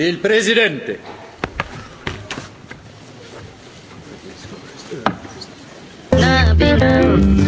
Il presidente. Love you.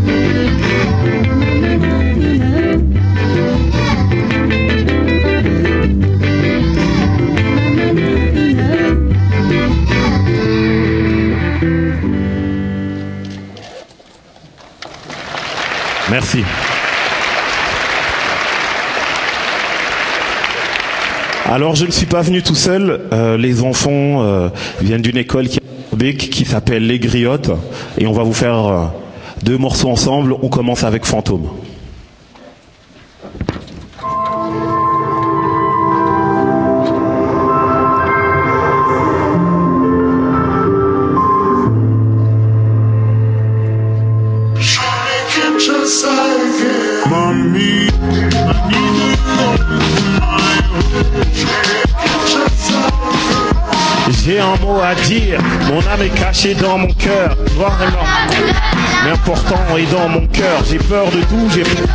Alors je ne suis pas venu tout seul. Euh, les enfants euh, viennent d'une école qui, qui s'appelle Les Griottes et on va vous faire euh, deux morceaux ensemble. On commence avec Fantôme. L'amitié dans mon cœur, vraiment. L'important est dans mon cœur, j'ai peur de tout, j'ai peur.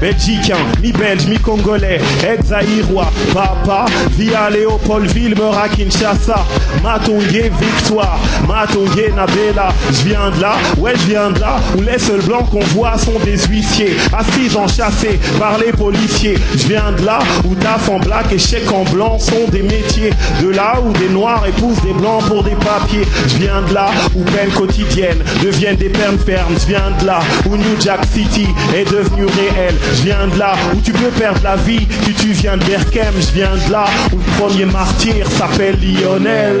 Belgicain, mi-belge, mi-congolais, ex-aïrois, papa, via Léopoldville, meura Kinshasa, Matongé, victoire, Matongé, Nabela, je viens de là, ouais je viens de là, où les seuls blancs qu'on voit sont des huissiers, assis enchassés par les policiers, je viens de là, où taf en black et chèque en blanc sont des métiers, de là où des noirs épousent des blancs pour des papiers, je viens de là, où peine quotidienne deviennent des pernes fermes, je viens de là, où New Jack City est devenu réel, je viens de là où tu peux perdre la vie. Si tu viens de Berkem, je viens de là où le premier martyr s'appelle Lionel.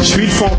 Je suis le fond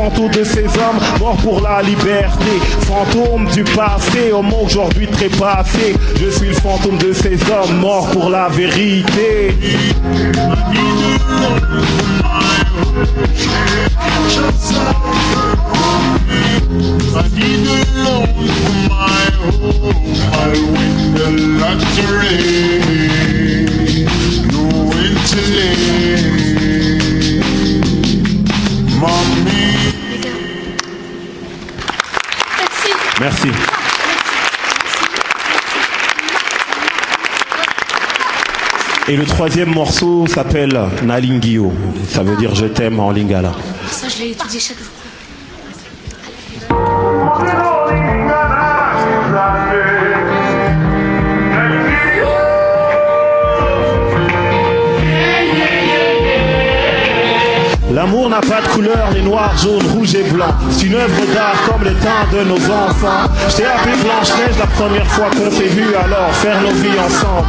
fantôme de ces hommes morts pour la liberté. Fantôme du passé, homme aujourd'hui trépassé. Je suis le fantôme de ces hommes morts pour la vérité. Mommy. Merci. Et le troisième morceau s'appelle Nalingio. Ça veut dire je t'aime en lingala. Ça, je l'ai étudié chaque fois. n'a pas de couleur, les noirs, jaunes, rouges et blancs. C'est une œuvre d'art comme les teintes de nos enfants. J'étais appelé Blanche-Neige la première fois qu'on s'est vu, alors faire nos vies ensemble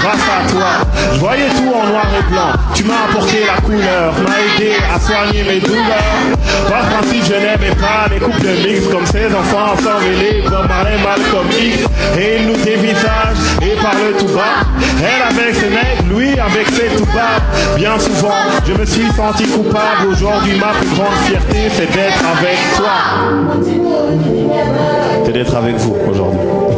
Grâce à toi, je voyais tout en noir et blanc. Tu m'as apporté la couleur, m'as aidé à soigner mes douleurs. Par principe, je n'aimais pas les couples de mix comme ces enfants sans ensorvelés, comme Marin mal comme X. Et il nous dévisage et parle tout bas. Elle avec ses mecs, lui avec ses tout bas. Bien souvent, je me suis senti coupable. Aujourd'hui, ma plus grande fierté, c'est d'être avec toi. C'est d'être avec vous aujourd'hui.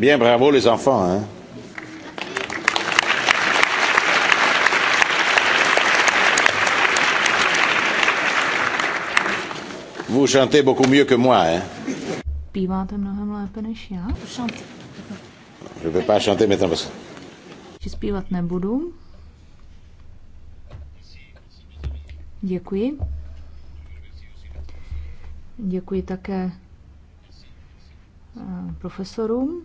Très bien, bravo les enfants. Hein? Vous chantez beaucoup mieux que moi, hein? Píváte mnohem lépe než já? Chantez. Je ne peux pas chanter maintenant parce que... zpívat nebudu. Děkuji. Děkuji také eh, profesorům.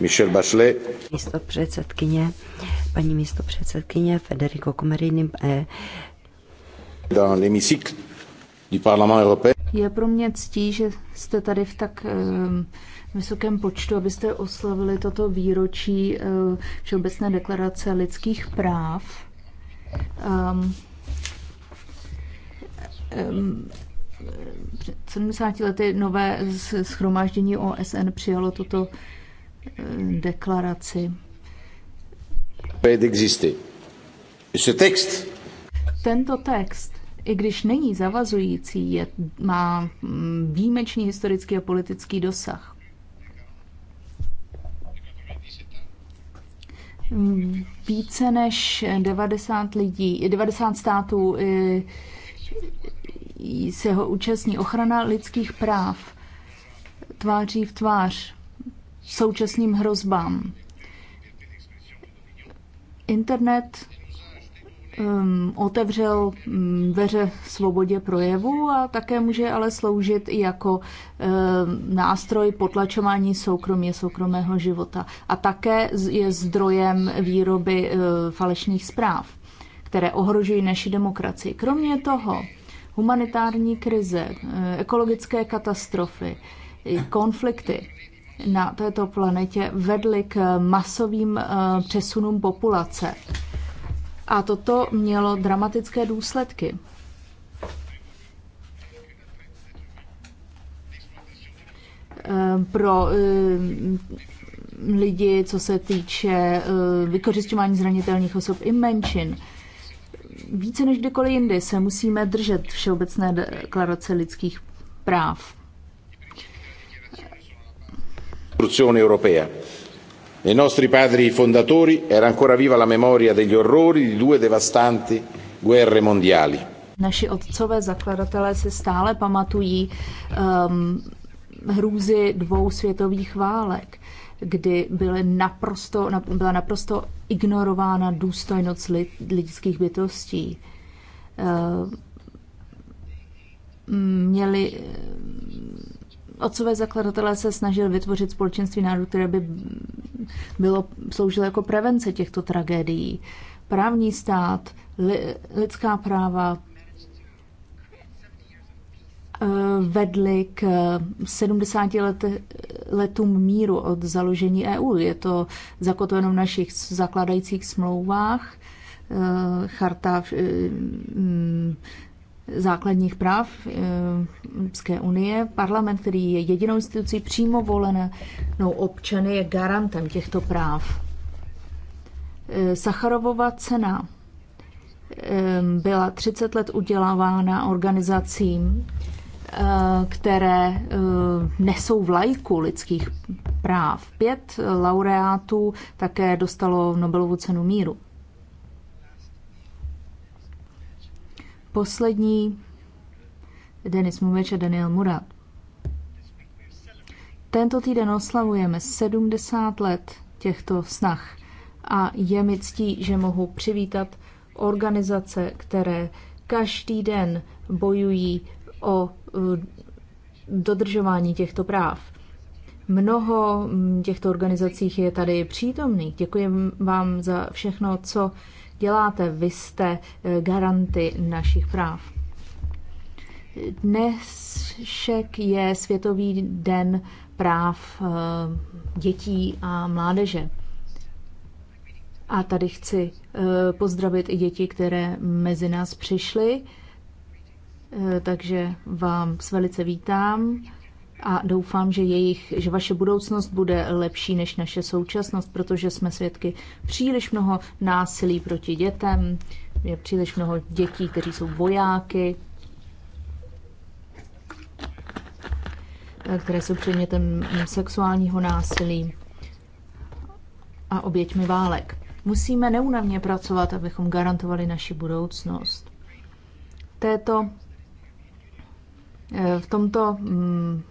Místo předsedkyně, paní místo předsedkyně Federico Comerini eh, je pro mě ctí, že jste tady v tak eh, vysokém počtu, abyste oslavili toto výročí eh, Všeobecné deklarace lidských práv. Ehm, ehm, před 70 lety nové schromáždění OSN přijalo tuto eh, deklaraci. Tento text, i když není zavazující, je, má mm, výjimečný historický a politický dosah. Mm, více než 90 lidí, 90 států eh, se ho účastní ochrana lidských práv tváří v tvář současným hrozbám. Internet um, otevřel um, dveře svobodě projevu a také může ale sloužit i jako um, nástroj potlačování soukromě, soukromého života. A také je zdrojem výroby um, falešných zpráv, které ohrožují naši demokracii. Kromě toho, humanitární krize, eh, ekologické katastrofy, konflikty na této planetě vedly k masovým eh, přesunům populace. A toto mělo dramatické důsledky. Eh, pro lidi, co se týče vykořišťování zranitelných osob i menšin, více než kdykoliv jindy se musíme držet Všeobecné deklarace lidských práv. Nei nostri padri fondatori era ancora viva la memoria degli orrori di due devastanti guerre mondiali. Naši otcové zakladatelé se stále pamatují um, hrůzy dvou světových válek kdy byly naprosto, byla naprosto ignorována důstojnost lidských bytostí. Eh, měli eh, otcové zakladatelé se snažili vytvořit společenství národů, které by bylo, sloužilo jako prevence těchto tragédií. Právní stát, lidská práva, Eh, vedly k 70 eh, let, letům míru od založení EU. Je to zakotveno v našich zakladajících smlouvách, eh, charta mm, základních práv Evropské unie. Parlament, který je jedinou institucí přímo volenou občany, je garantem těchto práv. Sacharovova cena byla 30 let udělávána organizacím, Eh, které eh, nesou vlajku lidských práv. Pět laureátů také dostalo Nobelovu cenu míru. Poslední Denis Mumeč a Daniel Murat. Tento týden oslavujeme 70 let těchto snah a je mi ctí, že mohu přivítat organizace, které každý den bojují o dodržování těchto práv. Mnoho těchto organizacích je tady přítomných. Děkuji vám za všechno, co děláte. Vy jste e, garanty našich práv. Dnešek je Světový den práv e, dětí a mládeže. A tady chci e, pozdravit i děti, které mezi nás přišly. Eh, takže vám velice vítám a doufám, že, jejich, že vaše budoucnost bude lepší než naše současnost, protože jsme svědky příliš mnoho násilí proti dětem, je příliš mnoho dětí, kteří jsou vojáky, eh, které jsou předmětem sexuálního násilí a oběťmi válek. Musíme neunavně pracovat, abychom garantovali naši budoucnost. Této Eh, v tomto mm,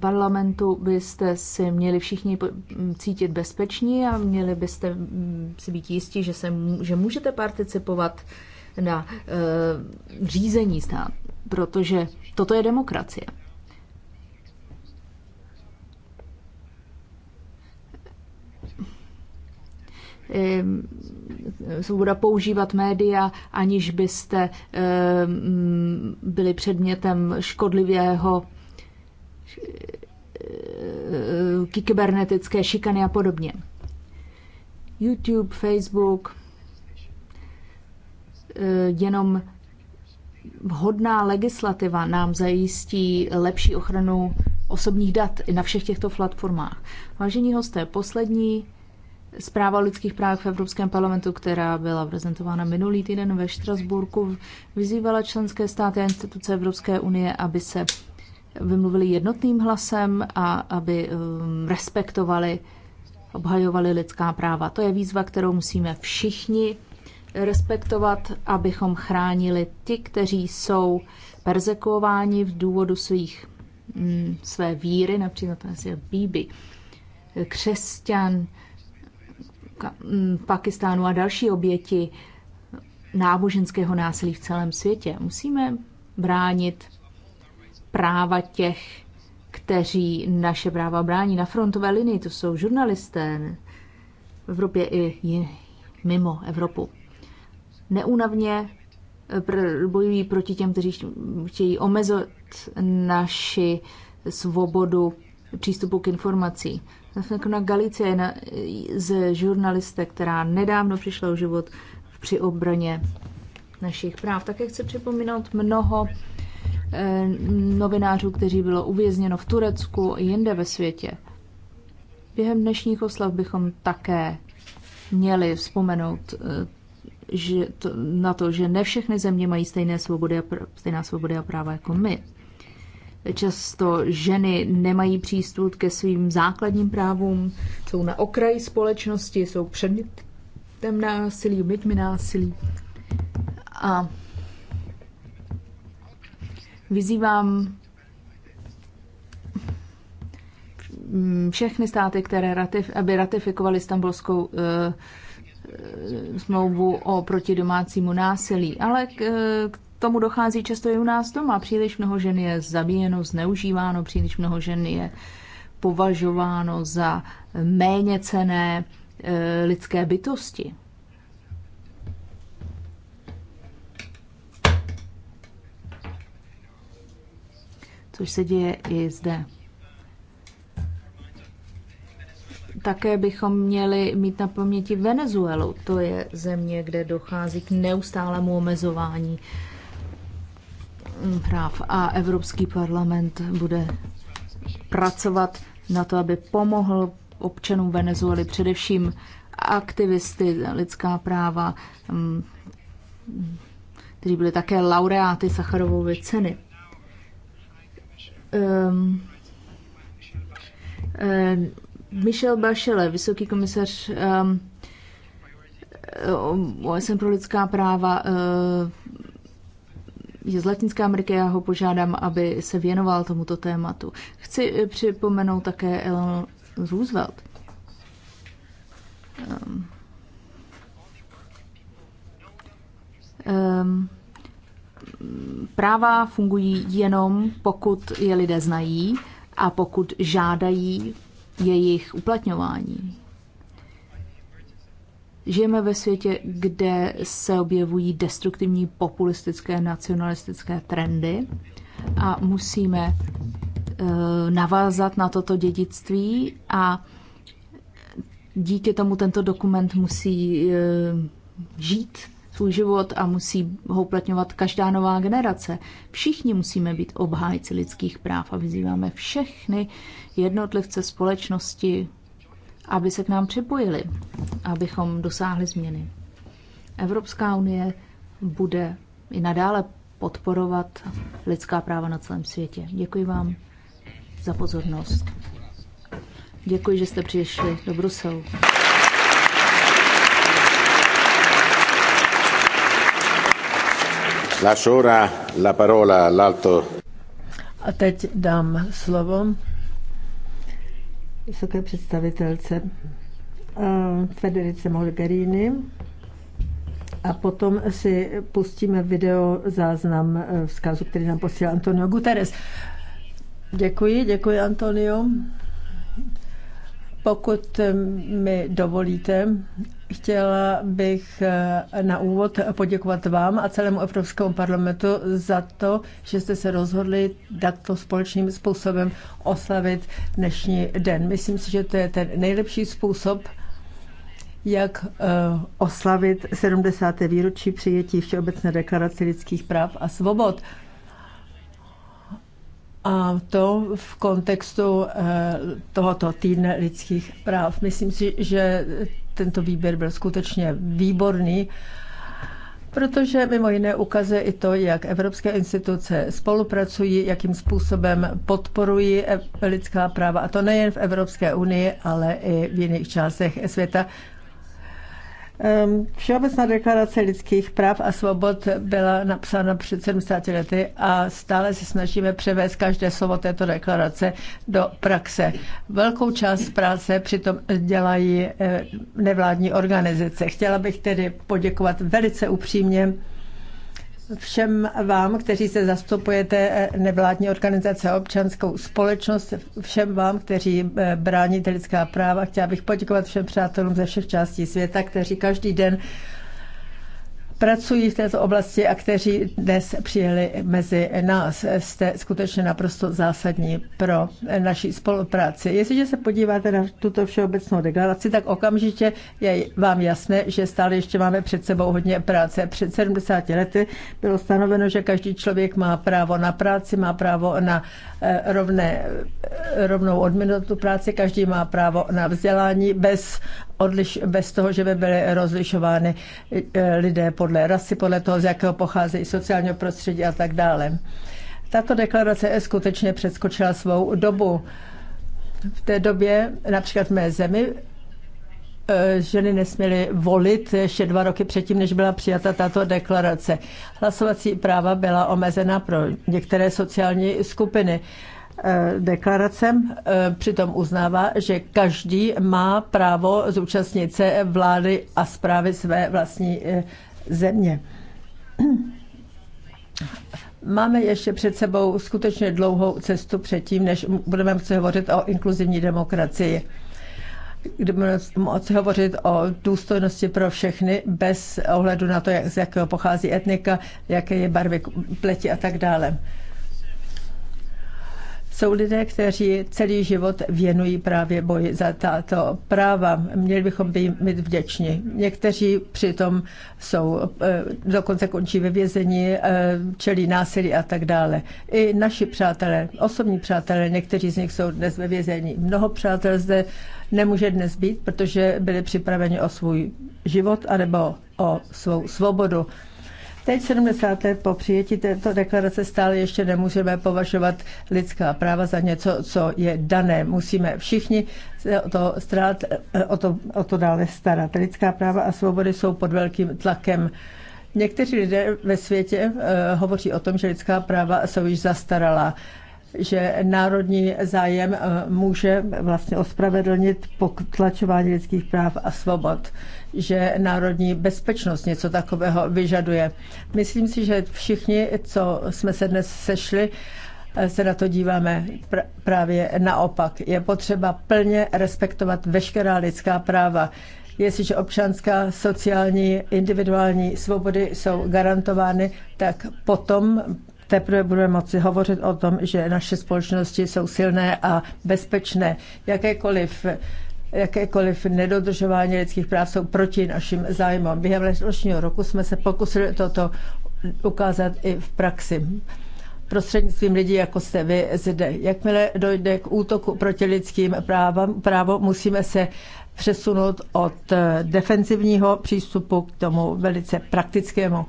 parlamentu byste si měli všichni mm, cítit bezpeční a měli byste mm, si být jistí, že, se, že můžete participovat na eh, řízení stát, protože toto je demokracie. Ehm, svoboda používat média, aniž byste ehm, byli předmětem škodlivého eh, kybernetické šikany a podobně. YouTube, Facebook, eh, jenom vhodná legislativa nám zajistí lepší ochranu osobních dat na všech těchto platformách. Vážení hosté, poslední Zpráva o lidských právech v Evropském parlamentu, která byla prezentována minulý týden ve Štrasburku, vyzývala členské státy a instituce Evropské unie, aby se vymluvili jednotným hlasem a aby um, respektovali, obhajovali lidská práva. To je výzva, kterou musíme všichni respektovat, abychom chránili ty, kteří jsou persekuováni v důvodu svých, mm, své víry, například Bibi, křesťan, Pakistánu a další oběti náboženského násilí v celém světě. Musíme bránit práva těch, kteří naše práva brání na frontové linii. To jsou žurnalisté v Evropě i mimo Evropu. Neúnavně eh, bojují proti těm, kteří chtějí omezit naši svobodu přístupu k informací. Nakona na je na, z žurnaliste, která nedávno přišla o život při obraně našich práv. Také chci připomínat mnoho eh, novinářů, kteří bylo uvězněno v Turecku i jinde ve světě. Během dnešních oslav bychom také měli vzpomenout eh, že to, na to, že ne všechny země mají stejné svobody a pr- stejná svobody a práva jako my. Často ženy nemají přístup ke svým základním právům, jsou na okraji společnosti, jsou předmětem násilí, oběťmi násilí. A vyzývám všechny státy, které ratif- aby ratifikovaly stambulskou uh, eh, eh, smlouvu o proti domácímu násilí, ale k, eh, k tomu dochází často i u nás doma. Příliš mnoho žen je zabíjeno, zneužíváno, příliš mnoho žen je považováno za méně cené e, eh, lidské bytosti. Což se děje i zde. Také bychom měli mít na paměti Venezuelu. To je země, kde dochází k neustálému omezování práv a Evropský parlament bude pracovat na to, aby pomohl občanům Venezuely, především aktivisty lidská práva, mm, kteří byli také laureáty Sacharovovy ceny. Ehm, ehm, Michel Bachelet, vysoký komisař ehm, OSN pro lidská práva, eh, je z Latinské Ameriky, já ho požádám, aby se věnoval tomuto tématu. Chci eh, připomenout také Eleanor Roosevelt. Um, um, práva fungují jenom pokud je lidé znají a pokud žádají jejich uplatňování. Žijeme ve světě, kde se objevují destruktivní populistické nacionalistické trendy a musíme eh, navázat na toto dědictví a díky tomu tento dokument musí eh, žít svůj život a musí ho uplatňovat každá nová generace. Všichni musíme být obhájci lidských práv a vyzýváme všechny jednotlivce společnosti, aby se k nám připojili, abychom dosáhli změny. Evropská unie bude i nadále podporovat lidská práva na celém světě. Děkuji vám za pozornost. Děkuji, že jste přišli do Bruselu. la parola l'alto. A teď dám slovo vysoké představitelce eh, Federice Mogherini a potom si pustíme video záznam eh, vzkazu, který nám posílá Antonio Guterres. Děkuji, děkuji Antonio. Pokud eh, mi dovolíte, Chtěla bych eh, na úvod poděkovat vám a celému Evropskému parlamentu za to, že jste se rozhodli takto společným způsobem oslavit dnešní den. Myslím si, že to je ten nejlepší způsob, jak eh, oslavit 70. výročí přijetí Všeobecné deklarace lidských práv a svobod. A to v kontextu eh, tohoto týdne lidských práv. Myslím si, že tento výběr byl skutečně výborný, protože mimo jiné ukazuje i to, jak evropské instituce spolupracují, jakým způsobem podporují lidská práva, a to nejen v Evropské unii, ale i v jiných částech světa. Ehm, Všeobecná deklarace lidských práv a svobod byla napsána před 70 lety a stále se snažíme převést každé slovo této deklarace do praxe. Velkou část práce přitom dělají eh, nevládní organizace. Chtěla bych tedy poděkovat velice upřímně všem vám, kteří se zastupujete eh, nevládní organizace a občanskou společnost, všem vám, kteří eh, bráníte lidská práva. Chtěla bych poděkovat všem přátelům ze všech částí světa, kteří každý den pracují v této oblasti a kteří dnes přijeli mezi nás. Jste skutečně naprosto zásadní pro naší spolupráci. Jestliže se podíváte na tuto všeobecnou deklaraci, tak okamžitě je vám jasné, že stále ještě máme před sebou hodně práce. Před 70 lety bylo stanoveno, že každý člověk má právo na práci, má právo na Eh, rovné, eh, rovnou odměnu tu práci, každý má právo na vzdělání bez, odliš, bez toho, že by byly rozlišovány eh, lidé podle rasy, podle toho, z jakého pocházejí sociálního prostředí a tak dále. Tato deklarace skutečně přeskočila svou dobu. V té době, například v mé zemi, Eh, ženy nesměly volit ještě dva roky předtím, než byla přijata tato deklarace. Hlasovací práva byla omezena pro některé sociální skupiny. Eh, deklaracem eh, přitom uznává, že každý má právo zúčastnit se vlády a zprávy své vlastní země. Máme ještě před sebou skutečně dlouhou cestu předtím, než budeme chci hovořit o inkluzivní demokracii kde budeme moci hovořit o důstojnosti pro všechny bez ohledu na to, jak, z jakého pochází etnika, jaké je barvy pleti a tak dále. Jsou lidé, kteří celý život věnují právě boji za tato práva. Měli bychom být vděční. Někteří přitom jsou, eh, dokonce končí ve vězení, eh, čelí násilí a tak dále. I naši přátelé, osobní přátelé, někteří z nich jsou dnes ve vězení. Mnoho přátel zde nemůže dnes být, protože byli připraveni o svůj život anebo o svou svobodu. Teď 70 let po přijetí této deklarace stále ještě nemůžeme považovat lidská práva za něco, co je dané. Musíme všichni se o to, strát, o to, o to dále starat. Lidská práva a svobody jsou pod velkým tlakem. Někteří lidé ve světě eh, hovoří o tom, že lidská práva jsou již zastaralá že národní zájem eh, může vlastně ospravedlnit potlačování lidských práv a svobod, že národní bezpečnost něco takového vyžaduje. Myslím si, že všichni, co jsme se dnes sešli, eh, se na to díváme pr- právě naopak. Je potřeba plně respektovat veškerá lidská práva. Jestliže občanská, sociální, individuální svobody jsou garantovány, tak potom teprve budeme moci hovořit o tom, že naše společnosti jsou silné a bezpečné. Jakékoliv jakékoliv nedodržování lidských práv jsou proti našim zájmům. Během letošního roku jsme se pokusili toto ukázat i v praxi prostřednictvím lidí, jako jste vy zde. Jakmile dojde k útoku proti lidským právám, právo musíme se přesunout od defensivního přístupu k tomu velice praktickému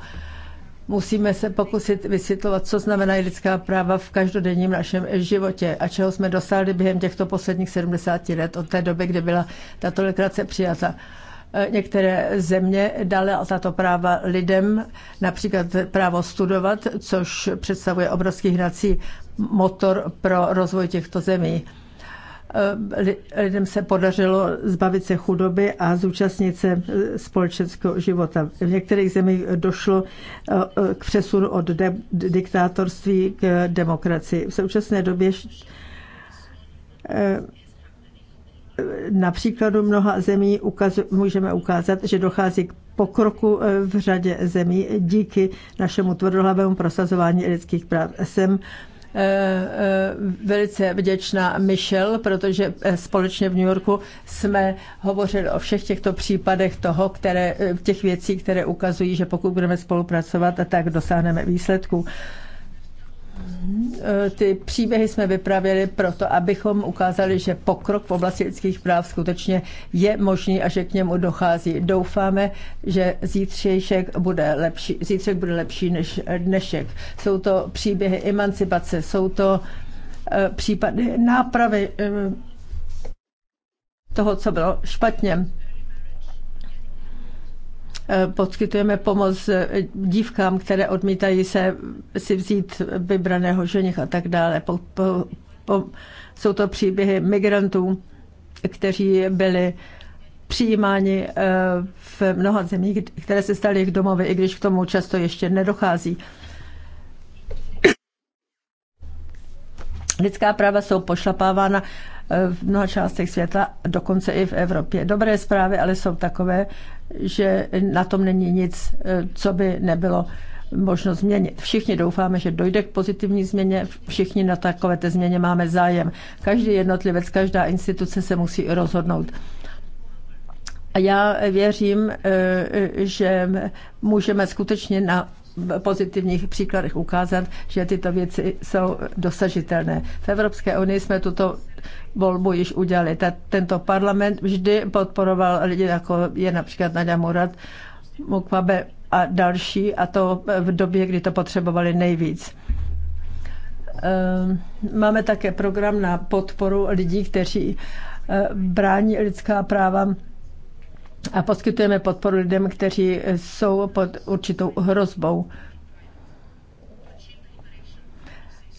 Musíme se pokusit vysvětlovat, co znamenají lidská práva v každodenním našem životě a čeho jsme dosáhli během těchto posledních 70 let od té doby, kdy byla tato deklarace přijata eh, některé země dále tato práva lidem, například právo studovat, což představuje obrovský hnací motor pro rozvoj těchto zemí. Eh, lidem se podařilo zbavit se chudoby a zúčastnit se eh, společenského života. V některých zemích došlo eh, k přesunu od de- diktátorství k demokracii. V současné době na příkladu mnoha zemí můžeme ukázat, že dochází k pokroku v řadě zemí díky našemu tvrdohlavému prosazování lidských práv. Jsem Eh, eh, velice vděčná Michelle, protože eh, společně v New Yorku jsme hovořili o všech těchto případech toho, které, těch věcí, které ukazují, že pokud budeme spolupracovat, tak dosáhneme výsledků. Ty příběhy jsme vypravili proto, abychom ukázali, že pokrok v oblasti lidských práv skutečně je možný a že k němu dochází. Doufáme, že zítřejšek bude lepší, zítřek bude lepší než dnešek. Jsou to příběhy emancipace, jsou to eh, případy nápravy eh, toho, co bylo špatně. Eh, poskytujeme pomoc eh, dívkám, které odmítají se si vzít vybraného ženich a tak dále. Po, po, po, jsou to příběhy migrantů, kteří byli přijímáni eh, v mnoha zemích, které se staly jejich domovy, i když k tomu často ještě nedochází. Lidská práva jsou pošlapávána v mnoha částech světa, dokonce i v Evropě. Dobré zprávy ale jsou takové, že na tom není nic, eh, co by nebylo možno změnit. Všichni doufáme, že dojde k pozitivní změně, všichni na takové té změně máme zájem. Každý jednotlivec, každá instituce se musí rozhodnout. A já věřím, eh, že můžeme skutečně na pozitivních příkladech ukázat, že tyto věci jsou dosažitelné. V Evropské unii jsme tuto volbu již udělali. Tento parlament vždy podporoval lidi, jako je například Nadia Murad, Mukwabe a další, a to v době, kdy to potřebovali nejvíc. Ehm, máme také program na podporu lidí, kteří eh, brání lidská práva a poskytujeme podporu lidem, kteří jsou pod určitou hrozbou.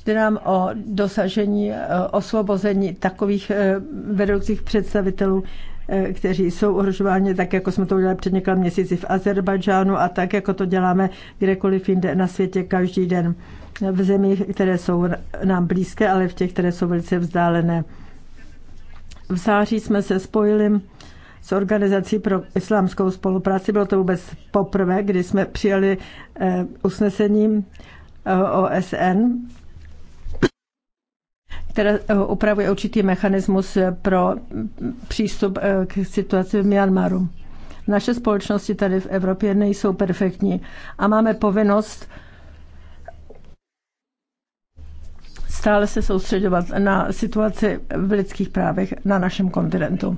Jde nám o dosažení e, osvobození takových e, vedoucích představitelů, e, kteří jsou ohrožováni, tak jako jsme to udělali před několika měsíci v Azerbajdžánu a tak, jako to děláme kdekoliv jinde na světě každý den. V zemích, které jsou nám blízké, ale v těch, které jsou velice vzdálené. V září jsme se spojili s Organizací pro islámskou spolupráci. Bylo to vůbec poprvé, kdy jsme přijali eh, usnesení eh, OSN, které eh, upravuje určitý mechanismus pro přístup k situaci v Myanmaru. Naše společnosti tady v Evropě nejsou perfektní a máme povinnost stále se soustředovat na situaci v lidských právech na našem kontinentu.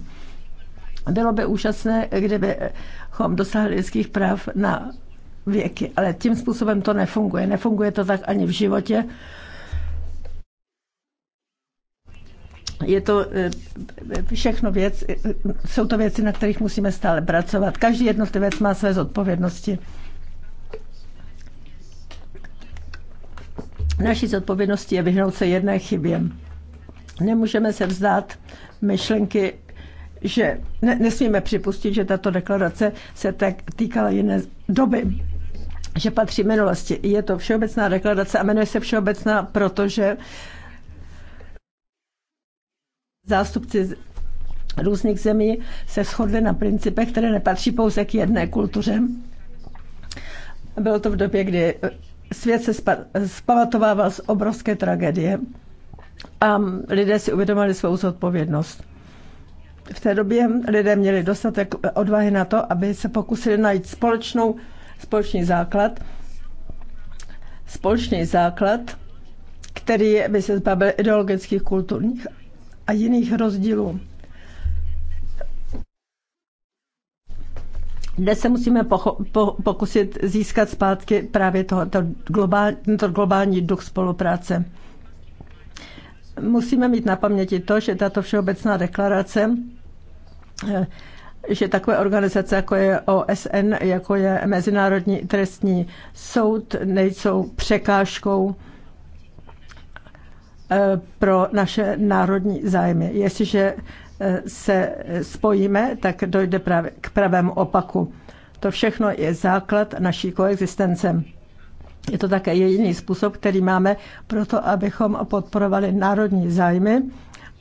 Bylo by úžasné, kdybychom dosáhli lidských práv na věky, ale tím způsobem to nefunguje. Nefunguje to tak ani v životě. je to eh, všechno věc, eh, jsou to věci, na kterých musíme stále pracovat. Každý jednotlivec má své zodpovědnosti. Naší zodpovědností je vyhnout se jedné chybě. Nemůžeme se vzdát myšlenky že ne, nesmíme připustit, že tato deklarace se tak týkala jiné doby že patří minulosti. Je to všeobecná deklarace a jmenuje se všeobecná, protože zástupci různých zemí se shodli na principech, které nepatří pouze k jedné kultuře. Bylo to v době, kdy svět se spamatovával z obrovské tragédie a lidé si uvědomili svou zodpovědnost v té době lidé měli dostatek eh, odvahy na to, aby se pokusili najít společnou, společný základ, společný základ, který by se zbavil ideologických, kulturních a jiných rozdílů. Dnes se musíme po- pokusit získat zpátky právě tohoto to globál, tento globální duch spolupráce. Musíme mít na paměti to, že tato všeobecná deklarace že takové organizace, jako je OSN, jako je Mezinárodní trestní soud, nejsou překážkou eh, pro naše národní zájmy. Jestliže eh, se spojíme, tak dojde právě k pravému opaku. To všechno je základ naší koexistence. Je to také jediný způsob, který máme pro to, abychom podporovali národní zájmy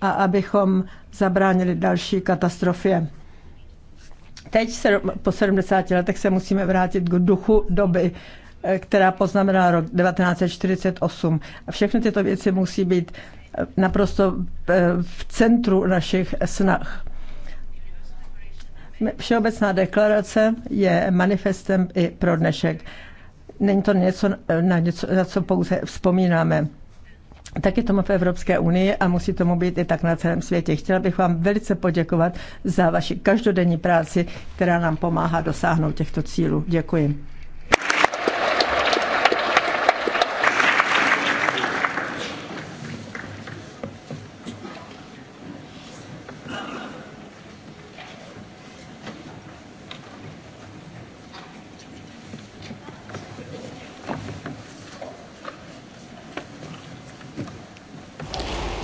a abychom zabránili další katastrofě. Teď po 70 letech se musíme vrátit k duchu doby, eh, která poznamenala rok 1948. A všechny tyto věci musí být eh, naprosto eh, v centru našich snah. Všeobecná deklarace je manifestem i pro dnešek. Není to něco, na, něco, na co pouze vzpomínáme. Tak je tomu v Evropské unii a musí tomu být i tak na celém světě. Chtěla bych vám velice poděkovat za vaši každodenní práci, která nám pomáhá dosáhnout těchto cílů. Děkuji.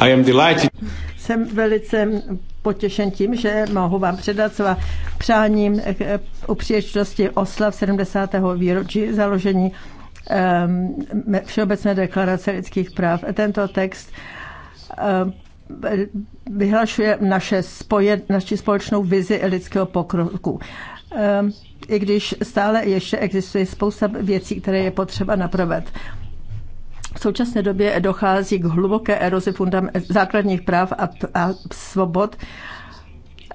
I am delighted. Jsem velice potěšen tím, že mohu vám předat svá přání eh, u příležitosti oslav 70. výročí založení ehm, Všeobecné deklarace lidských práv. Tento text ehm, vyhlašuje naše spoje, naši společnou vizi lidského pokroku. Ehm, I když stále ještě existuje spousta věcí, které je potřeba napravit. V současné době dochází k hluboké erozi základních práv a, a svobod,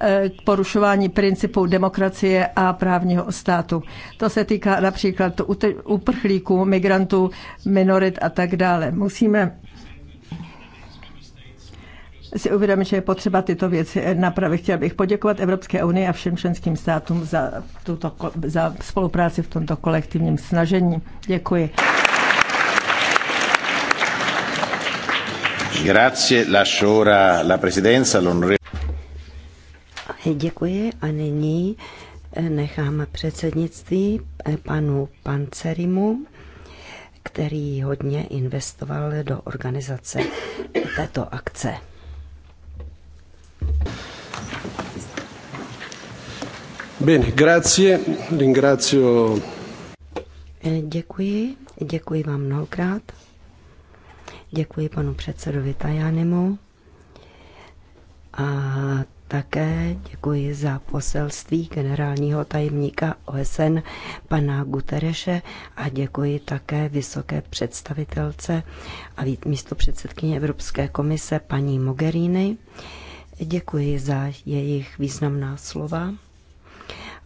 eh, k porušování principů demokracie a právního státu. To se týká například uprchlíků, migrantů, minorit a tak dále. Musíme si uvědomit, že je potřeba tyto věci napravit. Chtěl bych poděkovat Evropské unii a všem členským státům za, tuto, za spolupráci v tomto kolektivním snažení. Děkuji. Děkuji a nyní eh, nechám předsednictví eh, panu Pancerimu, který hodně investoval do organizace této akce. Bene, grazie, ringrazio. Eh, děkuji, děkuji vám mnohokrát. Děkuji panu předsedovi Tajanemu a také děkuji za poselství generálního tajemníka OSN pana Gutereše a děkuji také vysoké představitelce a místo předsedkyně Evropské komise paní Mogherini. Děkuji za jejich významná slova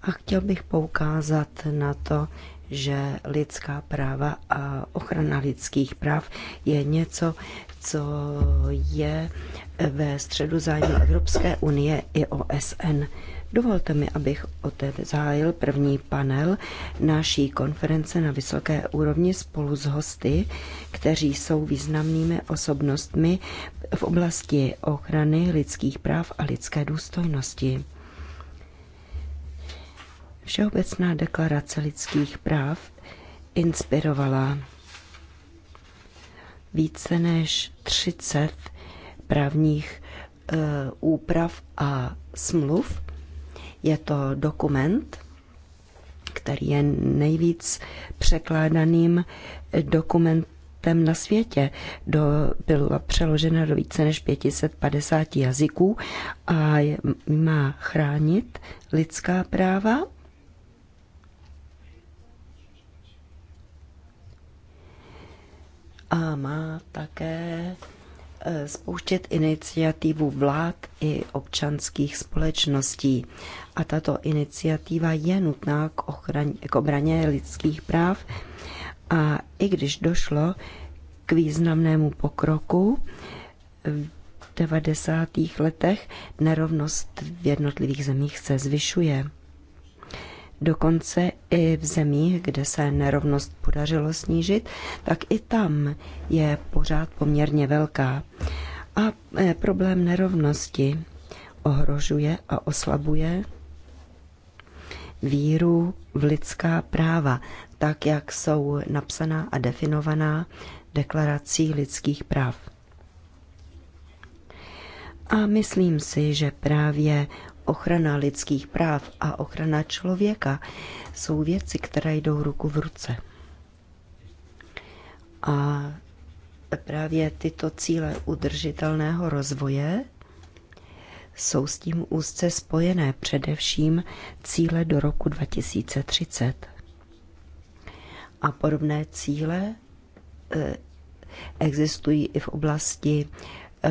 a chtěl bych poukázat na to, že lidská práva a ochrana lidských práv je něco, co je ve středu zájmu Evropské unie i OSN. Dovolte mi, abych otevřel první panel naší konference na vysoké úrovni spolu s hosty, kteří jsou významnými osobnostmi v oblasti ochrany lidských práv a lidské důstojnosti. Všeobecná deklarace lidských práv inspirovala více než 30 právních e, úprav a smluv. Je to dokument, který je nejvíc překládaným dokumentem na světě. Do, byla přeložena do více než 550 jazyků a je, má chránit lidská práva a má také e, spouštět iniciativu vlád i občanských společností. A tato iniciativa je nutná k, ochraně, k obraně lidských práv. A i když došlo k významnému pokroku v 90. letech, nerovnost v jednotlivých zemích se zvyšuje. Dokonce i v zemích, kde se nerovnost podařilo snížit, tak i tam je pořád poměrně velká. A e, problém nerovnosti ohrožuje a oslabuje víru v lidská práva, tak jak jsou napsaná a definovaná deklarací lidských práv. A myslím si, že právě ochrana lidských práv a ochrana člověka jsou věci, které jdou ruku v ruce. A právě tyto cíle udržitelného rozvoje jsou s tím úzce spojené především cíle do roku 2030. A podobné cíle eh, existují i v oblasti eh,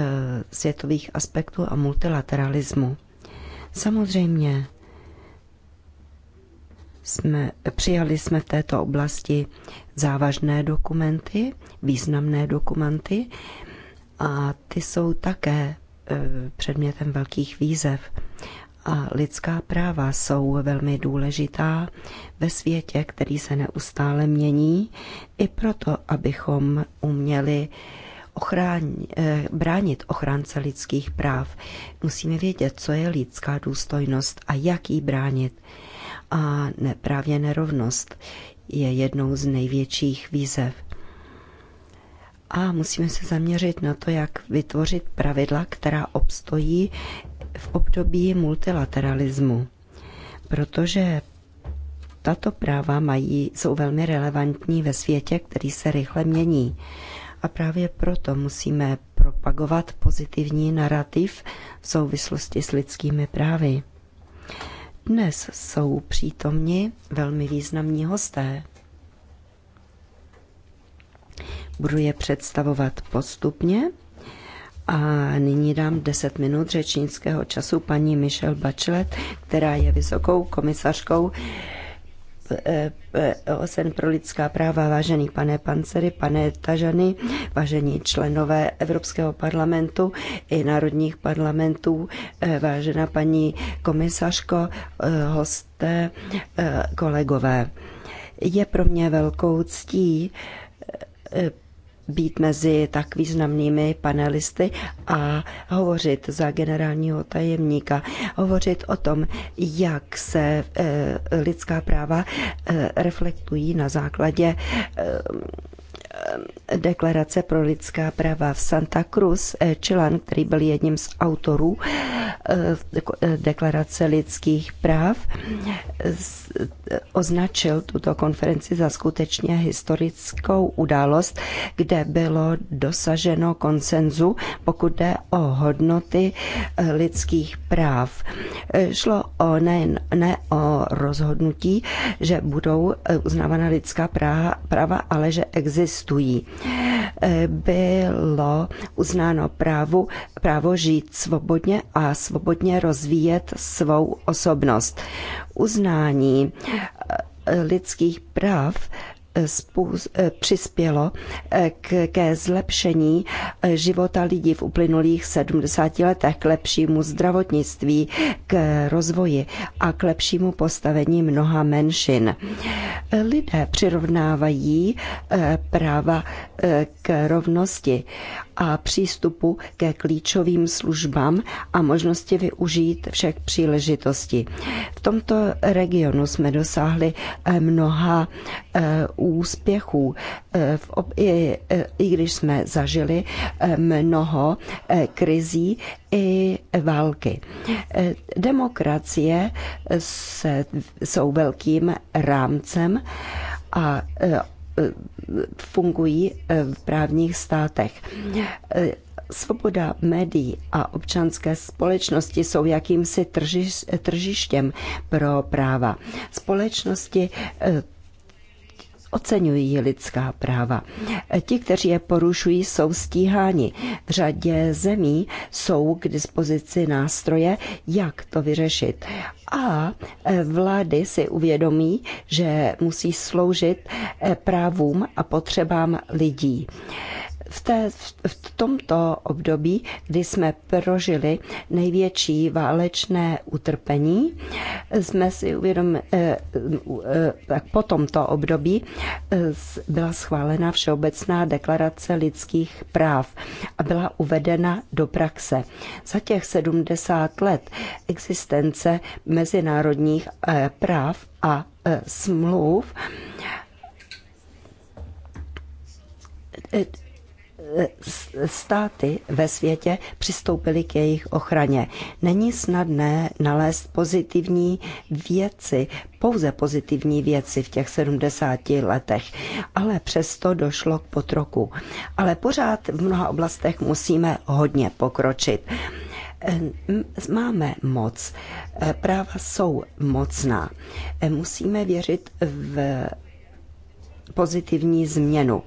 světových aspektů a multilateralismu. Samozřejmě jsme, přijali jsme v této oblasti závažné dokumenty, významné dokumenty a ty jsou také e, předmětem velkých výzev. A lidská práva jsou velmi důležitá ve světě, který se neustále mění, i proto, abychom uměli ochrání, eh, bránit ochránce lidských práv. Musíme vědět, co je lidská důstojnost a jak ji bránit. A ne, právě nerovnost je jednou z největších výzev. A musíme se zaměřit na to, jak vytvořit pravidla, která obstojí v období multilateralismu. Protože tato práva mají, jsou velmi relevantní ve světě, který se rychle mění. A právě proto musíme propagovat pozitivní narrativ v souvislosti s lidskými právy. Dnes jsou přítomni velmi významní hosté. Budu je představovat postupně. A nyní dám 10 minut řečnického času paní Michelle Bachelet, která je vysokou komisařkou OSN eh, eh, pro lidská práva, vážený pane Pancery, pane Tažany, vážení členové Evropského parlamentu i národních parlamentů, eh, vážená paní komisařko, hosté, kolegové. Je pro mě velkou ctí být mezi tak významnými panelisty a hovořit za generálního tajemníka, hovořit o tom, jak se eh, lidská práva eh, reflektují na základě eh, Eh, deklarace pro lidská práva v Santa Cruz. Čilan, eh, který byl jedním z autorů eh, jako, deklarace lidských práv, označil tuto konferenci za skutečně historickou událost, kde bylo dosaženo konsenzu, pokud jde o hodnoty lidských práv. Šlo o ne, ne o rozhodnutí, že budou uznávána lidská práva, práva ale že existují existují. Eh, bylo uznáno právo, právo žít svobodně a svobodně rozvíjet svou osobnost. Uznání eh, lidských práv Eh, přispělo eh, k, ke zlepšení eh, života lidí v uplynulých 70 letech, k lepšímu zdravotnictví, k rozvoji a k lepšímu postavení mnoha menšin. Lidé přirovnávají práva k rovnosti a přístupu ke klíčovým službám a možnosti využít všech příležitostí. V tomto regionu jsme dosáhli eh, mnoha eh, úspěchů, eh, i když jsme zažili mnoho krizí i války. Demokracie jsou velkým rámcem a fungují eh, v právních státech. Eh, svoboda médií a občanské společnosti jsou jakýmsi tržištěm pro práva. Společnosti eh, oceňují lidská práva. Ti, kteří je porušují, jsou stíháni. V řadě zemí jsou k dispozici nástroje, jak to vyřešit. A e, vlády si uvědomí, že musí sloužit e, právům a potřebám lidí v, té, v tomto období, kdy jsme prožili největší válečné utrpení, jsme si uvědomili, eh, eh, tak po tomto období eh, byla schválena Všeobecná deklarace lidských práv a byla uvedena do praxe. Za těch 70 let existence mezinárodních práv a smluv státy ve světě přistoupily k jejich ochraně. Není snadné nalézt pozitivní věci, pouze pozitivní věci v těch 70 letech, ale přesto došlo k potroku. Ale pořád v mnoha oblastech musíme hodně pokročit ehm, máme moc, e, práva jsou mocná. E, musíme věřit v pozitivní změnu.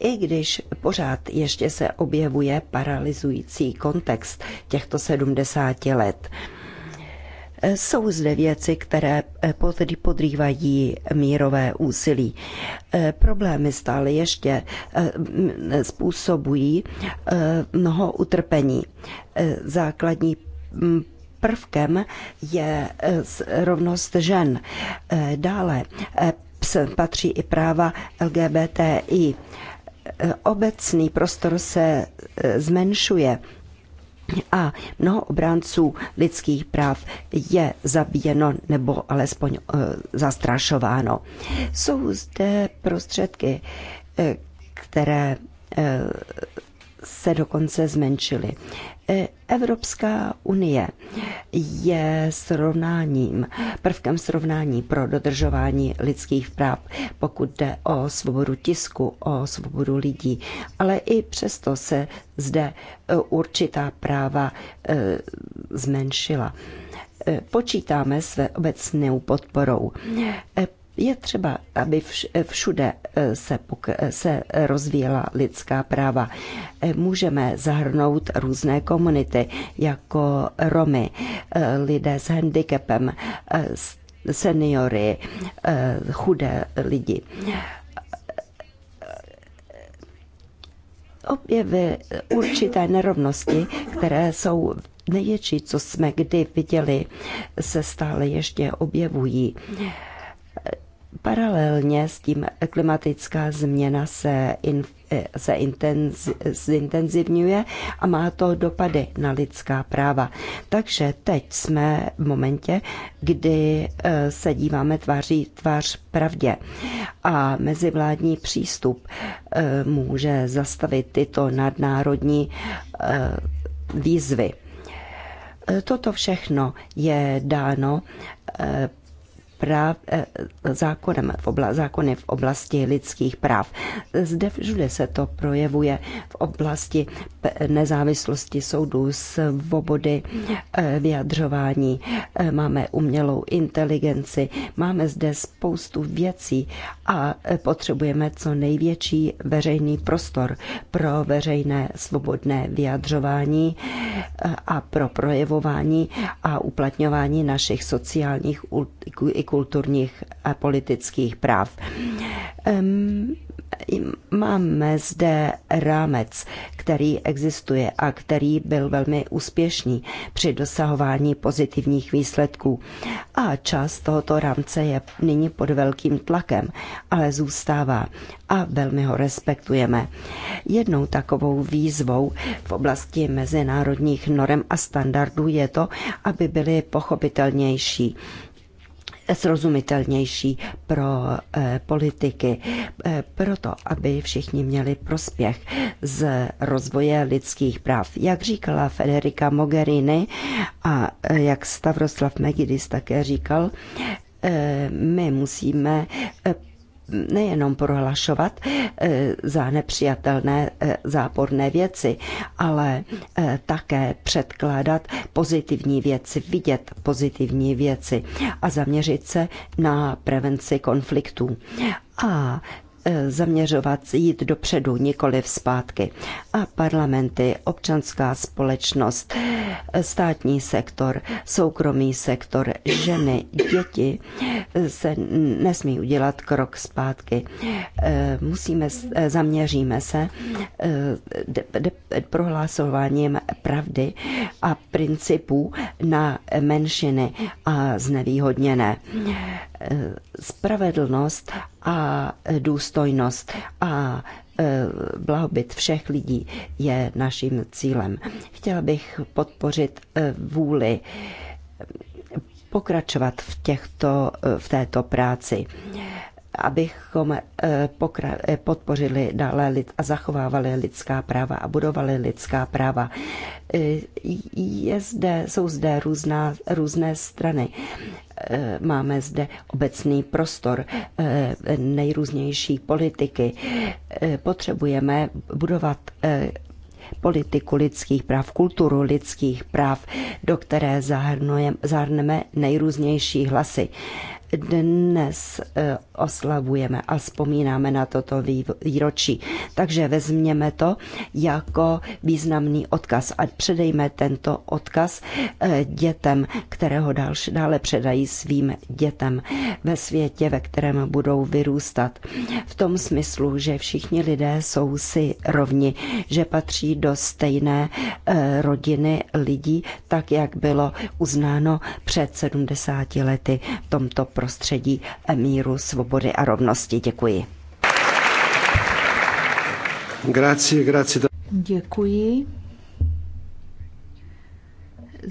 I když pořád ještě se objevuje paralizující kontext těchto 70 let, jsou zde věci, které eh, podrývají mírové úsilí. Eh, problémy stále ještě eh, způsobují mnoho utrpení. Základní mm, prvkem je rovnost žen. Dále patří i práva LGBTI obecný prostor se e, zmenšuje a mnoho obránců lidských práv je zabíjeno nebo alespoň e, zastrašováno. Jsou zde prostředky, e, které se dokonce zmenšily. E, Evropská unie je srovnáním, prvkem srovnání pro dodržování lidských práv, pokud jde o svobodu tisku, o svobodu lidí, ale i přesto se zde e, určitá práva e, zmenšila počítáme s obecnou podporou. Je třeba, aby všude eh, se, se rozvíjela lidská práva. Eh, můžeme zahrnout různé komunity, jako Romy, eh, lidé s handicapem, seniory, chudé lidi. Objevy určité nerovnosti, které jsou největší, co jsme kdy viděli, se stále ještě objevují. Paralelně s tím klimatická změna se, in, eh, se intenz, zintenzivňuje a má to dopady na lidská práva. Takže teď jsme v momentě, kdy eh, se díváme tváří tvář pravdě a mezivládní přístup eh, může zastavit tyto nadnárodní výzvy. Toto všechno je dáno práv, eh, zákonem, v obla, zákony v oblasti lidských práv. Zde všude se to projevuje v oblasti nezávislosti soudů, svobody eh, vyjadřování. Eh, máme umělou inteligenci, máme zde spoustu věcí a potřebujeme co největší veřejný prostor pro veřejné svobodné vyjadřování a pro projevování a uplatňování našich sociálních i kulturních a politických práv. Máme zde rámec, který existuje a který byl velmi úspěšný při dosahování pozitivních výsledků. A část tohoto rámce je nyní pod velkým tlakem, ale zůstává a velmi ho respektujeme. Jednou takovou výzvou v oblasti mezinárodních norem a standardů je to, aby byly pochopitelnější srozumitelnější pro eh, politiky, eh, proto, aby všichni měli prospěch z rozvoje lidských práv. Jak říkala Federica Mogherini a eh, jak Stavroslav Megidis také říkal, my musíme nejenom prohlašovat eh, za nepřijatelné eh, záporné věci, ale eh, také předkládat pozitivní věci, vidět pozitivní věci a zaměřit se na prevenci konfliktů. A zaměřovat, jít dopředu, nikoli zpátky. A parlamenty, občanská společnost, státní sektor, soukromý sektor, ženy, děti se nesmí udělat krok zpátky. Eh, musíme, eh, zaměříme se eh, de, de, prohlásováním pravdy a principů na menšiny a znevýhodněné. Spravedlnost a důstojnost a e, blahobyt všech lidí je naším cílem. Chtěla bych podpořit e, vůli e, pokračovat v, těchto, v této práci abychom eh, eh, podpořili dále lid a zachovávali lidská práva a budovali lidská práva. Eh, je zde, jsou zde různá, různé strany. Máme zde obecný prostor nejrůznější politiky. Potřebujeme budovat politiku lidských práv, kulturu lidských práv, do které zahrneme nejrůznější hlasy dnes e, oslavujeme a vzpomínáme na toto výročí. Takže vezměme to jako významný odkaz a předejme tento odkaz e, dětem, kterého dále předají svým dětem ve světě, ve kterém budou vyrůstat. V tom smyslu, že všichni lidé jsou si rovni, že patří do stejné e, rodiny lidí, tak jak bylo uznáno před 70 lety v tomto prostředí míru, svobody a rovnosti. Děkuji. Grazie, grazie. Děkuji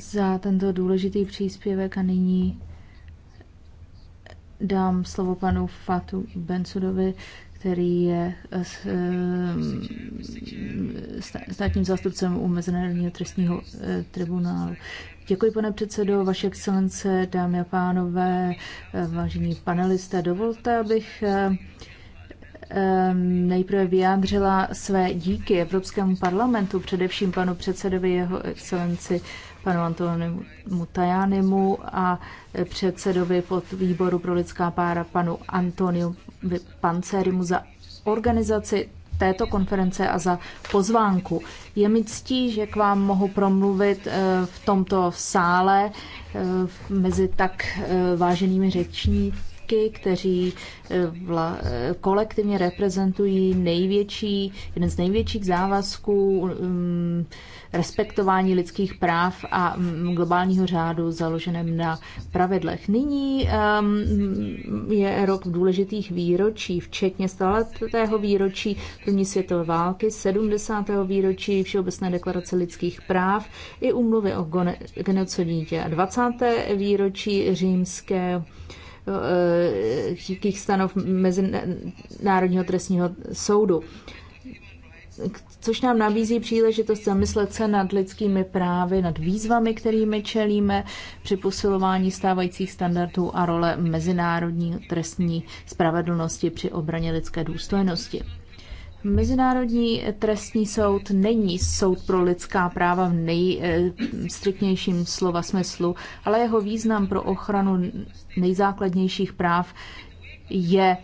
za tento důležitý příspěvek a nyní dám slovo panu Fatu Bensudovi, který je eh, eh, státním zástupcem u Mezinárodního trestního eh, tribunálu. Děkuji, pane předsedo, vaše excelence, dámy a pánové, vážení panelisté. Dovolte, abych nejprve vyjádřila své díky Evropskému parlamentu, především panu předsedovi jeho excelenci panu Antonimu Tajanimu a předsedovi pod výboru pro lidská pára panu Antoniu Pancerimu za organizaci této konference a za pozvánku. Je mi ctí, že k vám mohu promluvit eh, v tomto sále eh, mezi tak eh, váženými řečníky, kteří kolektivně reprezentují největší, jeden z největších závazků mm, respektování lidských práv a mm, globálního řádu založeném na pravidlech. Nyní je rok důležitých výročí, včetně stoletého výročí první světové války, 70. výročí Všeobecné deklarace lidských práv i umluvy o genocidě a 20. výročí římské jakých eh, stanov Mezinárodního trestního soudu což nám nabízí příležitost zamyslet se nad lidskými právy, nad výzvami, kterými čelíme při posilování stávajících standardů a role mezinárodní trestní spravedlnosti při obraně lidské důstojnosti. Mezinárodní trestní soud není soud pro lidská práva v nejstriktnějším slova smyslu, ale jeho význam pro ochranu nejzákladnějších práv je,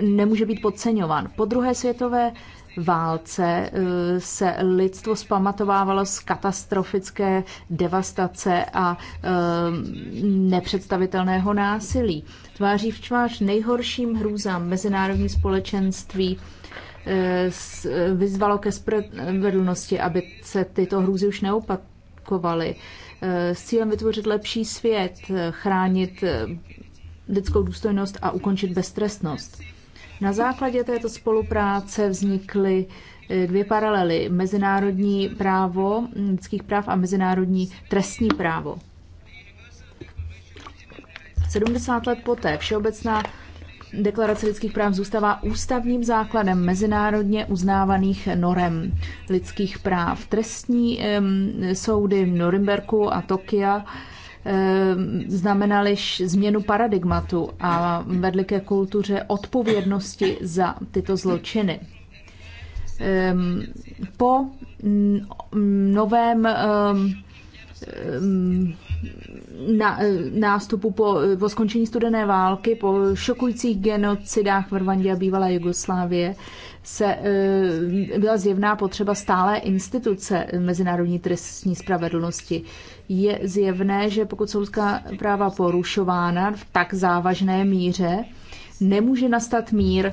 nemůže být podceňován. Po druhé světové válce eh, se lidstvo zpamatovávalo z katastrofické devastace a eh, nepředstavitelného násilí. Tváří v tvář nejhorším hrůzám mezinárodní společenství eh, vyzvalo ke spravedlnosti, aby se tyto hrůzy už neopakovaly s cílem vytvořit lepší svět, chránit lidskou důstojnost a ukončit beztrestnost. Na základě této spolupráce vznikly eh, dvě paralely. Mezinárodní právo mm, lidských práv a mezinárodní trestní právo. 70 let poté Všeobecná deklarace lidských práv zůstává ústavním základem mezinárodně uznávaných norem lidských práv. Trestní soudy v Norimberku a Tokia Eh, znamenaly změnu paradigmatu a vedly ke kultuře odpovědnosti za tyto zločiny. Po novém na, nástupu po, po skončení studené války, po šokujících genocidách v Rwandě a bývalé Jugoslávie, se byla zjevná potřeba stále instituce mezinárodní trestní spravedlnosti je zjevné, že pokud jsou lidská práva porušována v tak závažné míře, nemůže nastat mír,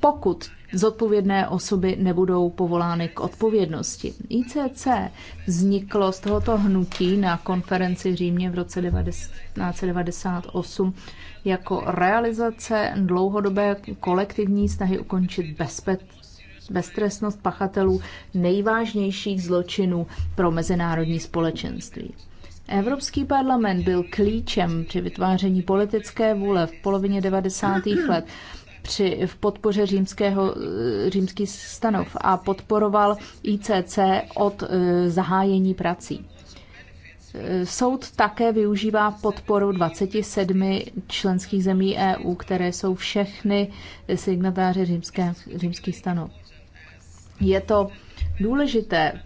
pokud zodpovědné osoby nebudou povolány k odpovědnosti. ICC vzniklo z tohoto hnutí na konferenci v Římě v roce 1998 jako realizace dlouhodobé kolektivní snahy ukončit bezpečnost beztrestnost pachatelů nejvážnějších zločinů pro mezinárodní společenství. Evropský parlament byl klíčem při vytváření politické vůle v polovině 90. let při, v podpoře římského, eh, Římský stanov a podporoval ICC od e, zahájení prací. Eh, soud také využívá podporu 27 členských zemí EU, které jsou všechny signatáři římské, Římský stanov. Je to důležité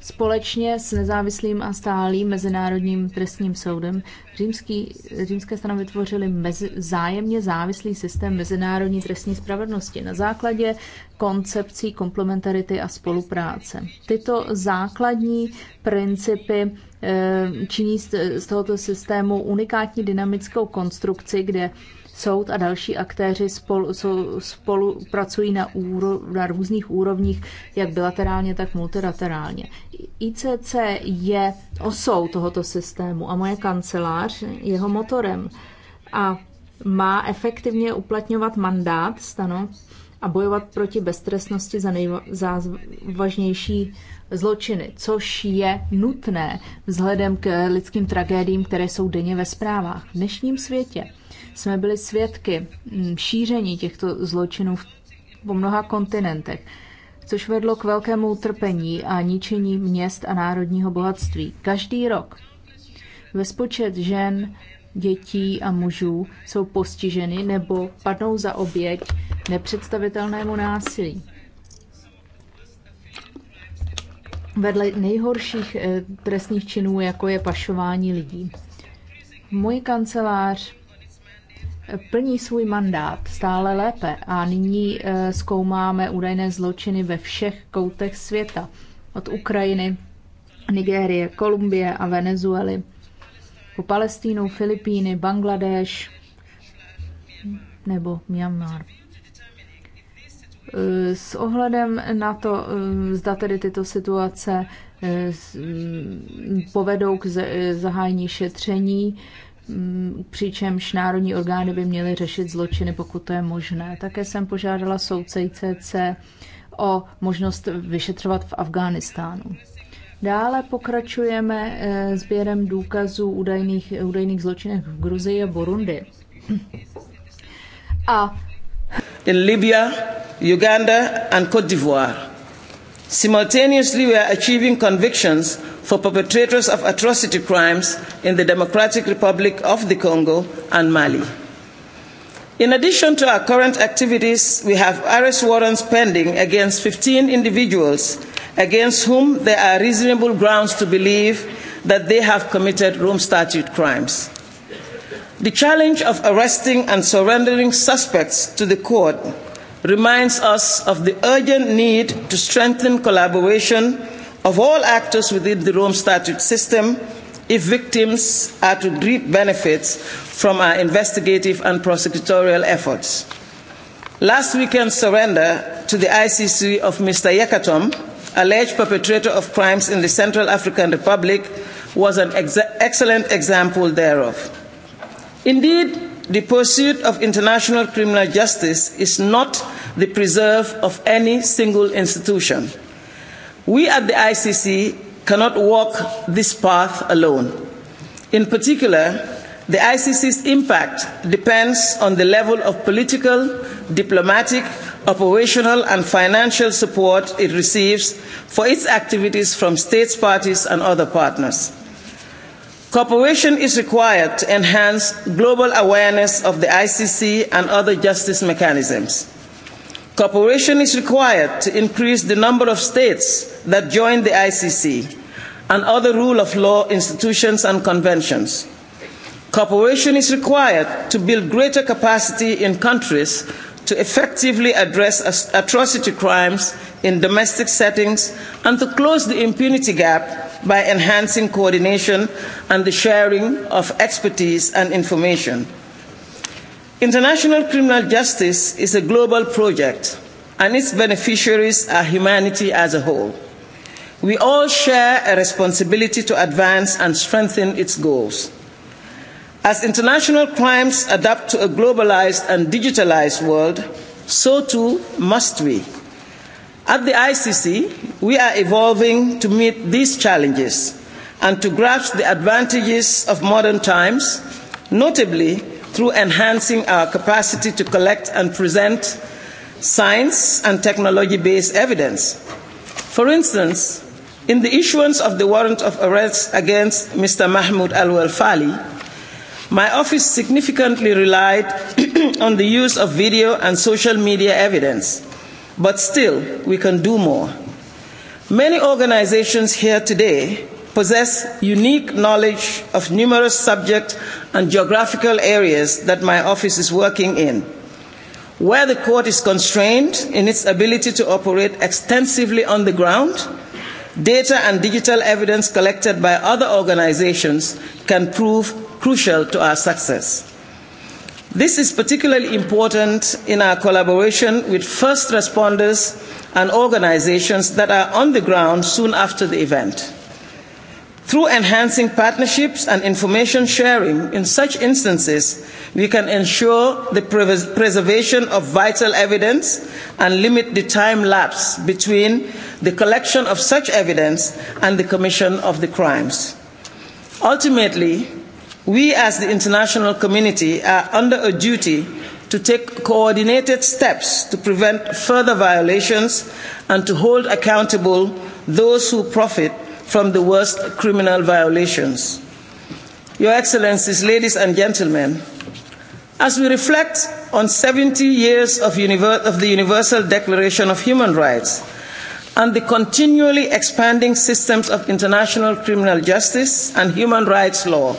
společně s nezávislým a stálým Mezinárodním trestním soudem. Římský, římské strany vytvořily zájemně závislý systém mezinárodní trestní spravedlnosti na základě koncepcí komplementarity a spolupráce. Tyto základní principy eh, činí z tohoto systému unikátní dynamickou konstrukci, kde soud a další aktéři spolu, spolupracují na, úro, na různých úrovních, jak bilaterálně, tak multilaterálně. ICC je osou tohoto systému a moje kancelář jeho motorem a má efektivně uplatňovat mandát Stanu a bojovat proti beztrestnosti za nejvážnější zločiny, což je nutné vzhledem k lidským tragédiím, které jsou denně ve zprávách v dnešním světě jsme byli svědky mm, šíření těchto zločinů po mnoha kontinentech, což vedlo k velkému utrpení a ničení měst a národního bohatství. Každý rok spočet žen, dětí a mužů jsou postiženy nebo padnou za oběť nepředstavitelnému násilí. Vedle nejhorších eh, trestných činů, jako je pašování lidí. Můj kancelář plní svůj mandát stále lépe a nyní eh, zkoumáme údajné zločiny ve všech koutech světa. Od Ukrajiny, Nigérie, Kolumbie a Venezuely, po Palestínu, Filipíny, Bangladeš nebo Myanmar. Eh, s ohledem na to, eh, zda tedy tyto situace mm, povedou k zahájení šetření, Mm, přičemž národní orgány by měly řešit zločiny, pokud to je možné. Také jsem požádala soudce ICC o možnost vyšetřovat v Afghánistánu. Dále pokračujeme eh, sběrem důkazů údajných, údajných zločinech v Gruzii a Burundi. A in Libya, Uganda and Côte d'Ivoire. Simultaneously, we are achieving convictions for perpetrators of atrocity crimes in the Democratic Republic of the Congo and Mali. In addition to our current activities, we have arrest warrants pending against 15 individuals against whom there are reasonable grounds to believe that they have committed Rome Statute crimes. The challenge of arresting and surrendering suspects to the court reminds us of the urgent need to strengthen collaboration of all actors within the Rome Statute system if victims are to reap benefits from our investigative and prosecutorial efforts. Last weekend's surrender to the ICC of Mr. Yekatom, alleged perpetrator of crimes in the Central African Republic, was an ex excellent example thereof. Indeed, The pursuit of international criminal justice is not the preserve of any single institution. We at the ICC cannot walk this path alone. In particular, the ICC's impact depends on the level of political, diplomatic, operational and financial support it receives for its activities from states parties and other partners. Cooperation is required to enhance global awareness of the ICC and other justice mechanisms. Cooperation is required to increase the number of states that join the ICC and other rule of law institutions and conventions. Cooperation is required to build greater capacity in countries to effectively address atrocity crimes in domestic settings and to close the impunity gap by enhancing coordination and the sharing of expertise and information. International criminal justice is a global project and its beneficiaries are humanity as a whole. We all share a responsibility to advance and strengthen its goals. As international crimes adapt to a globalized and digitalized world, so too must we. At the ICC, we are evolving to meet these challenges and to grasp the advantages of modern times, notably through enhancing our capacity to collect and present science and technology based evidence. For instance, in the issuance of the warrant of arrest against Mr. Mahmoud Al Walfali, my office significantly relied on the use of video and social media evidence, but still, we can do more. Many organizations here today possess unique knowledge of numerous subject and geographical areas that my office is working in. Where the court is constrained in its ability to operate extensively on the ground, data and digital evidence collected by other organizations can prove crucial to our success. This is particularly important in our collaboration with first responders and organizations that are on the ground soon after the event. Through enhancing partnerships and information sharing in such instances, we can ensure the preservation of vital evidence and limit the time lapse between the collection of such evidence and the commission of the crimes. Ultimately, we as the international community are under a duty to take coordinated steps to prevent further violations and to hold accountable those who profit from the worst criminal violations. Your Excellencies, ladies and gentlemen, as we reflect on 70 years of, of the Universal Declaration of Human Rights and the continually expanding systems of international criminal justice and human rights law,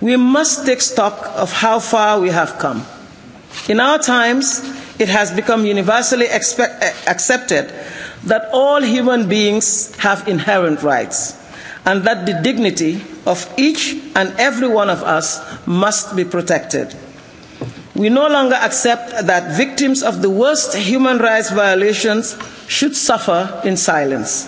we must take stock of how far we have come. In our times, it has become universally expect, eh, accepted that all human beings have inherent rights and that the dignity of each and every one of us must be protected. We no longer accept that victims of the worst human rights violations should suffer in silence.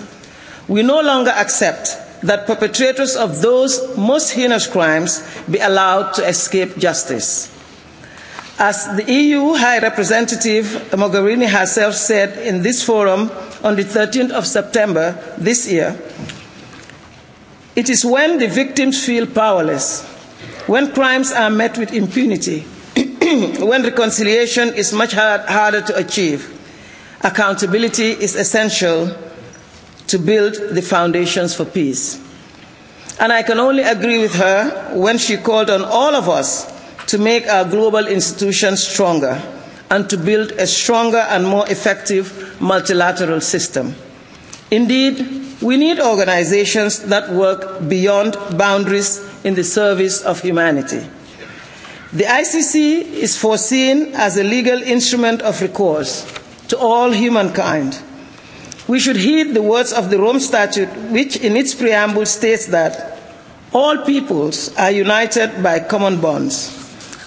We no longer accept that perpetrators of those most heinous crimes be allowed to escape justice. As the EU High Representative Mogherini herself said in this forum on the 13th of September this year, it is when the victims feel powerless, when crimes are met with impunity, when reconciliation is much hard, harder to achieve, accountability is essential to build the foundations for peace. And I can only agree with her when she called on all of us to make our global institutions stronger and to build a stronger and more effective multilateral system. Indeed, we need organizations that work beyond boundaries in the service of humanity. The ICC is foreseen as a legal instrument of recourse to all humankind we should heed the words of the Rome Statute, which in its preamble states that all peoples are united by common bonds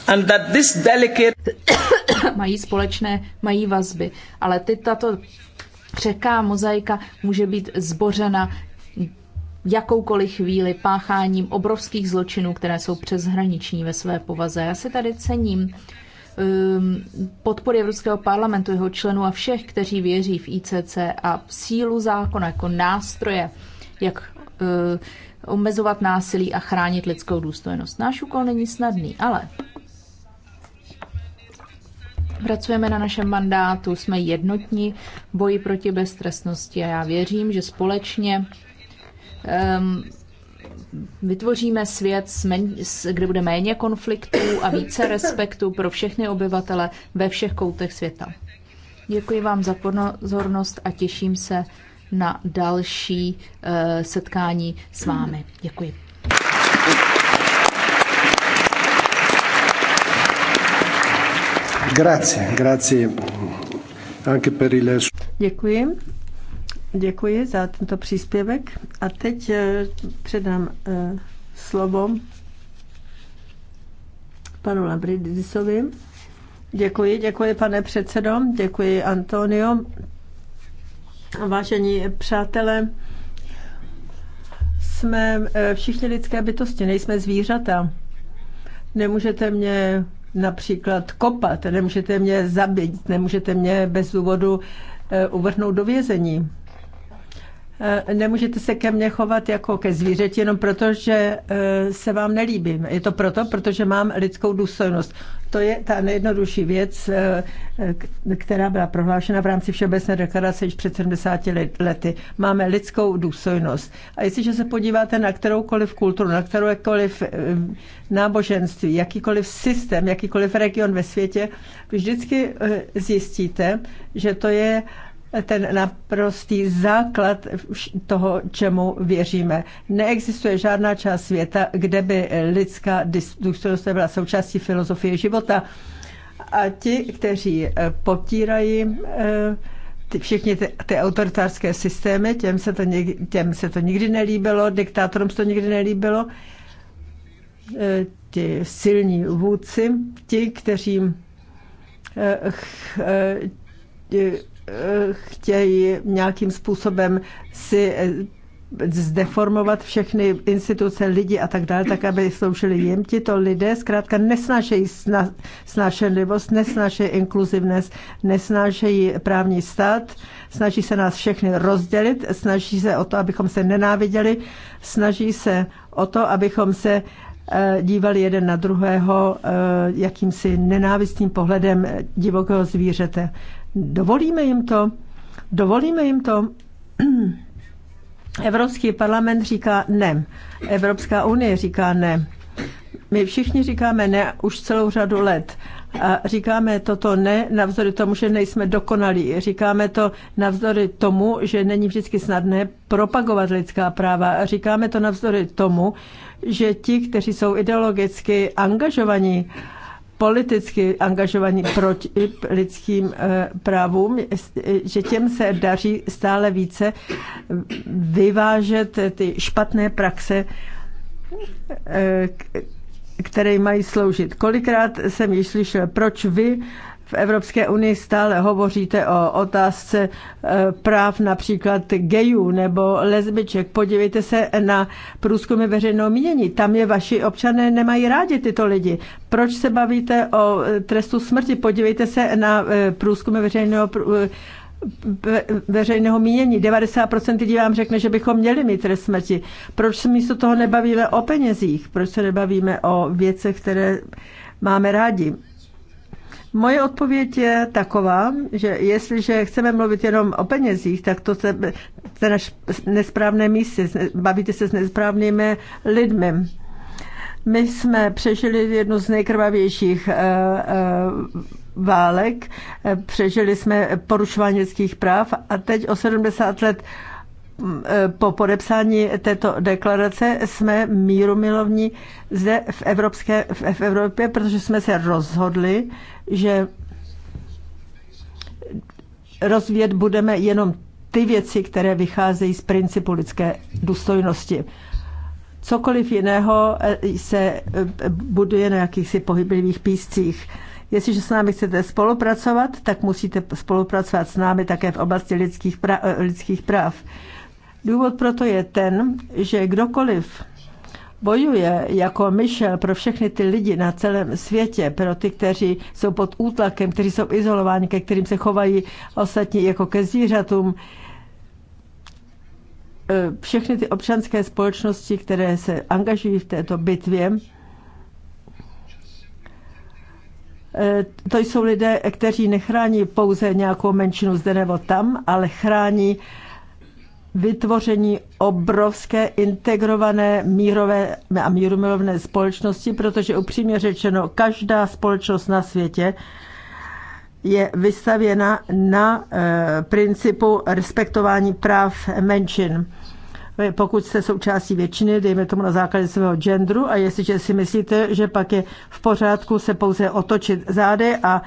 and that this delicate mají společné, mají vazby, ale ty tato křeká mozaika může být zbořena jakoukoliv chvíli pácháním obrovských zločinů, které jsou přeshraniční ve své povaze. Já si tady cením Um, podpory Evropského parlamentu, jeho členů a všech, kteří věří v ICC a v sílu zákona jako nástroje, jak uh, omezovat násilí a chránit lidskou důstojnost. Náš úkol není snadný, ale pracujeme na našem mandátu, jsme jednotní v boji proti beztrestnosti a já věřím, že společně um, vytvoříme svět, kde bude méně konfliktů a více respektu pro všechny obyvatele ve všech koutech světa. Děkuji vám za pozornost a těším se na další eh, setkání s vámi. Děkuji. Grazie, grazie anche per il... Děkuji. Děkuji za tento příspěvek a teď eh, předám eh, slovo panu Labridisovi. Děkuji, děkuji pane předsedo, děkuji Antonio. Vážení přátelé, jsme eh, všichni lidské bytosti, nejsme zvířata. Nemůžete mě například kopat, nemůžete mě zabít, nemůžete mě bez důvodu uvrhnout do vězení. Eh, nemůžete se ke mně chovat jako ke zvířeti, jenom proto, že eh, se vám nelíbím. Je to proto, protože mám lidskou důstojnost. To je ta nejjednodušší věc, eh, která byla prohlášena v rámci Všeobecné deklarace již před 70 lety. Máme lidskou důstojnost. A jestliže se podíváte na kteroukoliv kulturu, na kteroukoliv náboženství, jakýkoliv systém, jakýkoliv region ve světě, vždycky zjistíte, že to je ten naprostý základ toho, čemu věříme. Neexistuje žádná část světa, kde by lidská důstojnost byla součástí filozofie života. A ti, kteří eh, potírají eh, ty, ty, ty autoritářské systémy, těm se, to někdy, těm se to nikdy nelíbilo, diktátorům se to nikdy nelíbilo, eh, ti silní vůdci, ti, kteří chtějí nějakým způsobem si eh, zdeformovat všechny instituce, lidi a tak dále, tak aby sloužili jim. Tito lidé zkrátka nesnášejí snášenlivost, nesnášejí inkluzivnost, nesnášejí právní stát, snaží se nás všechny rozdělit, snaží se o to, abychom se nenáviděli, snaží se o to, abychom se eh, dívali jeden na druhého eh, jakýmsi nenávistným pohledem divokého zvířete. Dovolíme jim to? Dovolíme jim to? Evropský parlament říká ne. Evropská unie říká ne. My všichni říkáme ne už celou řadu let. A říkáme toto ne navzdory tomu, že nejsme dokonalí. Říkáme to navzdory tomu, že není vždycky snadné propagovat lidská práva. Říkáme to navzdory tomu, že ti, kteří jsou ideologicky angažovaní, politicky angažovaní proti lidským eh, právům, že těm se daří stále více vyvážet ty špatné praxe, eh, které mají sloužit. Kolikrát jsem již slyšel, proč vy v Evropské unii stále hovoříte o otázce e, práv například gejů nebo lesbiček. Podívejte se na průzkumy veřejného mínění. Tam je vaši občané nemají rádi tyto lidi. Proč se bavíte o e, trestu smrti? Podívejte se na e, průzkumy veřejného veřejného mínění. 90% lidí vám řekne, že bychom měli mít trest smrti. Proč se místo toho nebavíme o penězích? Proč se nebavíme o věcech, které máme rádi? Moje odpověď je taková, že jestliže chceme mluvit jenom o penězích, tak to je naš nesprávné místě, bavíte se s nesprávnými lidmi. My jsme přežili jednu z nejkrvavějších eh, eh, válek, eh, přežili jsme porušování lidských práv a teď o 70 let po podepsání této deklarace jsme míru milovní zde v, Evropské, v Evropě, protože jsme se rozhodli, že rozvíjet budeme jenom ty věci, které vycházejí z principu lidské důstojnosti. Cokoliv jiného eh, se eh, buduje na jakýchsi pohyblivých píscích. Jestliže s námi chcete spolupracovat, tak musíte spolupracovat s námi také v oblasti lidských, pra- eh, lidských práv. Důvod proto je ten, že kdokoliv bojuje jako myšel pro všechny ty lidi na celém světě, pro ty, kteří jsou pod útlakem, kteří jsou izolováni, ke kterým se chovají ostatní jako ke zvířatům, eh, všechny ty občanské společnosti, které se angažují v této bitvě, eh, to jsou lidé, kteří nechrání pouze nějakou menšinu zde nebo tam, ale chrání vytvoření obrovské integrované mírové a mírumilovné společnosti, protože upřímně řečeno, každá společnost na světě je vystavěna na eh, principu respektování práv menšin. Eh, pokud jste součástí většiny, dejme tomu na základě svého genderu, a jestliže si myslíte, že pak je v pořádku se pouze otočit zády a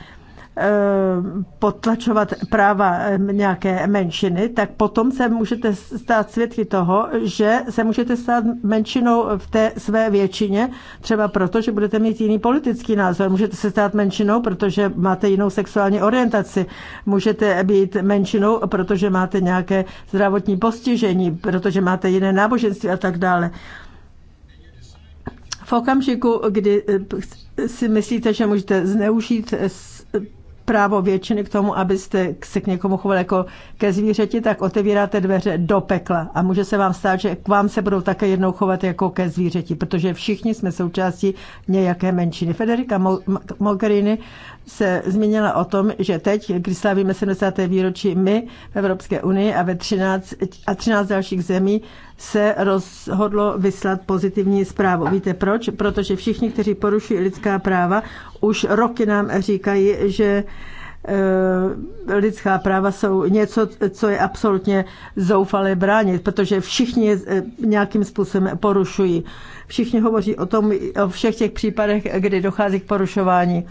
Eh, potlačovat práva eh, nějaké menšiny, tak potom se můžete stát svědky toho, že se můžete stát menšinou v té své většině, třeba proto, že budete mít jiný politický názor. Můžete se stát menšinou, protože máte jinou sexuální orientaci. Můžete být menšinou, protože máte nějaké zdravotní postižení, protože máte jiné náboženství a tak dále. V okamžiku, kdy eh, si myslíte, že můžete zneužít právo většiny k tomu, abyste se k někomu chovali jako ke zvířeti, tak otevíráte dveře do pekla. A může se vám stát, že k vám se budou také jednou chovat jako ke zvířeti, protože všichni jsme součástí nějaké menšiny. Federica Mogherini se zmínila o tom, že teď, když slavíme 70. výročí my v Evropské unii a ve 13, a 13 dalších zemí, se rozhodlo vyslat pozitivní zprávu. Víte proč? Protože všichni, kteří porušují lidská práva, už roky nám říkají, že eh, lidská práva jsou něco, co je absolutně zoufalé bránit, protože všichni je eh, nějakým způsobem porušují. Všichni hovoří o tom, o všech těch případech, kdy dochází k porušování.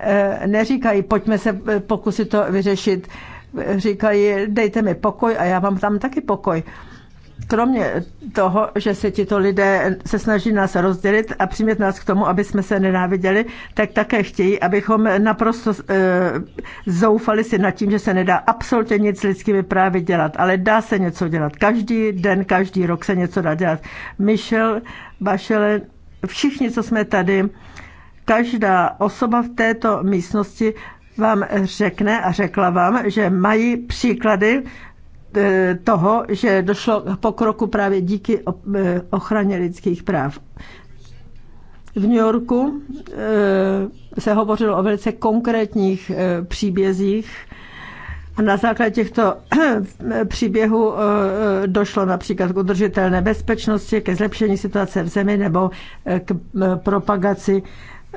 Eh, neříkají, pojďme se pokusit to vyřešit. Říkají, dejte mi pokoj a já vám tam taky pokoj kromě toho, že se tito lidé se snaží nás rozdělit a přimět nás k tomu, aby jsme se nenáviděli, tak také chtějí, abychom naprosto e, zoufali si nad tím, že se nedá absolutně nic s lidskými právy dělat, ale dá se něco dělat. Každý den, každý rok se něco dá dělat. Michel, Bašele, všichni, co jsme tady, každá osoba v této místnosti vám řekne a řekla vám, že mají příklady E, toho, že došlo k pokroku právě díky e, ochraně lidských práv. V New Yorku e, se hovořilo o velice konkrétních příbězích a na základě těchto příběhů došlo například k udržitelné bezpečnosti, ke zlepšení situace v zemi nebo k propagaci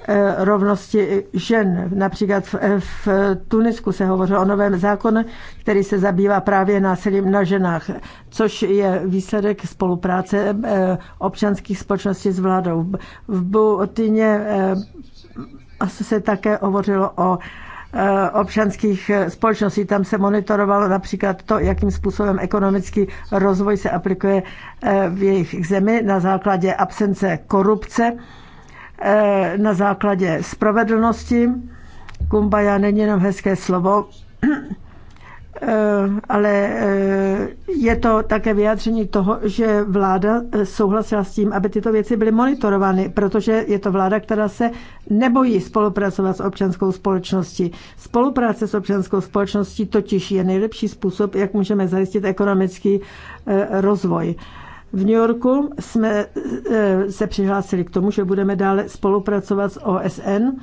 Eh, rovnosti žen. Například v, eh, v Tunisku se hovořilo o novém zákonu, který se zabývá právě násilím na ženách, což je výsledek spolupráce eh, občanských společností s vládou. V Butině se také hovořilo o občanských společností. Tam se monitorovalo například to, jakým způsobem ekonomický rozvoj se aplikuje v jejich zemi na základě absence korupce Eh, na základě spravedlnosti. Kumbaya není jenom hezké slovo, eh, ale eh, je to také vyjádření toho, že vláda souhlasila s tím, aby tyto věci byly monitorovány, protože je to vláda, která se nebojí spolupracovat s občanskou společností. Spolupráce s občanskou společností totiž je nejlepší způsob, jak můžeme zajistit ekonomický rozvoj. V New Yorku jsme e, se přihlásili k tomu, že budeme dále spolupracovat s OSN e,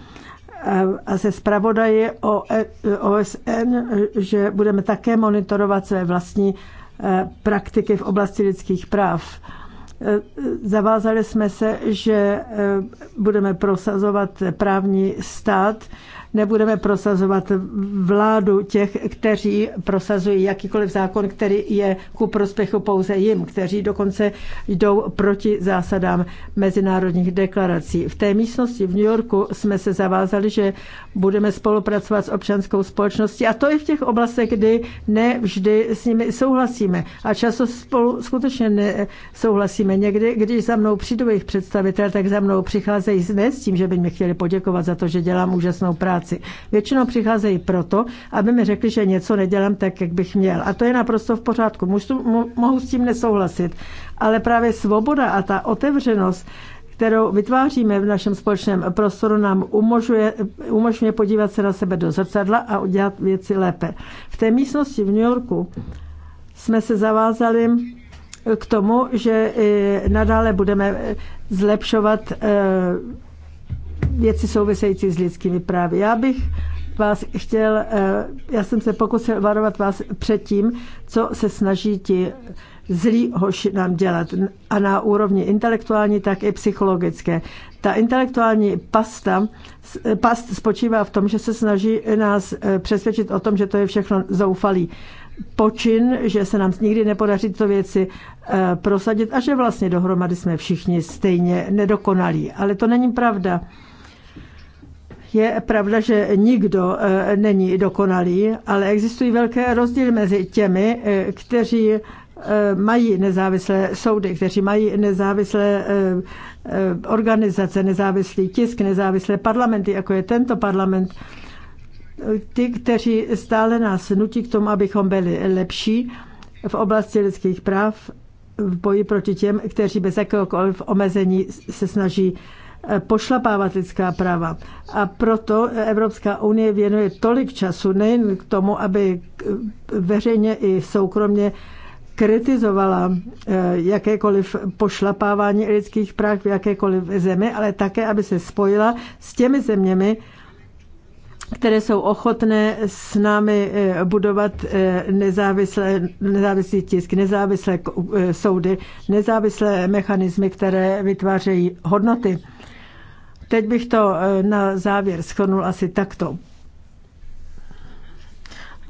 a se zpravodaji OSN, e, že budeme také monitorovat své vlastní praktiky v oblasti lidských práv. Zavázali jsme se, že budeme prosazovat právní stát nebudeme prosazovat vládu těch, kteří prosazují jakýkoliv zákon, který je ku prospěchu pouze jim, kteří dokonce jdou proti zásadám mezinárodních deklarací. V té místnosti v New Yorku jsme se zavázali, že budeme spolupracovat s občanskou společností a to i v těch oblastech, kdy ne vždy s nimi souhlasíme a často spolu skutečně nesouhlasíme. Někdy, když za mnou přijdou jejich představitel, tak za mnou přicházejí ne s tím, že by mě chtěli poděkovat za to, že dělám úžasnou práci, práci. Většinou přicházejí proto, aby mi řekli, že něco nedělám tak, jak bych měl. A to je naprosto v pořádku. Můžu, mohu s tím nesouhlasit. Ale právě svoboda a ta otevřenost kterou vytváříme v našem společném prostoru, nám umožuje umožňuje podívat se na sebe do zrcadla a udělat věci lépe. V té místnosti v New Yorku jsme se zavázali k tomu, že nadále budeme zlepšovat eh, věci související s lidskými právy. Já bych vás chtěl, eh, já jsem se pokusil varovat vás před tím, co se snaží ti zlí hoši nám dělat. A na úrovni intelektuální, tak i psychologické. Ta intelektuální pasta, eh, past spočívá v tom, že se snaží nás eh, přesvědčit o tom, že to je všechno zoufalý počin, že se nám nikdy nepodaří to věci prosadit a že vlastně dohromady jsme všichni stejně nedokonalí. Ale to není pravda. Je pravda, že nikdo eh, není dokonalý, ale existují velké rozdíly mezi těmi, eh, kteří eh, mají nezávislé soudy, kteří mají nezávislé organizace, nezávislý tisk, nezávislé parlamenty, jako je tento parlament. Ty, kteří stále nás nutí k tomu, abychom byli lepší v oblasti lidských práv, v boji proti těm, kteří bez jakéhokoliv omezení se snaží pošlapávat lidská práva. A proto Evropská unie věnuje tolik času nejen k tomu, aby veřejně i soukromně kritizovala eh, jakékoliv pošlapávání lidských práv v jakékoliv zemi, ale také, aby se spojila s těmi zeměmi, které jsou ochotné s námi eh, budovat eh, nezávislé, nezávislý tisk, nezávislé soudy, nezávislé mechanismy, které vytvářejí hodnoty. Teď bych to eh, na závěr schrnul asi takto.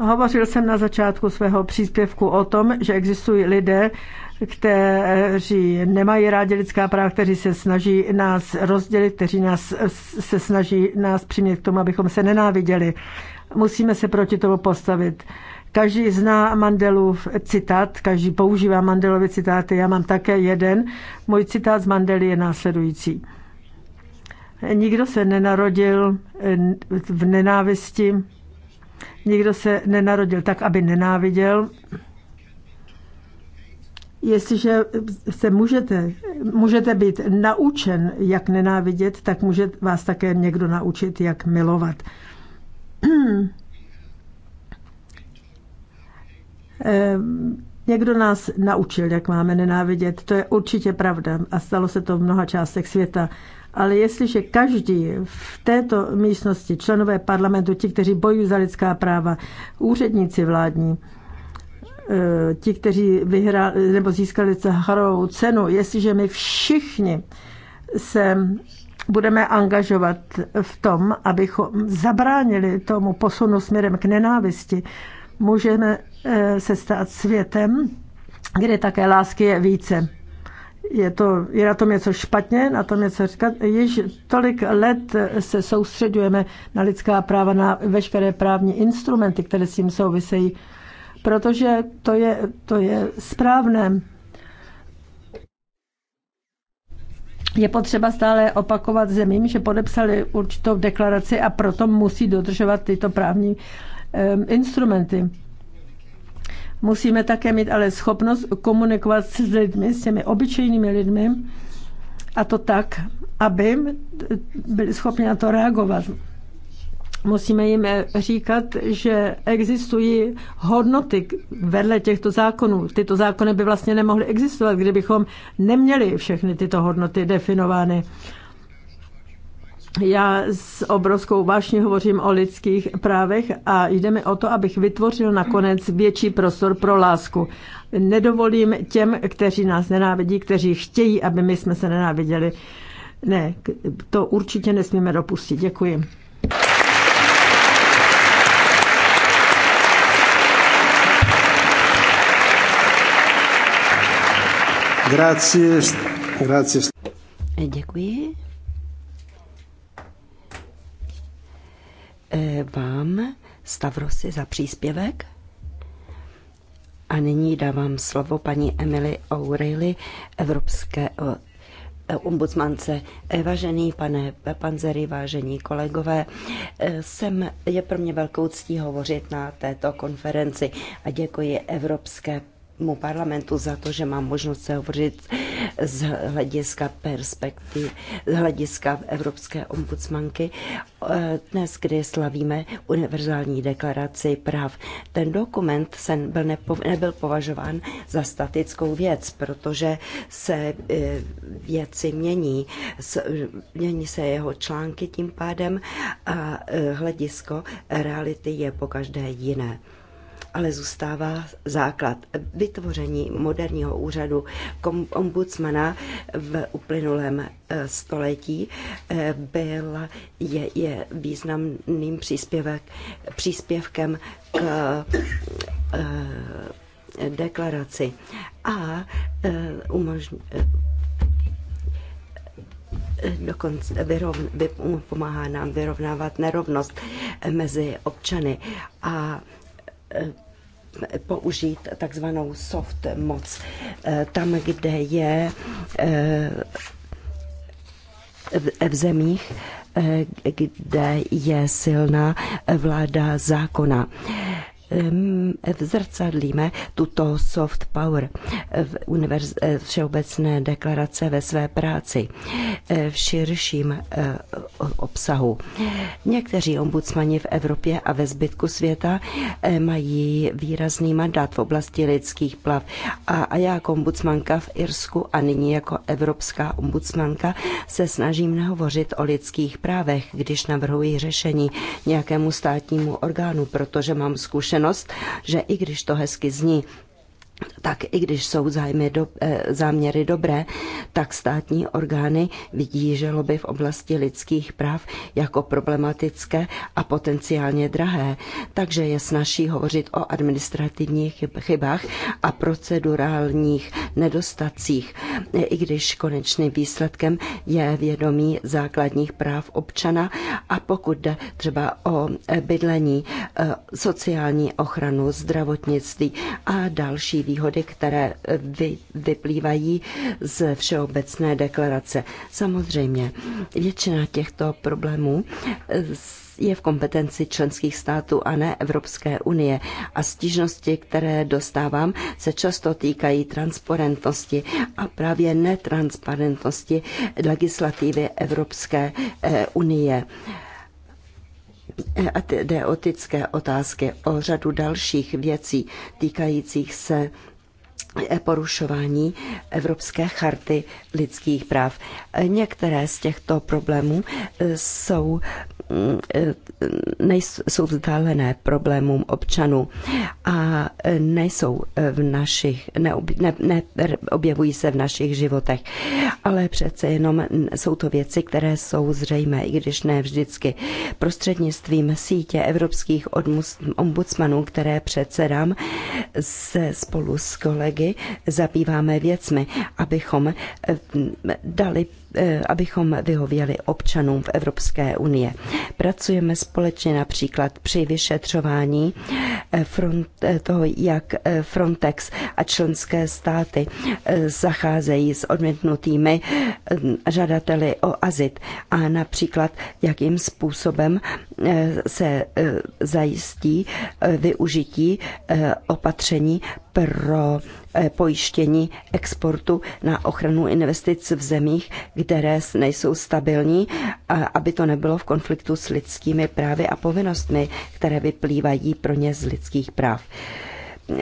Hovořil jsem na začátku svého příspěvku o tom, že existují lidé, kteří nemají rádi lidská práva, kteří se snaží nás rozdělit, kteří nás, se snaží nás přimět k tomu, abychom se nenáviděli. Musíme se proti tomu postavit. Každý zná Mandelův citát, každý používá Mandelovy citáty, já mám také jeden. Můj citát z Mandely je následující. Nikdo se nenarodil eh, v nenávisti, nikdo se nenarodil tak, aby nenáviděl. Jestliže se můžete, můžete být naučen, jak nenávidět, tak může vás také někdo naučit, jak milovat. Eh, někdo nás naučil, jak máme nenávidět. To je určitě pravda a stalo se to v mnoha částech světa. Ale jestliže každý v této místnosti, členové parlamentu, ti, kteří bojují za lidská práva, úředníci vládní, eh, ti, kteří vyhráli nebo získali Sacharovou cenu, jestliže my všichni se budeme angažovat v tom, abychom zabránili tomu posunu směrem k nenávisti, můžeme eh, se stát světem, kde také lásky je více je, to, je na tom něco špatně, na tom něco říkat. Již tolik let se soustředujeme na lidská práva, na veškeré právní instrumenty, které s tím souvisejí, protože to je, to je správné. Je potřeba stále opakovat zemím, že podepsali určitou deklaraci a proto musí dodržovat tyto právní eh, instrumenty. Musíme také mít ale schopnost komunikovat s lidmi, s těmi obyčejnými lidmi, a to tak, aby byli schopni na to reagovat. Musíme jim říkat, že existují hodnoty vedle těchto zákonů. Tyto zákony by vlastně nemohly existovat, kdybychom neměli všechny tyto hodnoty definovány. Já s obrovskou vášní hovořím o lidských právech a jde mi o to, abych vytvořil nakonec větší prostor pro lásku. Nedovolím těm, kteří nás nenávidí, kteří chtějí, aby my jsme se nenáviděli. Ne, to určitě nesmíme dopustit. Děkuji. Grazie. Grazie. Děkuji. E, vám, Stavrosi, za příspěvek. A nyní dávám slovo paní Emily O'Reilly, Evropské e, ombudsmance. E, vážený pane Panzeri, vážení kolegové, jsem, je pro mě velkou ctí hovořit na této konferenci a děkuji Evropské mu parlamentu za to, že mám možnost se hovořit z hlediska perspektiv, z hlediska Evropské ombudsmanky. Dnes, kdy slavíme univerzální deklaraci práv, ten dokument se byl nepo, nebyl považován za statickou věc, protože se e, věci mění, mění se jeho články tím pádem a e, hledisko reality je pokaždé jiné ale zůstává základ vytvoření moderního úřadu ombudsmana v uplynulém eh, století eh, byl, je, je významným příspěvek, příspěvkem k eh, deklaraci a umožňuje dokonce vyrovn, vy, pomáhá nám vyrovnávat nerovnost mezi občany a použít takzvanou soft moc. Eh, tam, kde je eh, v zemích, eh, kde je silná vláda zákona. Ehm, zrcadlíme tuto soft power v univerz, eh, Všeobecné deklarace ve své práci eh, v širším eh, obsahu. Někteří ombudsmani v Evropě a ve zbytku světa mají výrazný mandát v oblasti lidských plav a, a já jako ombudsmanka v Irsku a nyní jako evropská ombudsmanka se snažím nehovořit o lidských právech, když navrhuji řešení nějakému státnímu orgánu, protože mám zkušenost zkušenost, že i když to hezky zní, tak i když jsou zájmy do, eh, záměry dobré, tak státní orgány vidí želoby v oblasti lidských práv jako problematické a potenciálně drahé. Takže je snaží hovořit o administrativních chybách a procedurálních nedostacích, i když konečným výsledkem je vědomí základních práv občana a pokud jde třeba o eh, bydlení, eh, sociální ochranu, zdravotnictví a další výhody, které eh, vy, vyplývají z Všeobecné deklarace. Samozřejmě, většina těchto problémů eh, je v kompetenci členských států a ne Evropské unie. A stížnosti, které dostávám, se často týkají transparentnosti a právě netransparentnosti legislativy Evropské eh, unie a jde o etické otázky, o řadu dalších věcí týkajících se e, porušování Evropské charty lidských práv. E, některé z těchto problémů e, jsou nejsou vzdálené problémům občanů a nejsou v našich, neobjevují ne, ne, se v našich životech. Ale přece jenom jsou to věci, které jsou zřejmé, i když ne vždycky. Prostřednictvím sítě evropských ombudsmanů, které předsedám, se spolu s kolegy zabýváme věcmi, abychom eh, dali Eh, abychom vyhověli občanům v Evropské unie. Pracujeme společně například při vyšetřování eh, front, eh, toho, jak Frontex a členské státy zacházejí s odmětnutými žadateli o azit a například jakým způsobem se zajistí využití opatření pro Eh, pojištění exportu na ochranu investic v zemích, které nejsou stabilní, aby to nebylo v konfliktu s lidskými právy a povinnostmi, které vyplývají pro ně z lidských práv.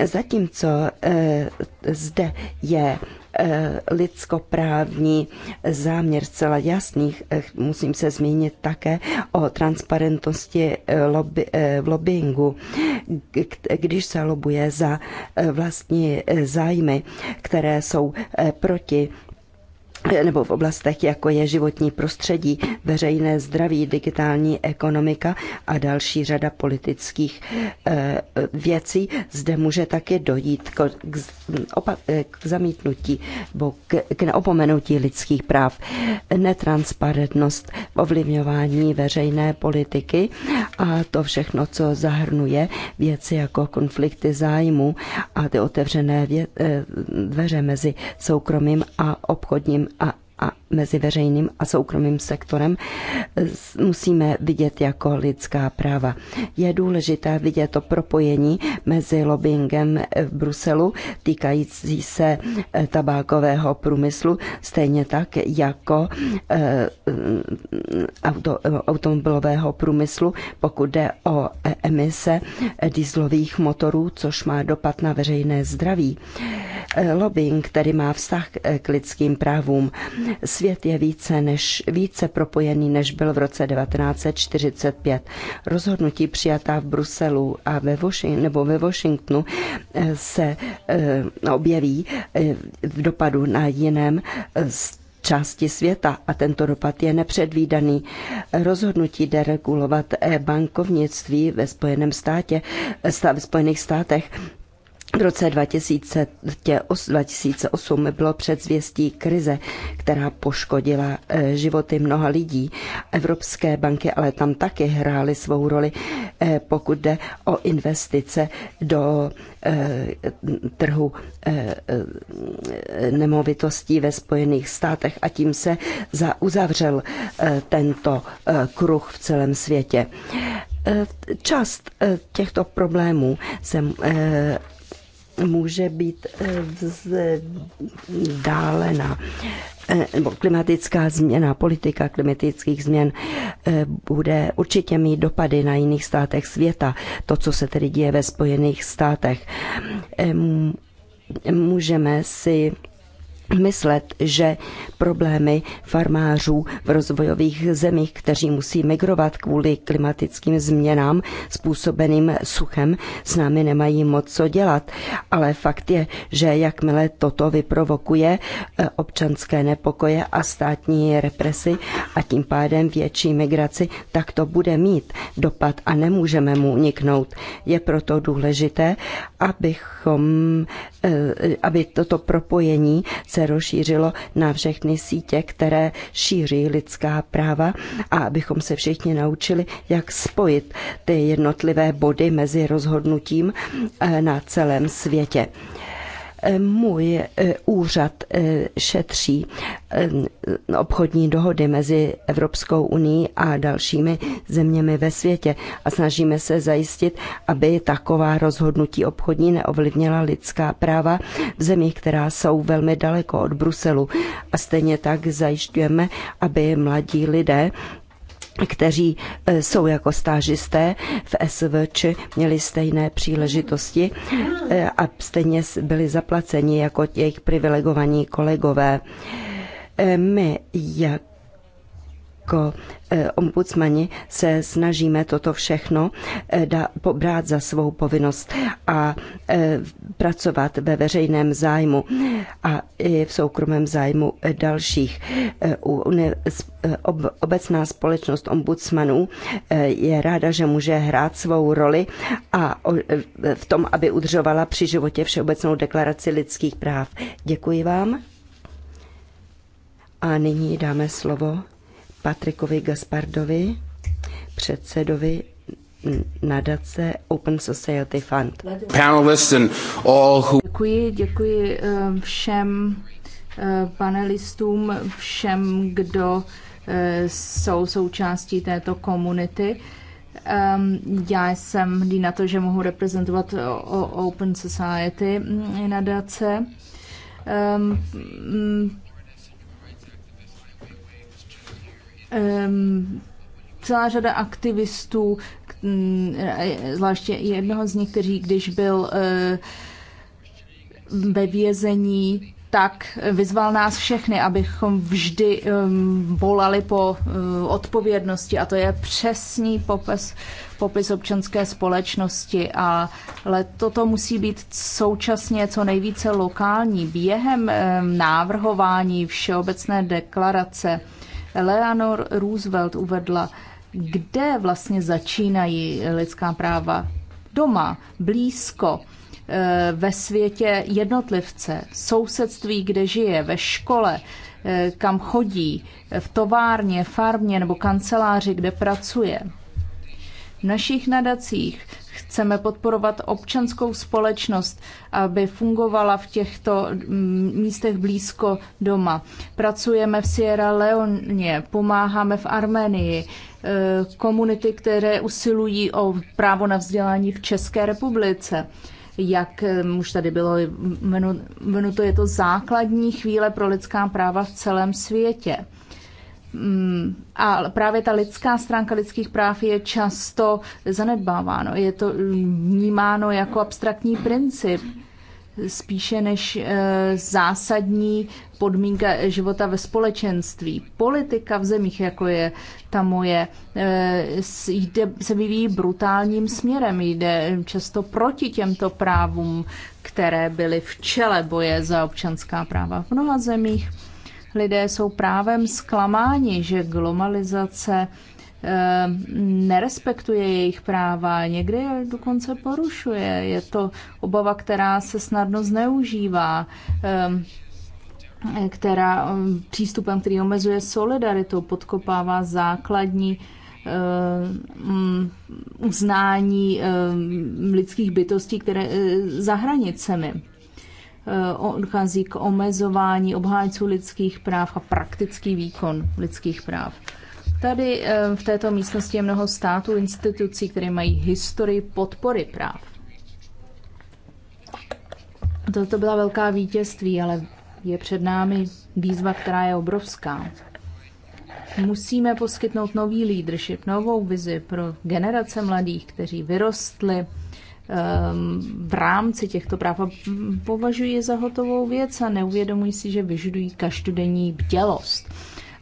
Zatímco eh, zde je eh, lidskoprávní záměr zcela jasný. Eh, musím se zmínit také o transparentnosti lobby, v lobbyingu, když se lobuje za vlastní zájmy, které jsou proti nebo v oblastech, jako je životní prostředí, veřejné zdraví, digitální ekonomika a další řada politických eh, věcí. Zde může také dojít k, eh, k zamítnutí nebo k, k neopomenutí lidských práv. Netransparentnost v ovlivňování veřejné politiky a to všechno, co zahrnuje věci jako konflikty zájmu a ty otevřené eh, dveře mezi soukromým a obchodním a a mezi veřejným a soukromým sektorem musíme vidět jako lidská práva. Je důležité vidět to propojení mezi lobbyingem v Bruselu týkající se eh, tabákového průmyslu, stejně tak jako eh, auto, automobilového průmyslu, pokud jde o eh, emise dieselových motorů, což má dopad na veřejné zdraví. Lobbying který má vztah k lidským právům. Svět je více, než, více propojený, než byl v roce 1945. Rozhodnutí přijatá v Bruselu a ve Washing, nebo ve Washingtonu eh, se eh, objeví eh, v dopadu na jiném části světa a tento dopad je nepředvídaný. Rozhodnutí deregulovat bankovnictví ve Spojeném státě, ve Spojených státech v roce 2008 bylo předzvěstí krize, která poškodila eh, životy mnoha lidí. Evropské banky ale tam taky hrály svou roli, eh, pokud jde o investice do eh, trhu nemovitostí ve Spojených státech a tím se uzavřel tento kruh v celém světě. Část těchto problémů se může být eh, vzdálena eh, nebo klimatická změna, politika klimatických změn eh, bude určitě mít dopady na jiných státech světa, to, co se tedy děje ve Spojených státech. Můžeme si myslet, že problémy farmářů v rozvojových zemích, kteří musí migrovat kvůli klimatickým změnám způsobeným suchem, s námi nemají moc co dělat. Ale fakt je, že jakmile toto vyprovokuje eh, občanské nepokoje a státní represi a tím pádem větší migraci, tak to bude mít dopad a nemůžeme mu uniknout. Je proto důležité, abychom, eh, aby toto propojení se rozšířilo na všechny sítě, které šíří lidská práva a abychom se všichni naučili, jak spojit ty jednotlivé body mezi rozhodnutím eh, na celém světě. Můj eh, úřad eh, šetří eh, obchodní dohody mezi Evropskou unii a dalšími zeměmi ve světě a snažíme se zajistit, aby taková rozhodnutí obchodní neovlivnila lidská práva v zemích, která jsou velmi daleko od Bruselu. A stejně tak zajišťujeme, aby mladí lidé kteří e, jsou jako stážisté v SVČ, měli stejné příležitosti e, a stejně byli zaplaceni jako jejich privilegovaní kolegové. E, my jak jako eh, ombudsmani se snažíme toto všechno eh, brát za svou povinnost a eh, pracovat ve veřejném zájmu a i v soukromém zájmu dalších. Obecná společnost ombudsmanů je ráda, že může hrát svou roli a v tom, aby udržovala při životě Všeobecnou deklaraci lidských práv. Děkuji vám. A nyní dáme slovo Patrikovi Gaspardovi, předsedovi nadace Open Society Fund. Panelists and all who... Děkuji, děkuji eh, všem eh, panelistům, všem, kdo eh, jsou součástí této komunity. Já jsem hrdý na to, že mohu reprezentovat Open Society mm, nadace. Mm, Ehm, celá řada aktivistů, eh, zvláště jednoho z nich, kteří když byl eh, ve vězení, tak vyzval nás všechny, abychom vždy ehm, volali po eh, odpovědnosti. A to je přesný popis, popis občanské společnosti. Ale toto musí být současně co nejvíce lokální. Během ehm, návrhování Všeobecné deklarace Eleanor Roosevelt uvedla, kde vlastně začínají lidská práva? Doma, blízko, eh, ve světě jednotlivce, sousedství, kde žije, ve škole, eh, kam chodí, v továrně, farmě nebo kanceláři, kde pracuje. V našich nadacích Chceme podporovat občanskou společnost, aby fungovala v těchto mm, místech blízko doma. Pracujeme v Sierra Leone, pomáháme v Armenii, eh, komunity, které usilují o právo na vzdělání v České republice jak mm, už tady bylo jmenuto, je to základní chvíle pro lidská práva v celém světě. Mm, a právě ta lidská stránka lidských práv je často zanedbáváno. Je to vnímáno jako abstraktní princip spíše než e, zásadní podmínka života ve společenství. Politika v zemích, jako je ta moje, e, jde, se vyvíjí brutálním směrem, jde často proti těmto právům, které byly v čele boje za občanská práva v mnoha zemích lidé jsou právem zklamáni, že globalizace eh, nerespektuje jejich práva, někdy je dokonce porušuje. Je to obava, která se snadno zneužívá, eh, která eh, přístupem, který omezuje solidaritu, podkopává základní mm, uznání lidských bytostí které, za hranicemi. Eh, dochází k omezování obhájců lidských práv a praktický výkon lidských práv. Tady eh, v této místnosti je mnoho států, institucí, které mají historii podpory práv. Toto byla velká vítězství, ale je před námi výzva, která je obrovská. Musíme poskytnout nový leadership, novou vizi pro generace mladých, kteří vyrostli Ehm, v rámci těchto práv a považují je za hotovou věc a neuvědomují si, že vyžadují každodenní bdělost.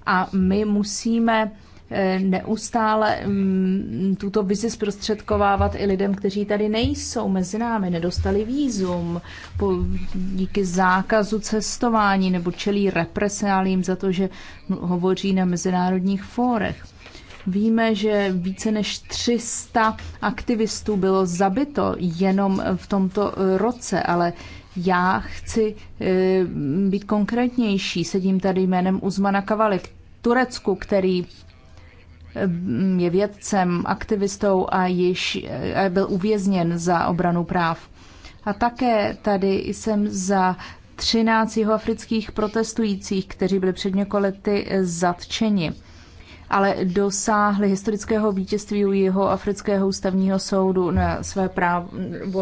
A my musíme eh, neustále mm, tuto vizi zprostředkovávat i lidem, kteří tady nejsou mezi námi, nedostali výzum po, díky zákazu cestování nebo čelí represálím za to, že hovoří na mezinárodních fórech. Víme, že více než 300 aktivistů bylo zabito jenom v tomto eh, roce, ale já chci eh, být konkrétnější. Sedím tady jménem Uzmana Kavali v Turecku, který eh, je vědcem, aktivistou a již byl uvězněn za obranu práv. A také tady jsem za 13 jihoafrických protestujících, kteří byli před několety zatčeni ale dosáhli historického vítězství u jeho afrického ústavního soudu na své právo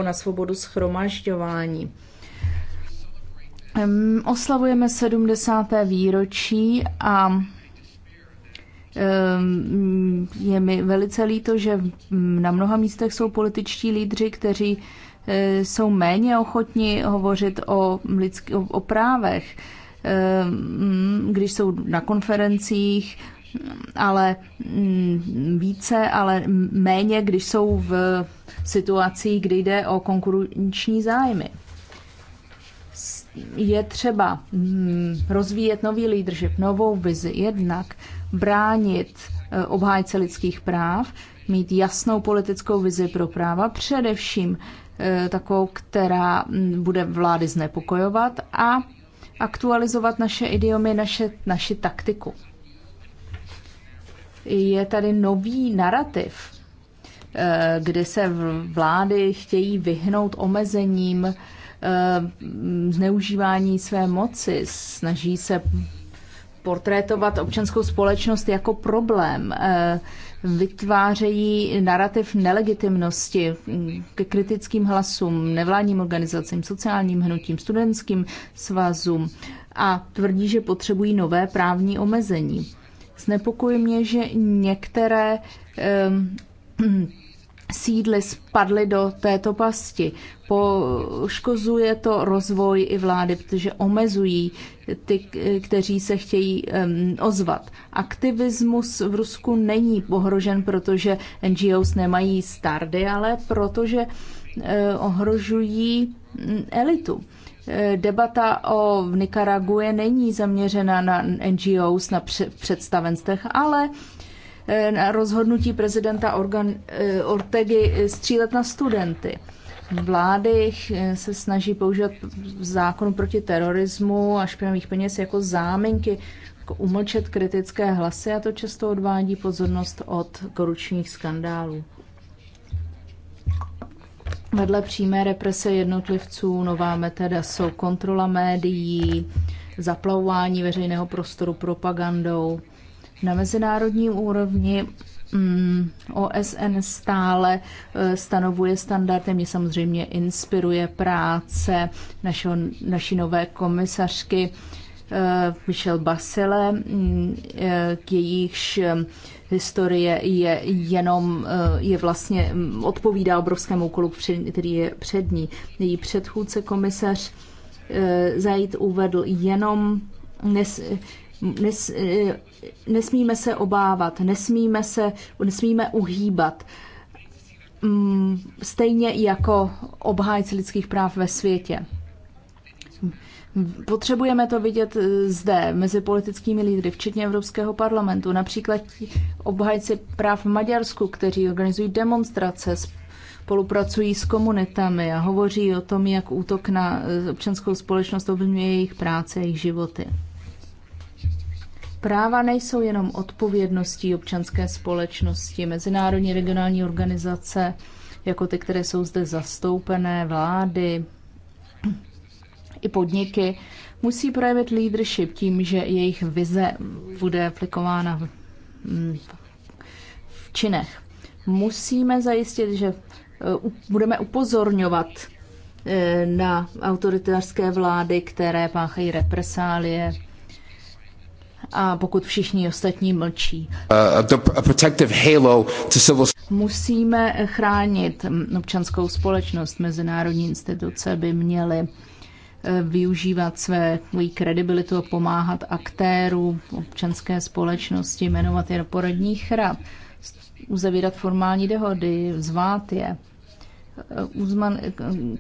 na svobodu schromažďování. Oslavujeme 70. výročí a je mi velice líto, že na mnoha místech jsou političtí lídři, kteří e, jsou méně ochotni hovořit o, lidský, o právech. Když jsou na konferencích, ale mm, více, ale méně, když jsou v situaci, kdy jde o konkurenční zájmy. Je třeba mm, rozvíjet nový leadership, novou vizi, jednak bránit e, obhájce lidských práv, mít jasnou politickou vizi pro práva, především e, takovou, která mm, bude vlády znepokojovat a aktualizovat naše idiomy, naše, naši taktiku je tady nový narrativ, eh, kdy se vlády chtějí vyhnout omezením eh, zneužívání své moci, snaží se portrétovat občanskou společnost jako problém, eh, vytvářejí narrativ nelegitimnosti ke kritickým hlasům, nevládním organizacím, sociálním hnutím, studentským svazům a tvrdí, že potřebují nové právní omezení. Znepokojuje mě, že některé um, sídly spadly do této pasti. Poškozuje to rozvoj i vlády, protože omezují ty, kteří se chtějí um, ozvat. Aktivismus v Rusku není pohrožen, protože NGOs nemají stardy, ale protože uh, ohrožují mm, elitu. Eh, debata o Nikaraguje není zaměřena na NGOs, na představenstech, ale eh, na rozhodnutí prezidenta Organ, eh, Ortegy střílet na studenty. Vlády se snaží používat zákon proti terorismu a špinavých peněz jako záminky jako umlčet kritické hlasy a to často odvádí pozornost od korupčních skandálů. Vedle přímé represe jednotlivců nová metoda jsou kontrola médií, zaplavování veřejného prostoru propagandou. Na mezinárodní úrovni mm, OSN stále e, stanovuje standardy. Mě samozřejmě inspiruje práce našeho, naší nové komisařky e, Michelle Basile, mm, e, k jejíchž historie je jenom, eh, je vlastně, mm, odpovídá obrovskému úkolu, který je před ní. Její předchůdce komisař eh, Zajít uvedl jenom nes, nes, eh, nesmíme se obávat, nesmíme se, nesmíme uhýbat. Mm, stejně jako obhájci lidských práv ve světě. Potřebujeme to vidět eh, zde, mezi politickými lídry, včetně Evropského parlamentu, například obhajci práv v Maďarsku, kteří organizují demonstrace, spolupracují s komunitami a hovoří o tom, jak útok na eh, občanskou společnost ovlivňuje jejich práce a jejich životy. Práva nejsou jenom odpovědností občanské společnosti, mezinárodní regionální organizace, jako ty, které jsou zde zastoupené, vlády, i podniky musí projevit leadership tím, že jejich vize bude aplikována v, mm, v činech. Musíme zajistit, že eh, budeme upozorňovat eh, na autoritářské vlády, které páchají represálie, a pokud všichni ostatní mlčí. Musíme chránit mm, občanskou společnost, mezinárodní instituce by měly Eh, využívat své mojí kredibilitu a pomáhat aktéru, občanské společnosti, jmenovat je do poradních rad, uzavírat formální dohody, zvát je. Eh, Uzman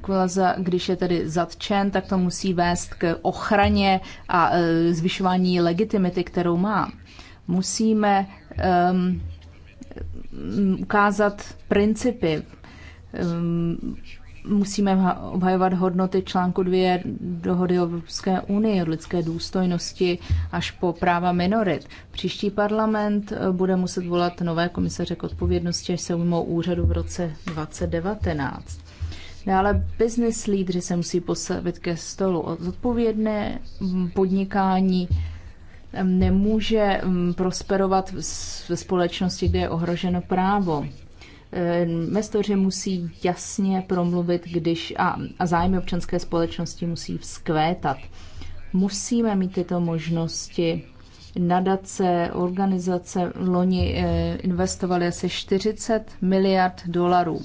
Kvaza, když je tedy zatčen, tak to musí vést k ochraně a eh, zvyšování legitimity, kterou má. Musíme um, ukázat principy, um, musíme obhajovat hodnoty článku 2 dohody o Evropské unii od lidské důstojnosti až po práva minorit. Příští parlament eh, bude muset volat nové komisaře k odpovědnosti, až se ujmou úřadu v roce 2019. Dále business lídři se musí postavit ke stolu. Zodpovědné mm, podnikání mm, nemůže mm, prosperovat ve společnosti, kde je ohroženo právo Investoři musí jasně promluvit, když a, a zájmy občanské společnosti musí vzkvétat. Musíme mít tyto možnosti. Nadace, organizace loni eh, investovaly asi 40 miliard dolarů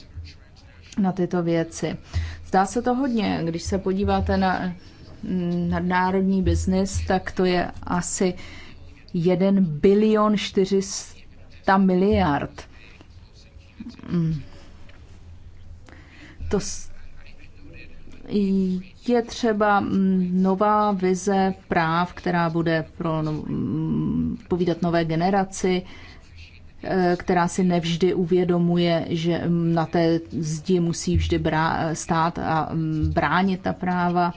na tyto věci. Zdá se to hodně, když se podíváte na mm, nadnárodní biznis, tak to je asi 1 bilion 400 miliard. Mm. To je třeba mm, nová vize práv, která bude pro no, mm, povídat nové generaci, eh, která si nevždy uvědomuje, že na té zdi musí vždy brá, stát a bránit ta práva.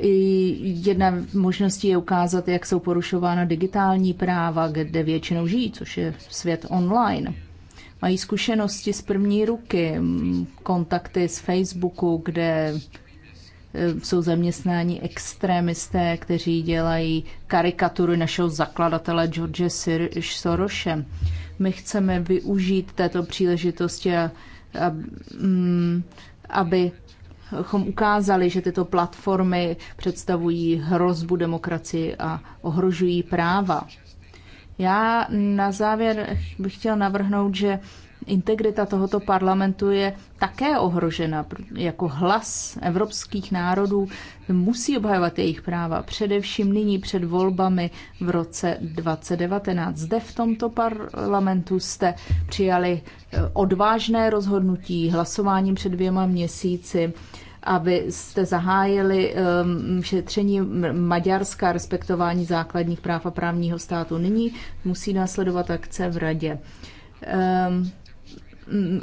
I Jedna možností je ukázat, jak jsou porušována digitální práva, kde většinou žijí, což je svět online mají zkušenosti z první ruky, kontakty z Facebooku, kde e, jsou zaměstnáni extrémisté, kteří dělají karikatury našeho zakladatele George Soroše. My chceme využít této příležitosti, a, a, mm, abychom ukázali, že tyto platformy představují hrozbu demokracii a ohrožují práva. Já na závěr bych chtěl navrhnout, že integrita tohoto parlamentu je také ohrožena. Jako hlas evropských národů musí obhajovat jejich práva, především nyní před volbami v roce 2019. Zde v tomto parlamentu jste přijali eh, odvážné rozhodnutí hlasováním před dvěma měsíci abyste zahájili um, šetření Maďarska, respektování základních práv a právního státu. Nyní musí následovat akce v radě. Um,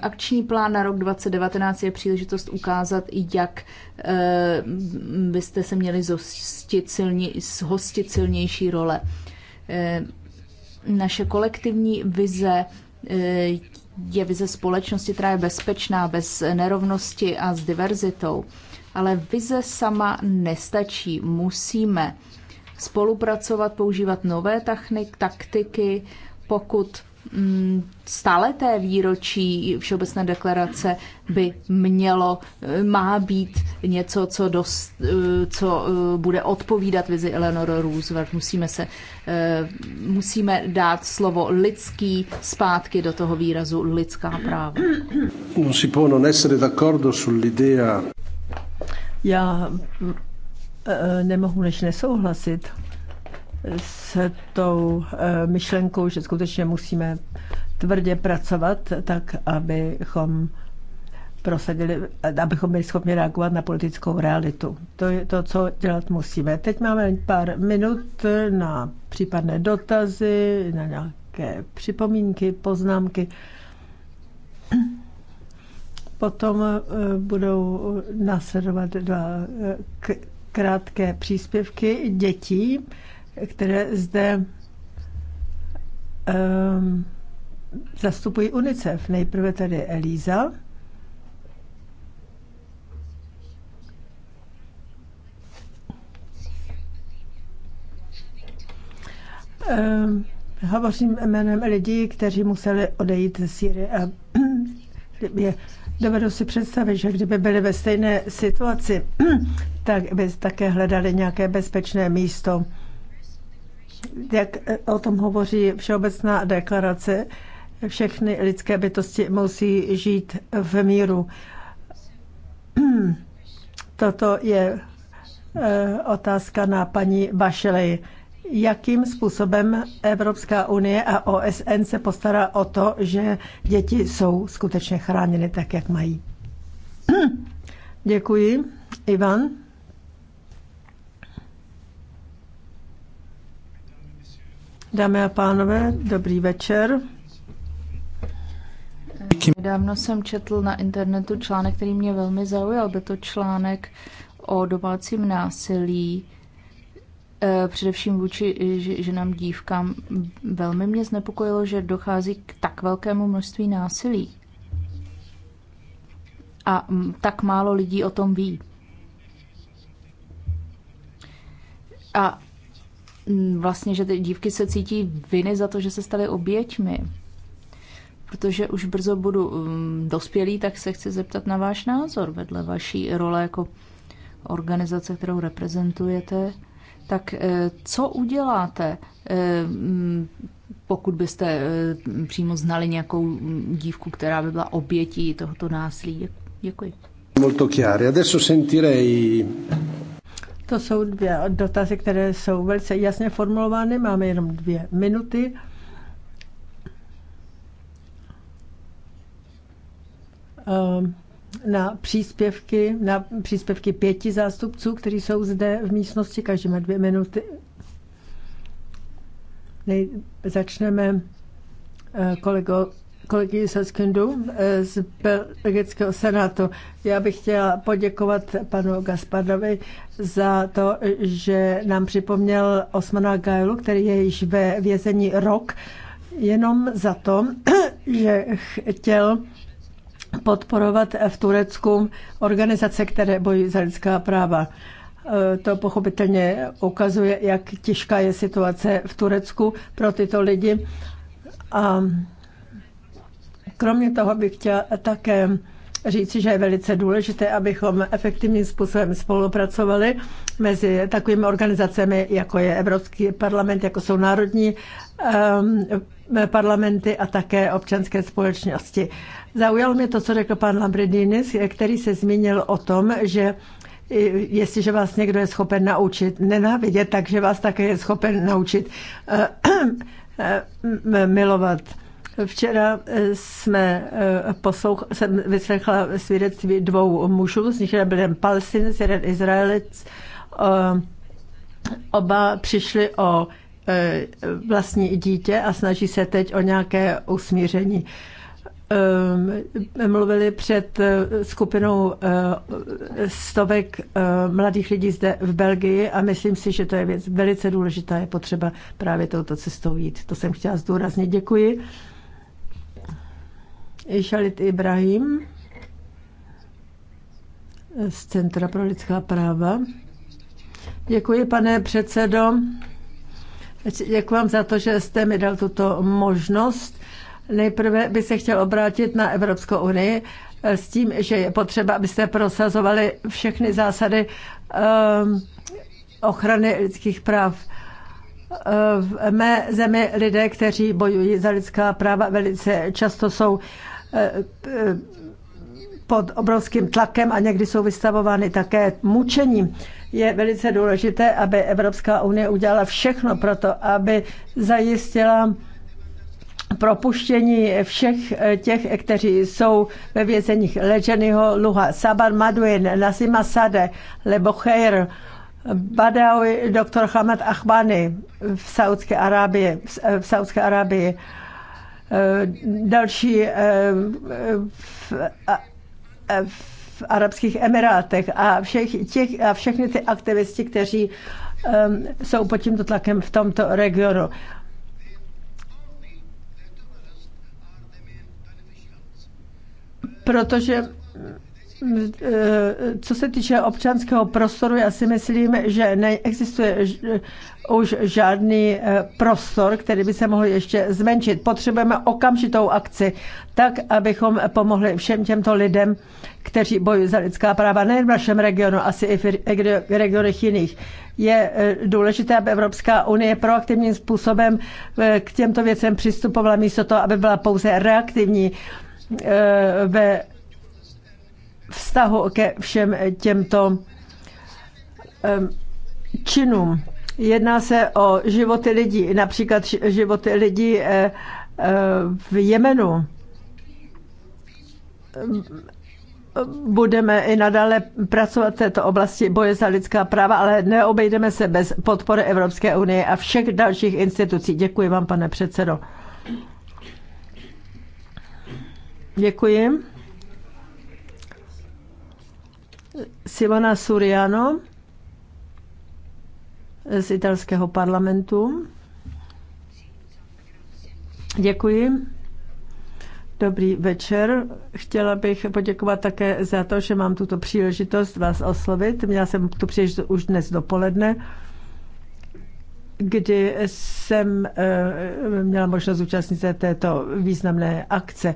akční plán na rok 2019 je příležitost ukázat, jak uh, byste se měli zhostit, silně, zhostit silnější role. Uh, naše kolektivní vize uh, je vize společnosti, která je bezpečná, bez nerovnosti a s diverzitou. Ale vize sama nestačí. Musíme spolupracovat, používat nové taktiky, pokud Mm, stáleté výročí Všeobecné deklarace by mělo, eh, má být něco, co, dost, eh, co eh, bude odpovídat vizi Eleanor Roosevelt. Musíme, se, musíme dát slovo lidský zpátky do toho výrazu lidská práva. Non si può non essere d'accordo sull'idea. Já nemohu než nesouhlasit s tou e, myšlenkou, že skutečně musíme tvrdě pracovat, tak abychom prosadili, abychom byli schopni reagovat na politickou realitu. To je to, co dělat musíme. Teď máme pár minut na případné dotazy, na nějaké připomínky, poznámky. Potom e, budou následovat dva e, krátké příspěvky dětí které zde um, zastupují UNICEF. Nejprve tady Elíza. Um, ehm, hovořím jménem lidí, kteří museli odejít ze Sýrie a je, dovedu si představit, že kdyby byli ve stejné situaci, tak by také hledali nějaké bezpečné místo jak o tom hovoří Všeobecná deklarace, všechny lidské bytosti musí žít v míru. Toto je eh, otázka na paní Bašelej. Jakým způsobem Evropská unie a OSN se postará o to, že děti jsou skutečně chráněny tak, jak mají? Děkuji. Ivan? Dámy a pánové, dobrý večer. Nedávno jsem četl na internetu článek, který mě velmi zaujal. Byl to článek o domácím násilí, eh, především vůči ženám, dívkám. Velmi mě znepokojilo, že dochází k tak velkému množství násilí. A tak málo lidí o tom ví. A Mm, vlastně, že ty dívky se cítí viny za to, že se staly oběťmi. Protože už brzo budu mm, dospělý, tak se chci zeptat na váš názor vedle vaší role jako organizace, kterou reprezentujete. Tak eh, co uděláte, eh, mm, pokud byste eh, přímo znali nějakou dívku, která by byla obětí tohoto násilí? Děkuji. Molto chiare. Adesso sentirei to jsou dvě dotazy, které jsou velice jasně formulovány. Máme jenom dvě minuty. Ehm, na příspěvky, na příspěvky pěti zástupců, kteří jsou zde v místnosti, každý má dvě minuty. Nej, začneme eh, kolego kolegy Saskendu eh, z Belgického senátu. Já bych chtěla poděkovat panu Gaspardovi za to, že nám připomněl Osmana Gajlu, který je již ve vězení rok, jenom za to, že chtěl podporovat v Turecku organizace, které bojují za lidská práva. Eh, to pochopitelně ukazuje, jak těžká je situace v Turecku pro tyto lidi. A Kromě toho bych chtěla také říci, že je velice důležité, abychom efektivním způsobem spolupracovali mezi takovými organizacemi, jako je Evropský parlament, jako jsou národní um, parlamenty a také občanské společnosti. Zaujalo mě to, co řekl pan Lambridinis, který se zmínil o tom, že jestliže vás někdo je schopen naučit nenávidět, takže vás také je schopen naučit uh, uh, milovat. Včera eh, jsme eh, poslouch, jsem vyslechla svědectví dvou mužů, z nich jeden byl jeden palestinec, jeden izraelec. Eh, oba přišli o vlastní dítě a snaží se teď o nějaké usmíření. Mluvili před skupinou stovek mladých lidí zde v Belgii a myslím si, že to je věc velice důležitá, je potřeba právě touto cestou jít. To jsem chtěla zdůraznit. Děkuji. Išalit Ibrahim z Centra pro lidská práva. Děkuji, pane předsedo. Děkuji vám za to, že jste mi dal tuto možnost. Nejprve bych se chtěl obrátit na Evropskou unii s tím, že je potřeba, abyste prosazovali všechny zásady ehm, ochrany lidských práv. Ehm, v mé zemi lidé, kteří bojují za lidská práva, velice často jsou Eh, pod obrovským tlakem a někdy jsou vystavovány také mučením. Je velice důležité, aby Evropská unie udělala všechno pro to, aby zajistila propuštění všech eh, těch, kteří jsou ve vězeních Leženyho Luha, Saban Maduin, Nasima Sade, Lebocheir, Badawi, doktor Hamad Ahmani v Saudské Arábii. V eh, Saudské Arábii Eh, další eh, eh, v, v Arabských Emirátech a, všech, těch, a všechny ty aktivisti, kteří jsou pod tímto tlakem v tomto regionu. Protože Eh, co se týče občanského prostoru, já si myslím, že neexistuje už žádný eh, prostor, který by se mohl ještě zmenšit. Potřebujeme okamžitou akci, tak, abychom pomohli všem těmto lidem, kteří bojují za lidská práva, nejen v našem regionu, asi i v regionech jiných. Je eh, důležité, aby Evropská unie proaktivním způsobem k těmto věcem přistupovala místo toho, aby byla pouze reaktivní ve vztahu ke všem těmto činům. Jedná se o životy lidí, například životy lidí eh, eh, v Jemenu. Budeme i nadále pracovat v této oblasti boje za lidská práva, ale neobejdeme se bez podpory Evropské unie a všech dalších institucí. Děkuji vám, pane předsedo. Děkuji. Silvana Suriano z italského parlamentu. Děkuji. Dobrý večer. Chtěla bych poděkovat také za to, že mám tuto příležitost vás oslovit. Měla jsem tu příležitost už dnes dopoledne kdy jsem eh, měla možnost zúčastnit se této významné akce.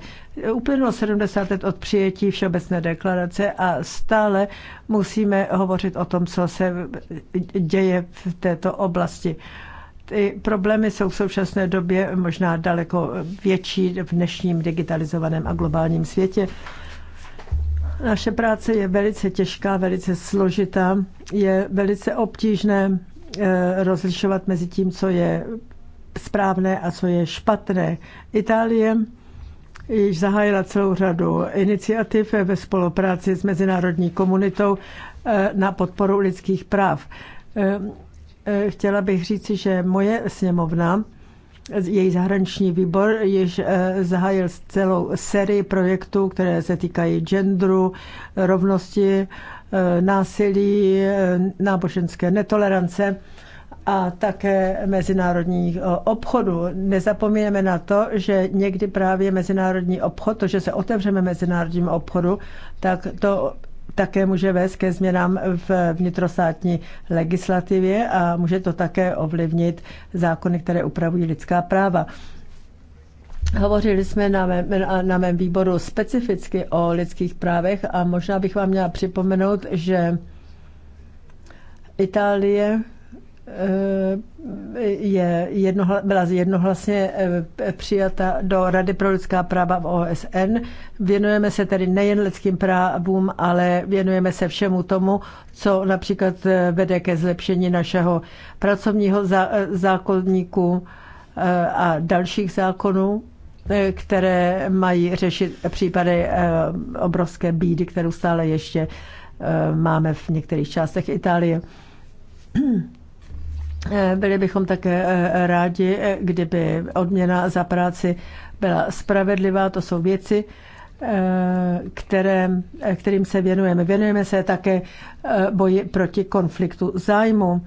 Uplynulo 70 let od přijetí Všeobecné deklarace a stále musíme hovořit o tom, co se děje v této oblasti. Ty problémy jsou v současné době možná daleko větší v dnešním digitalizovaném a globálním světě. Naše práce je velice těžká, velice složitá, je velice obtížné Eh, rozlišovat mezi tím, co je správné a co je špatné. Itálie již zahájila celou řadu iniciativ ve spolupráci s mezinárodní komunitou eh, na podporu lidských práv. Eh, chtěla bych říci, že moje sněmovna, její zahraniční výbor, již zahájil celou sérii projektů, které se týkají genderu, rovnosti, Eh, násilí, eh, náboženské netolerance a také mezinárodní eh, obchodu. Nezapomínáme na to, že někdy právě mezinárodní obchod, to, že se otevřeme mezinárodním obchodu, tak to také může vést ke změnám v vnitrostátní legislativě a může to také ovlivnit zákony, které upravují lidská práva. Hovořili jsme na mém, na mém výboru specificky o lidských právech a možná bych vám měla připomenout, že Itálie eh, je jednohla, byla jednohlasně eh, přijata do Rady pro lidská práva v OSN. Věnujeme se tedy nejen lidským právům, ale věnujeme se všemu tomu, co například eh, vede ke zlepšení našeho pracovního zákonníku a dalších zákonů. E, které mají řešit případy e, obrovské bídy, kterou stále ještě e, máme v některých částech Itálie. Byli bychom také rádi, kdyby odměna za práci byla spravedlivá. To jsou věci, které, kterým se věnujeme. Věnujeme se také boji proti konfliktu zájmu.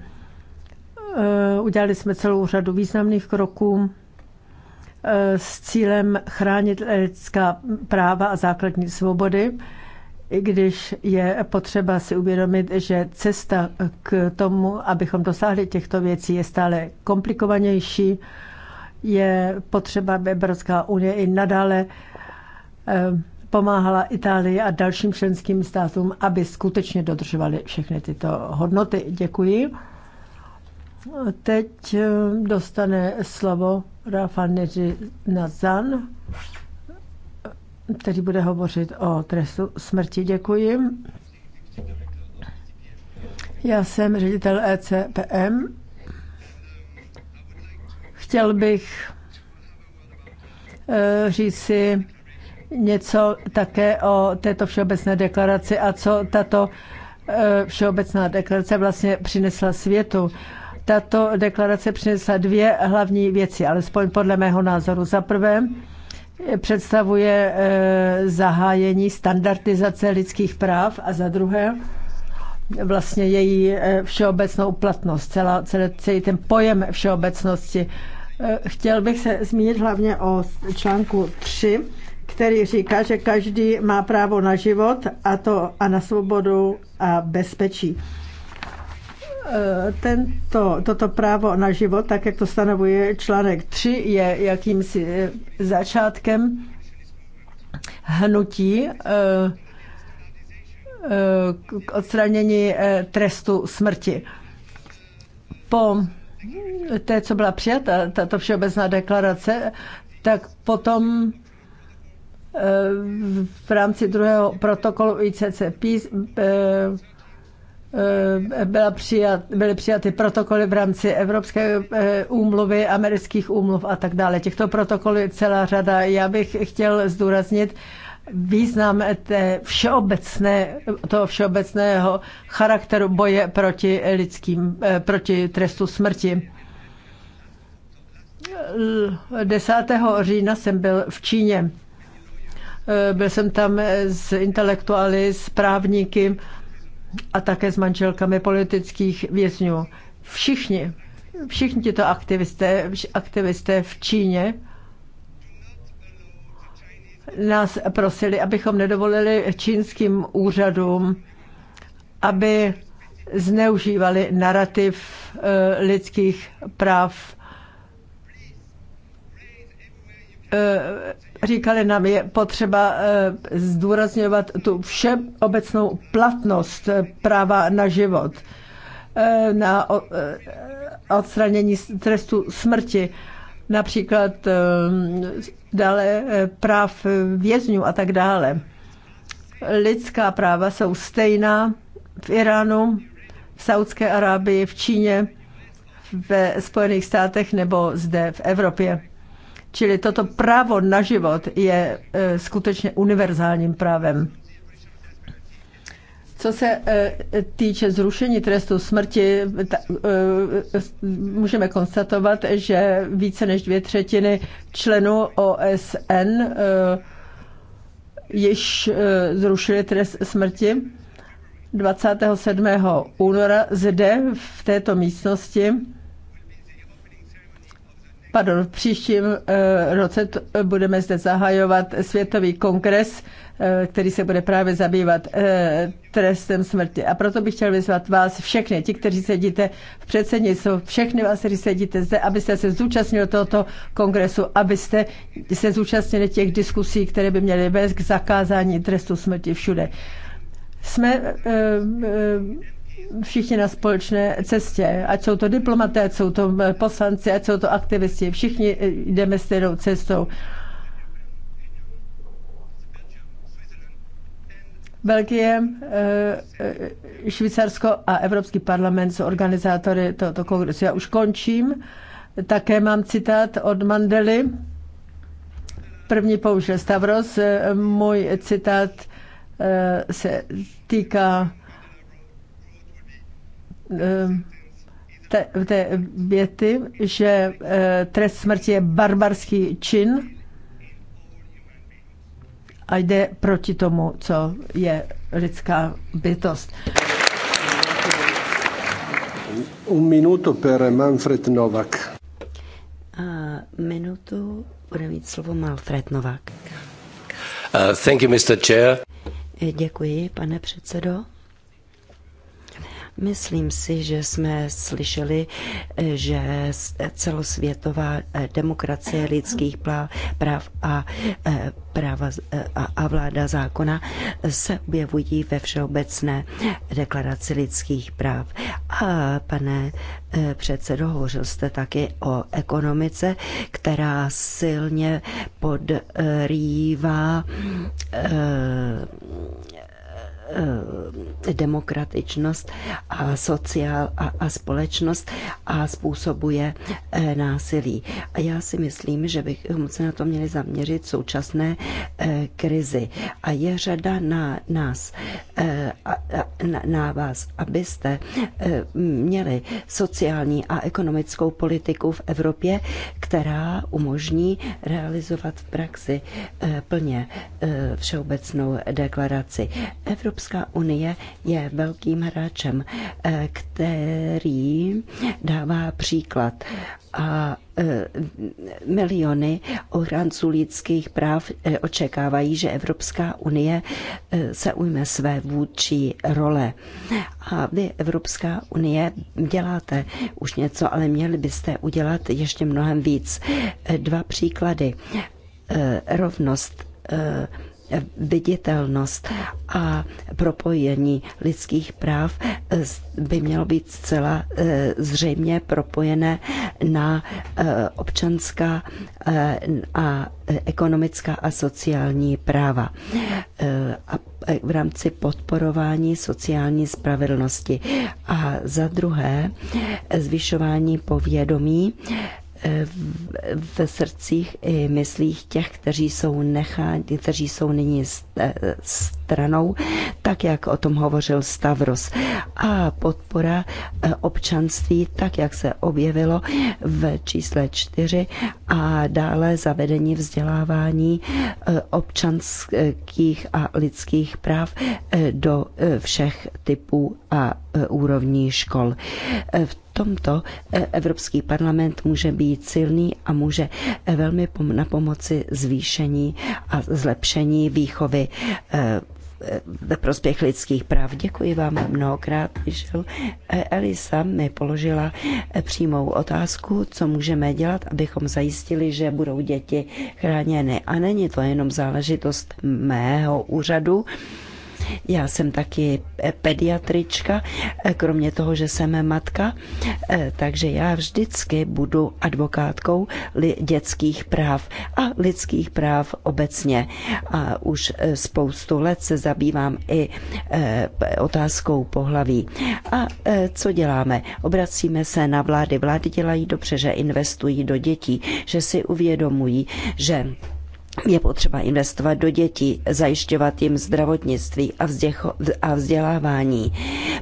Udělali jsme celou řadu významných kroků s cílem chránit lidská práva a základní svobody, i když je potřeba si uvědomit, že cesta k tomu, abychom dosáhli těchto věcí, je stále komplikovanější. Je potřeba, aby Evropská unie i nadále eh, pomáhala Itálii a dalším členským státům, aby skutečně dodržovali všechny tyto hodnoty. Děkuji. Teď eh, dostane slovo Rafa Neži Nazan, který bude hovořit o trestu smrti. Děkuji. Já jsem ředitel ECPM. Chtěl bych eh, říct si něco také o této všeobecné deklaraci a co tato eh, všeobecná deklarace vlastně přinesla světu. Tato deklarace přinesla dvě hlavní věci, alespoň podle mého názoru. Za prvé, představuje e, zahájení standardizace lidských práv a za druhé vlastně její e, všeobecnou platnost, celá, celý, celý ten pojem všeobecnosti. E, chtěl bych se zmínit hlavně o článku 3, který říká, že každý má právo na život a to a na svobodu a bezpečí. Eh, tento, toto právo na život, tak jak to stanovuje článek 3, je jakýmsi eh, začátkem hnutí eh, k odstranění trestu smrti. Po té, co byla přijata tato všeobecná deklarace, tak potom v rámci druhého protokolu ICCP Eh, byla přijat, byly přijaty protokoly v rámci Evropské eh, úmluvy, amerických úmluv a tak dále. Těchto protokolů je celá řada. Já bych chtěl zdůraznit význam té všeobecné, toho všeobecného charakteru boje proti lidským, eh, proti trestu smrti. 10. října jsem byl v Číně. Byl jsem tam s intelektuály, s právníky, a také s manželkami politických vězňů. Všichni, všichni tyto aktivisté, aktivisté v Číně nás prosili, abychom nedovolili čínským úřadům, aby zneužívali narrativ eh, lidských práv eh, říkali nám, je potřeba eh, zdůrazňovat tu všeobecnou platnost eh, práva na život, eh, na odstranění trestu smrti, například dále práv vězňů a tak dále. Lidská práva jsou stejná v Iránu, v Saudské Arábii, v Číně, ve Spojených státech nebo zde v Evropě. Čili toto právo na život je e, skutečně univerzálním právem. Co se e, týče zrušení trestu smrti, e, můžeme konstatovat, že více než dvě třetiny členů OSN již zrušili trest smrti. 27. února zde v této místnosti pardon, v příštím eh, roce budeme zde zahajovat světový kongres, eh, který se bude právě zabývat eh, trestem smrti. A proto bych chtěl vyzvat vás všechny, ti, kteří sedíte v předsednictvu, všechny vás, kteří sedíte zde, abyste se zúčastnili tohoto kongresu, abyste se zúčastnili těch diskusí, které by měly vést k zakázání trestu smrti všude. Jsme všichni na společné cestě, ať jsou to diplomaté, ať jsou to eh, poslanci, ať jsou to aktivisti, všichni eh, jdeme stejnou cestou. Belgie, eh, Švýcarsko a Evropský parlament jsou organizátory tohoto kongresu. Já už končím. Také mám citát od Mandely. První použil Stavros. Můj citát se týká té, té věty, že eh, trest smrti je barbarský čin a jde proti tomu, co je lidská bytost. Un minuto per Manfred Novak. Uh, minutu bude mít slovo Manfred Novak. Uh, thank you, Mr. Chair. Děkuji, pane předsedo. Myslím si, že jsme slyšeli, eh, že celosvětová eh, demokracie lidských práv a eh, práva a vláda zákona se objevují ve Všeobecné deklaraci lidských práv. A pane předsedo, hovořil jste taky o ekonomice, která silně podrývá Eh, demokratičnost a sociál a, a společnost a způsobuje eh, násilí. A já si myslím, že bychom se na to měli zaměřit současné eh, krizi. A je řada na nás, na, na vás, abyste měli sociální a ekonomickou politiku v Evropě, která umožní realizovat v praxi plně všeobecnou deklaraci. Evropa Evropská unie je velkým hráčem, eh, který dává příklad a eh, miliony ochránců lidských práv eh, očekávají, že Evropská unie se ujme své vůdčí role. A vy, Evropská unie, děláte už něco, ale měli byste udělat ještě mnohem víc. Dva příklady. Rovnost viditelnost a propojení lidských práv eh, by mělo být zcela eh, zřejmě propojené na eh, občanská a ekonomická a sociální práva a v rámci podporování sociální spravedlnosti. A za druhé, zvyšování povědomí ve srdcích i myslích těch, kteří jsou nechá, kteří jsou nyní eh, stranou, tak jak o tom hovořil Stavros. A podpora e, občanství, tak jak se objevilo v čísle 4 a dále zavedení vzdělávání e, občanských a lidských práv e, do všech typů a úrovní škol. V tomto Evropský parlament může být silný a může velmi na pomoci zvýšení a zlepšení výchovy ve prospěch lidských práv. Děkuji vám mnohokrát, Michel. E, Elisa mi položila e, přímou otázku, co můžeme dělat, abychom zajistili, že budou děti chráněny. A není to jenom záležitost mého úřadu, já jsem taky eh, pediatrička, eh, kromě toho, že jsem matka, eh, takže já vždycky budu advokátkou dětských práv a lidských práv obecně. A už spoustu let se zabývám i otázkou pohlaví. A co děláme? Obracíme se na vlády. Vlády dělají dobře, že investují do dětí, že si uvědomují, že je potřeba investovat do dětí, zajišťovat jim zdravotnictví a, vzděcho, a vzdělávání,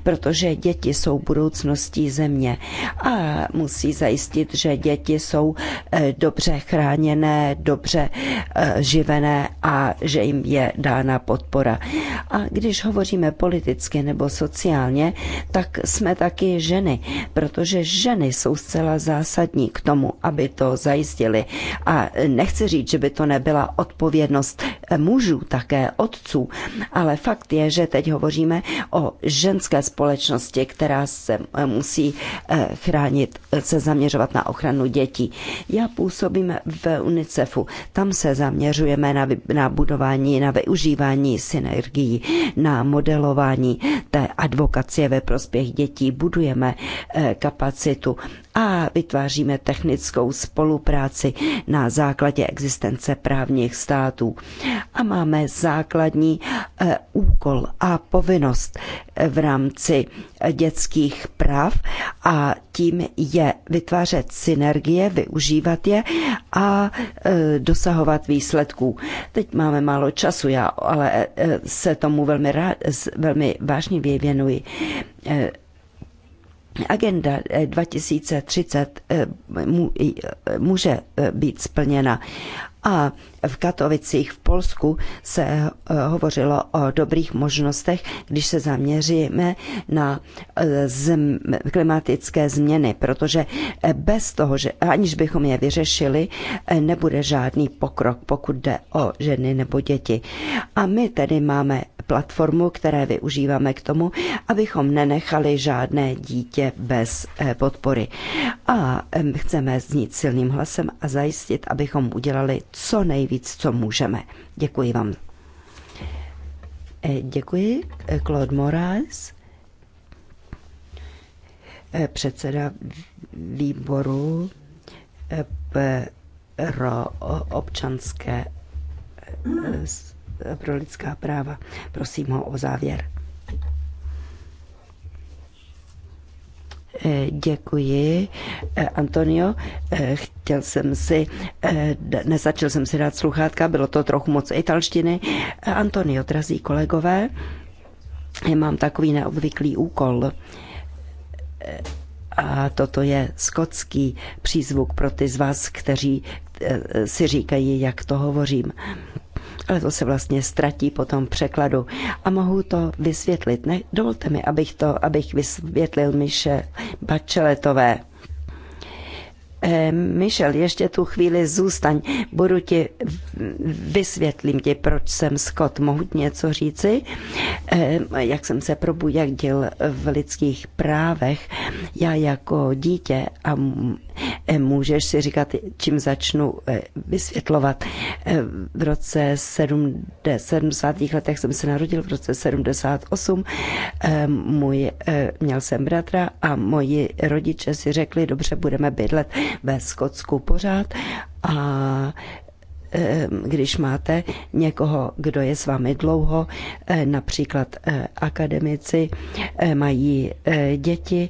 protože děti jsou budoucností země a musí zajistit, že děti jsou eh, dobře chráněné, dobře eh, živené a že jim je dána podpora. A když hovoříme politicky nebo sociálně, tak jsme taky ženy, protože ženy jsou zcela zásadní k tomu, aby to zajistili. A eh, nechci říct, že by to nebyla byla odpovědnost mužů, také otců. Ale fakt je, že teď hovoříme o ženské společnosti, která se eh, musí eh, chránit, se zaměřovat na ochranu dětí. Já působím v UNICEFu. Tam se zaměřujeme na, na budování, na využívání synergií, na modelování té advokacie ve prospěch dětí. Budujeme eh, kapacitu a vytváříme technickou spolupráci na základě existence právních států. A máme základní eh, úkol a povinnost eh, v rámci eh, dětských práv a tím je vytvářet synergie, využívat je a dosahovat výsledků. Teď máme málo času, já ale se tomu velmi, rád, velmi vážně věnuji. Agenda 2030 eh, eh, eh, může být splněna. A v Katovicích v Polsku se hovořilo o dobrých možnostech, když se zaměříme na klimatické změny, protože bez toho, že aniž bychom je vyřešili, nebude žádný pokrok, pokud jde o ženy nebo děti. A my tedy máme platformu, které využíváme k tomu, abychom nenechali žádné dítě bez eh, podpory. A chceme znít silným hlasem a zajistit, abychom udělali co nejvíc, co můžeme. Děkuji vám. Eh, děkuji, eh, Claude Moraes, předseda výboru pro občanské pro lidská práva. Prosím ho o závěr. Eh, děkuji, eh, Antonio. Eh, chtěl jsem si, nezačal jsem si dát sluchátka, bylo to trochu moc italštiny. Antonio, drazí kolegové, mám takový neobvyklý úkol. A toto je skotský přízvuk pro ty z vás, kteří si říkají, jak to hovořím ale to se vlastně ztratí po tom překladu. A mohu to vysvětlit. Ne, dovolte mi, abych to, abych vysvětlil Miše Bačeletové. Eh, Michel, ještě tu chvíli zůstaň. Budu ti, vysvětlím ti, proč jsem Scott. Mohu něco říci? Eh, jak jsem se probudil v lidských právech. Já jako dítě a Eh, můžeš si říkat, čím začnu eh, vysvětlovat. Eh, v roce 70. letech jsem se narodil, v roce 78 můj, měl jsem bratra a moji rodiče si řekli, dobře, budeme bydlet ve Skotsku pořád a Eh, když máte někoho, kdo je s vámi dlouho, eh, například eh, akademici, mají děti,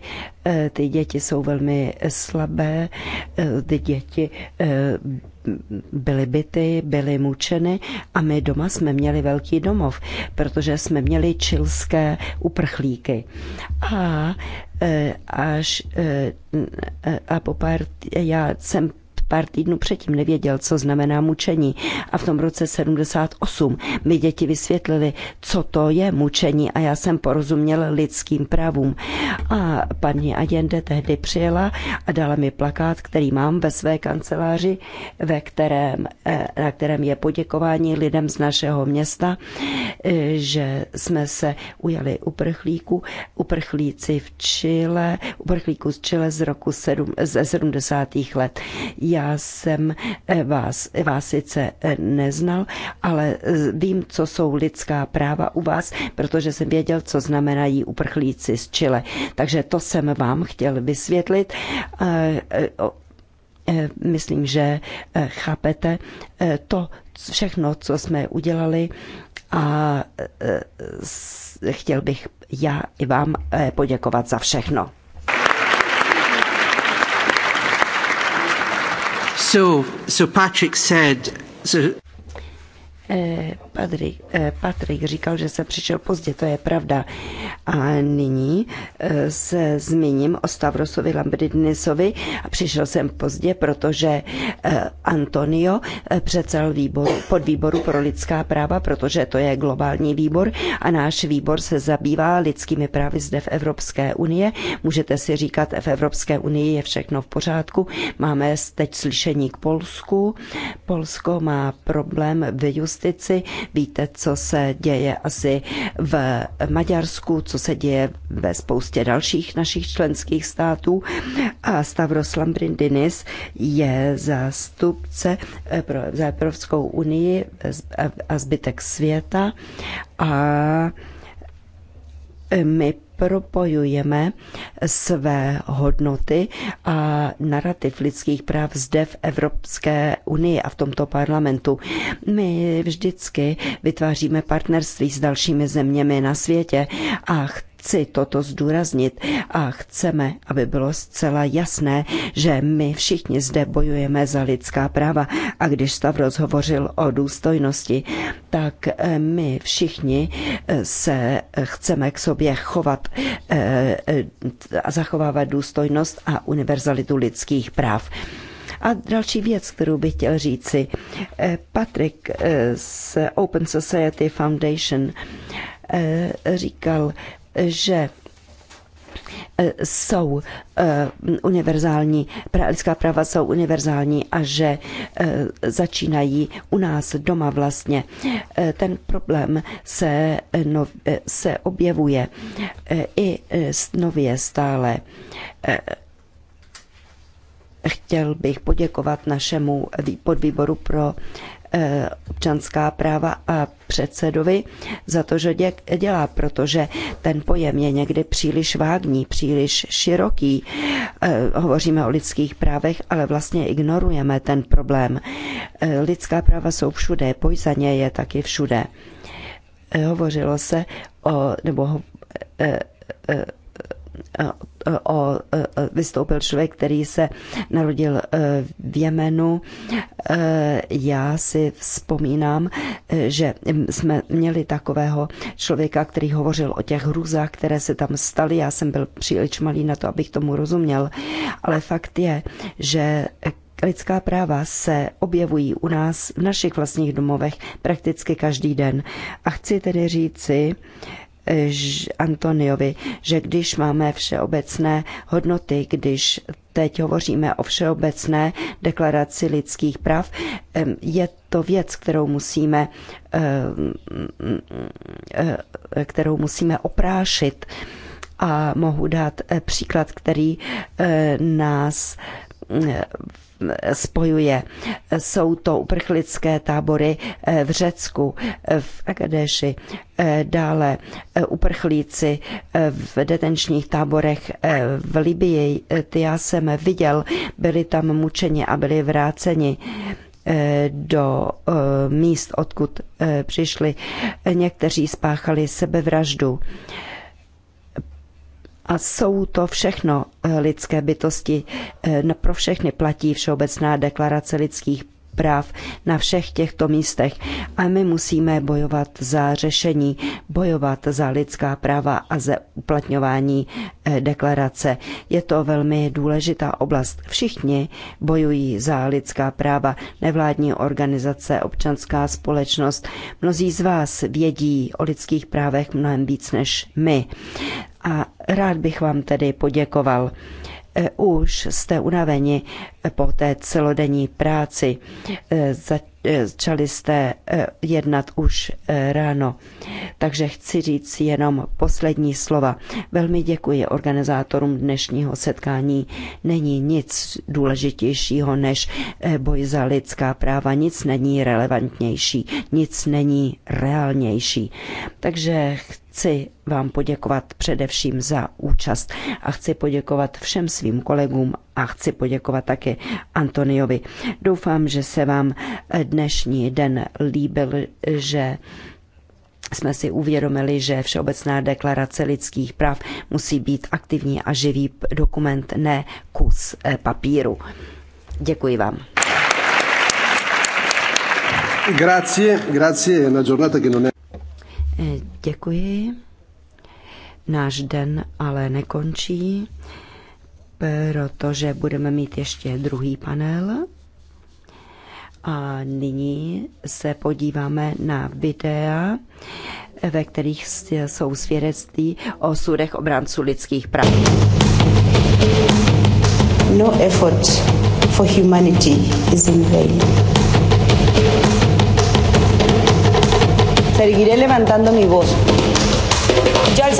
ty děti jsou velmi slabé, ty děti byly byty, byly mučeny a my doma jsme měli velký domov, protože jsme měli čilské uprchlíky. A až a po pár, já jsem pár týdnů předtím nevěděl, co znamená mučení. A v tom roce 78 mi děti vysvětlili, co to je mučení a já jsem porozuměl lidským právům. A paní Agende tehdy přijela a dala mi plakát, který mám ve své kanceláři, ve kterém, eh, na kterém je poděkování lidem z našeho města, eh, že jsme se ujali uprchlíku, uprchlíci v Chile, uprchlíků z Chile z roku ze 70. let. Já já jsem eh, vás, vás sice eh, neznal, ale eh, vím, co jsou lidská práva u vás, protože jsem věděl, co znamenají uprchlíci z Chile. Takže to jsem vám chtěl vysvětlit myslím, že chápete to všechno, co jsme udělali a chtěl bych já i vám poděkovat za všechno. So, so Patrick said, so... Eh, Patrik, eh, Patrik říkal, že se přišel pozdě, to je pravda. A nyní eh, se zmíním o Stavrosovi Lambridnisovi a přišel jsem pozdě, protože eh, Antonio přecel výboru, pod výboru pro lidská práva, protože to je globální výbor a náš výbor se zabývá lidskými právy zde v Evropské unie. Můžete si říkat, v Evropské unii je všechno v pořádku. Máme teď slyšení k Polsku. Polsko má problém v justici Víte, co se děje asi v Maďarsku, co se děje ve spoustě dalších našich členských států. A Stavros Lambrindinis je zástupce eh, pro, Evropskou unii a zbytek světa. A eh, my propojujeme své hodnoty a narrativ lidských práv zde v Evropské unii a v tomto parlamentu. My vždycky vytváříme partnerství s dalšími zeměmi na světě a chceme Chci toto zdůraznit a chceme, aby bylo zcela jasné, že my všichni zde bojujeme za lidská práva a když Stavros hovořil o důstojnosti, tak eh, my všichni eh, se chceme k sobě chovat eh, a zachovávat důstojnost a univerzalitu lidských práv. A další věc, kterou bych chtěl říci, Patrick z Open Society Foundation říkal, že e, jsou e, univerzální, lidská práva jsou univerzální a že e, začínají u nás doma vlastně. Ten problém se, no, se objevuje i nově stále. Chtěl bych poděkovat našemu podvýboru pro občanská práva a předsedovi za to, že dělá, protože ten pojem je někdy příliš vágní, příliš široký. E, hovoříme o lidských právech, ale vlastně ignorujeme ten problém. E, lidská práva jsou všude, boj za ně je taky všude. E, hovořilo se o, nebo o, vystoupil člověk, který se narodil e, v Jemenu. E, já si vzpomínám, e, že jsme měli takového člověka, který hovořil o těch hrůzách, které se tam staly. Já jsem byl příliš malý na to, abych tomu rozuměl. Ale fakt je, že lidská práva se objevují u nás v našich vlastních domovech prakticky každý den. A chci tedy říci, Antoniovi, že když máme všeobecné hodnoty, když teď hovoříme o všeobecné deklaraci lidských práv, je to věc, kterou musíme, kterou musíme oprášit. A mohu dát eh, příklad, který eh, nás spojuje. Jsou to uprchlické tábory eh, v Řecku, eh, v Agadeši, eh, dále uprchlíci v detenčních táborech v Libii. Ty já jsem viděl, byli tam mučeni a byli vráceni do míst, odkud přišli. Někteří spáchali sebevraždu. A jsou to všechno eh, lidské bytosti. Eh, pro všechny platí Všeobecná deklarace lidských práv na všech těchto místech. A my musíme bojovat za řešení, bojovat za lidská práva a za uplatňování eh, deklarace. Je to velmi důležitá oblast. Všichni bojují za lidská práva, nevládní organizace, občanská společnost. Mnozí z vás vědí o lidských právech mnohem víc než my. A rád bych vám tedy poděkoval eh, už jste unaveni po té celodenní práci. E, e, začali jste e, jednat už ráno, takže chci říct jenom poslední slova. Velmi děkuji organizátorům dnešního setkání. Není nic důležitějšího než boj za lidská práva, nic není relevantnější, nic není reálnější. Takže chci vám poděkovat především za účast a chci poděkovat všem svým kolegům a chci poděkovat také Františkovi Antoniovi. Doufám, že se vám dnešní den líbil, že jsme si uvědomili, že Všeobecná deklarace lidských práv musí být aktivní a živý dokument, ne kus eh, papíru. Děkuji vám. Grazie, grazie, una giornata che non è... Eh, děkuji. Náš den ale nekončí protože budeme mít ještě druhý panel. A nyní se podíváme na videa, ve kterých jsou svědectví o sudech obránců lidských práv. No effort for humanity is in vain. Seguiré levantando mi voz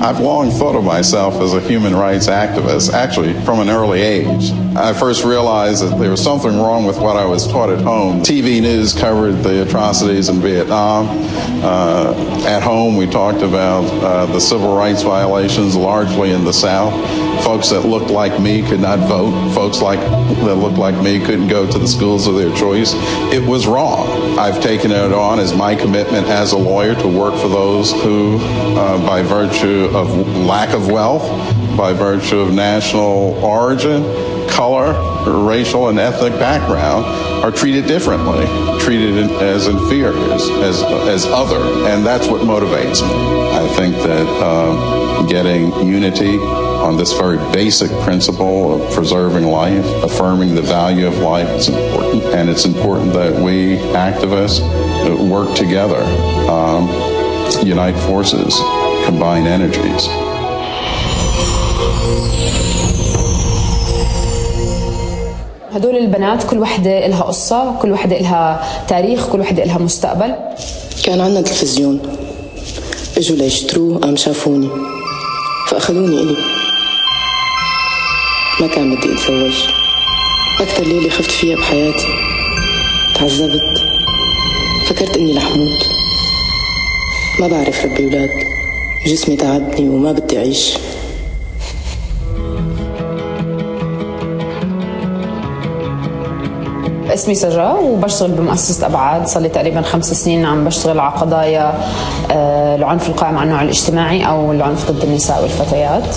I've long thought of myself as a human rights activist, actually from an early age. I first realized that there was something wrong with what I was taught at home. TV news covered the atrocities in Vietnam. Uh, at home, we talked about uh, the civil rights violations largely in the South folks that looked like me could not vote. Folks like that looked like me couldn't go to the schools of their choice. It was wrong. I've taken it on as my commitment as a lawyer to work for those who, uh, by virtue of lack of wealth, by virtue of national origin, color, racial, and ethnic background, are treated differently, treated as inferiors, as, as other. And that's what motivates me. I think that uh, getting unity on this very basic principle of preserving life, affirming the value of life is important. And it's important that we activists work together, um, unite forces, combine energies. هدول البنات كل وحدة إلها قصة كل وحدة إلها تاريخ كل وحدة إلها مستقبل كان عندنا تلفزيون إجوا ليشتروه قام شافوني فأخذوني إلي ما كان بدي اتزوج اكثر ليلة خفت فيها بحياتي تعذبت فكرت اني رح موت ما بعرف ربي أولاد جسمي تعبني وما بدي أعيش اسمي سجا وبشتغل بمؤسسة أبعاد صار لي تقريبا خمس سنين عم بشتغل على قضايا العنف القائم على النوع الاجتماعي أو العنف ضد النساء والفتيات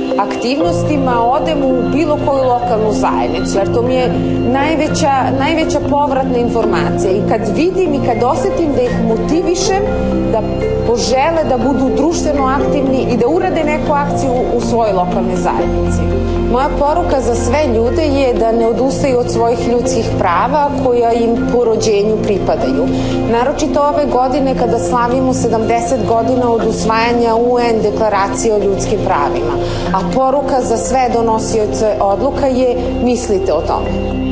aktivnostima odem u bilo koju lokalnu zajednicu, jer to mi je najveća, najveća povratna informacija. I kad vidim i kad osetim da ih motivišem, da požele da budu društveno aktivni i da urade neku akciju u svojoj lokalnoj zajednici. Moja poruka za sve ljude je da ne odustaju od svojih ljudskih prava koja im po rođenju pripadaju. Naročito ove godine kada slavimo 70 godina od usvajanja UN deklaracije o ljudskim pravima. A poruka za sve donosioce odluka je mislite o tome.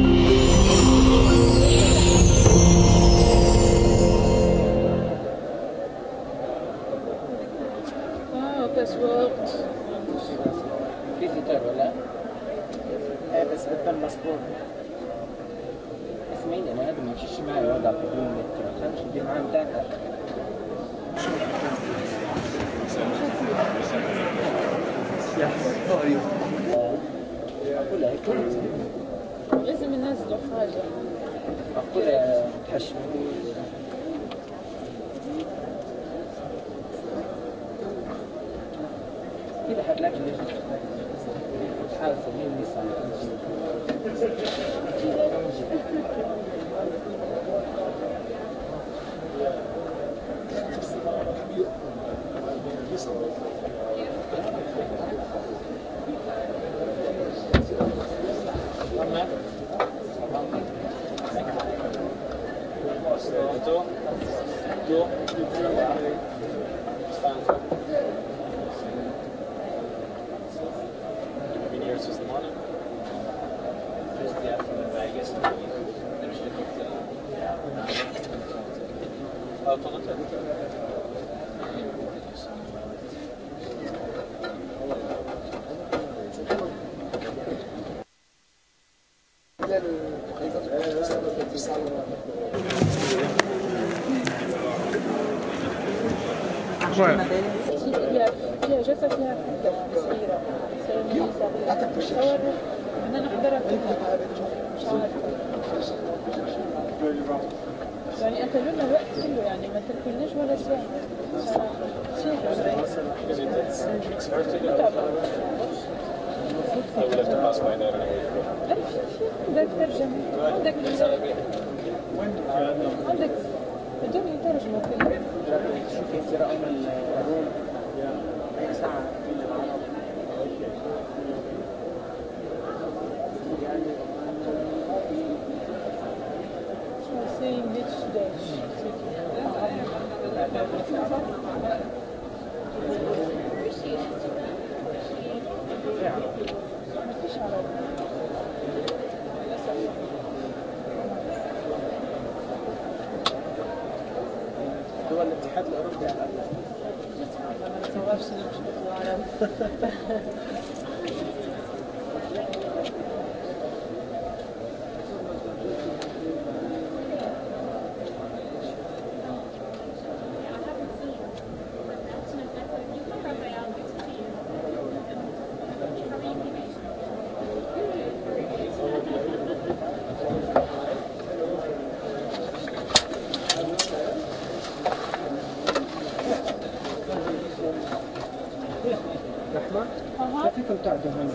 كنت أعجب عنه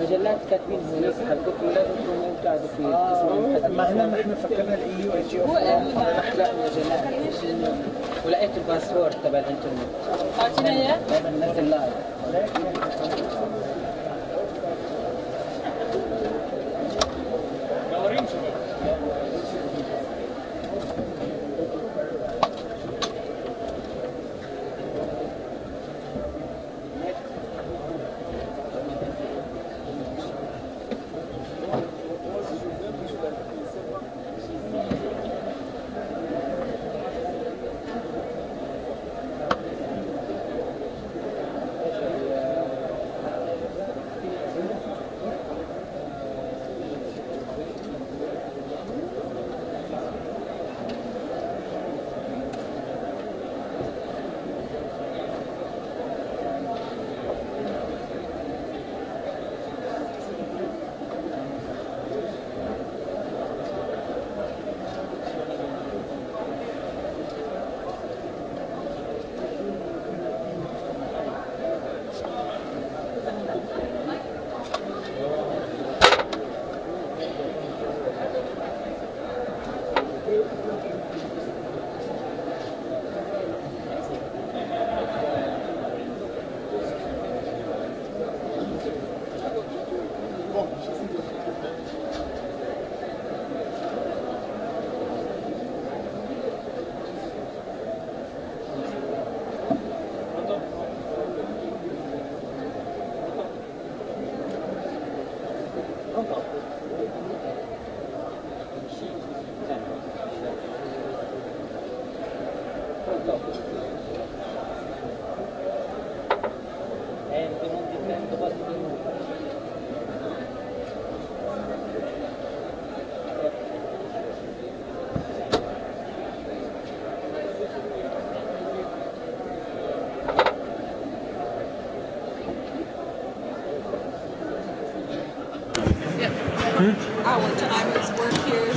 مجلات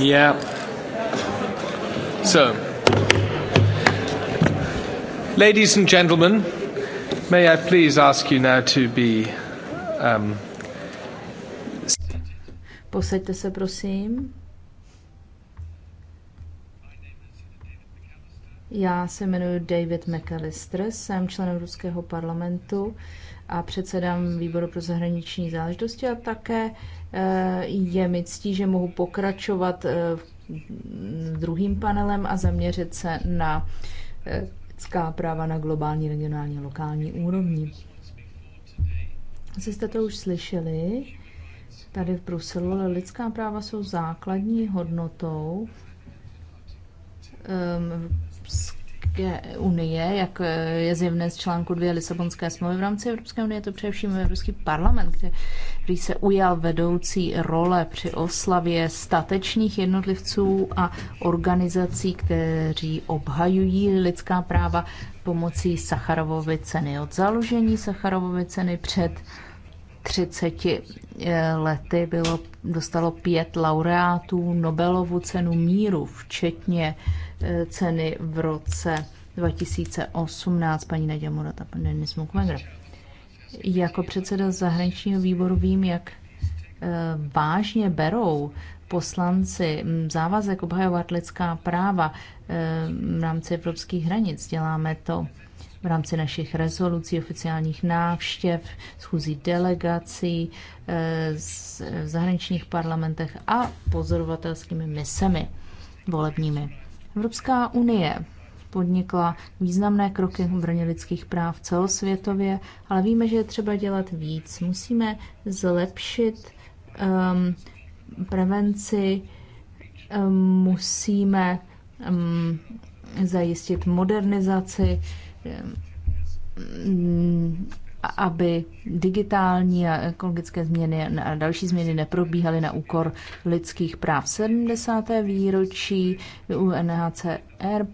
Yeah. So, ladies and gentlemen, may I please ask you now to be. Um, Posaďte se, prosím. Já se jmenuji David McAllister, jsem členem Ruského parlamentu a předsedám výboru pro zahraniční záležitosti a také Eh, je mi ctí, že mohu pokračovat eh, druhým panelem a zaměřit se na eh, lidská práva na globální, regionální a lokální úrovni. Asi jste to už slyšeli tady v Bruselu, ale lidská práva jsou základní hodnotou ehm, Evropské unie, jak je zjevné z článku 2 Lisabonské smlouvy. V rámci Evropské unie je to především Evropský parlament, který se ujal vedoucí role při oslavě statečných jednotlivců a organizací, kteří obhajují lidská práva pomocí Sacharovovy ceny. Od založení Sacharovovy ceny před 30 eh, lety bylo, dostalo pět laureátů Nobelovu cenu míru, včetně eh, ceny v roce 2018 paní Nadia Murata, pan Denis Mukwege. Jako předseda zahraničního výboru vím, jak eh, vážně berou poslanci mm, závazek obhajovat lidská práva eh, v rámci evropských hranic. Děláme to v rámci našich rezolucí, oficiálních návštěv, schůzí delegací, eh, v zahraničních parlamentech a pozorovatelskými misemi volebními. Evropská unie podnikla významné kroky v obraně lidských práv celosvětově, ale víme, že je třeba dělat víc. Musíme zlepšit um, prevenci, um, musíme um, zajistit modernizaci, um, aby digitální a ekologické změny a další změny neprobíhaly na úkor lidských práv. 70. výročí UNHCR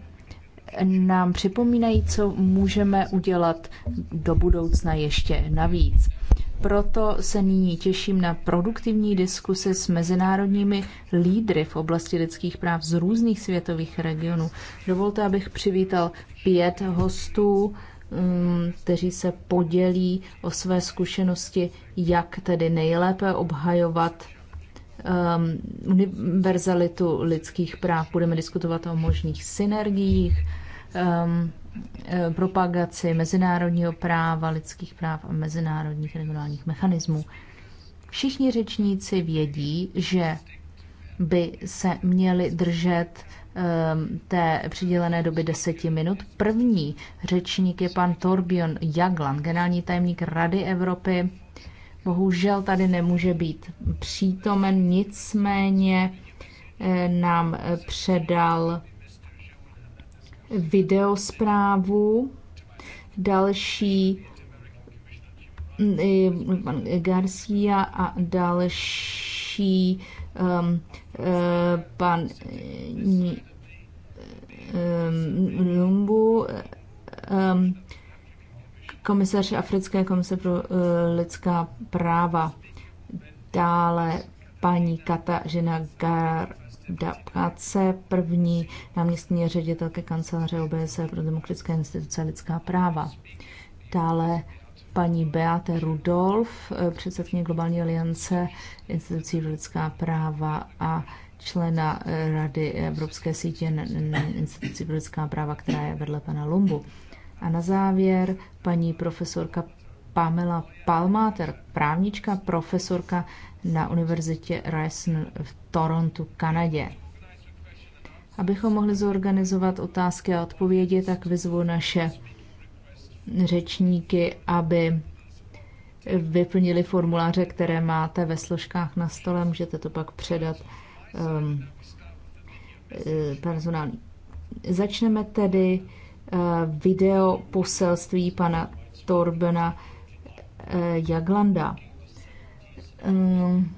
nám připomínají, co můžeme udělat do budoucna ještě navíc. Proto se nyní těším na produktivní diskuse s mezinárodními lídry v oblasti lidských práv z různých světových regionů. Dovolte, abych přivítal pět hostů, mm, kteří se podělí o své zkušenosti, jak tedy nejlépe obhajovat ehm, univerzalitu lidských práv. Budeme diskutovat o možných synergiích, um, eh, propagaci mezinárodního práva, lidských práv a mezinárodních regionálních mechanismů. Všichni řečníci vědí, že by se měli držet um, té přidělené doby deseti minut. První řečník je pan Torbjörn Jaglan, generální tajemník Rady Evropy. Bohužel tady nemůže být přítomen, nicméně eh, nám předal videosprávu. Další mm, mm, pan Garcia a další um, uh, pan uh, Lumbu, um, komisař Africké komise pro uh, lidská práva, dále paní Katažena Gar práce, první náměstní ředitelky kanceláře OBSE pro demokratické instituce a lidská práva. Dále paní Beate Rudolf, eh, předsedkyně Globální aliance institucí pro lidská práva a člena eh, Rady Evropské sítě institucí pro lidská práva, která je vedle pana Lumbu. A na závěr paní profesorka Pamela Palmáter, právnička, profesorka na univerzitě Ryerson v Torontu, Kanadě. Abychom mohli zorganizovat otázky a odpovědi, tak vyzvu naše řečníky, aby vyplnili formuláře, které máte ve složkách na stole. Můžete to pak předat um, eh, personální. Začneme tedy uh, video poselství pana Torbena uh, Jaglanda Um,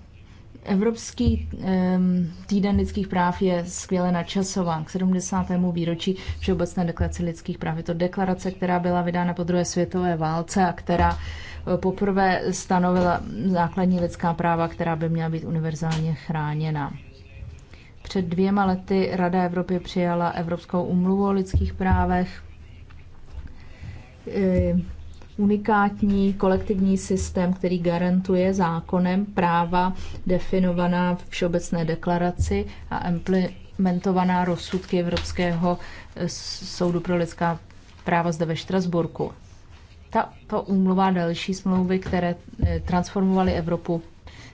Evropský um, týden lidských práv je skvěle načasován k 70. výročí Všeobecné deklarace lidských práv. Je to deklarace, která byla vydána po druhé světové válce a která eh, poprvé stanovila základní lidská práva, která by měla být univerzálně chráněna. Před dvěma lety Rada Evropy přijala Evropskou umluvu o lidských právech eh, unikátní kolektivní systém, který garantuje zákonem práva definovaná v Všeobecné deklaraci a implementovaná rozsudky Evropského eh, soudu pro lidská práva zde ve Štrasburku. Tato úmluva další smlouvy, které eh, transformovaly Evropu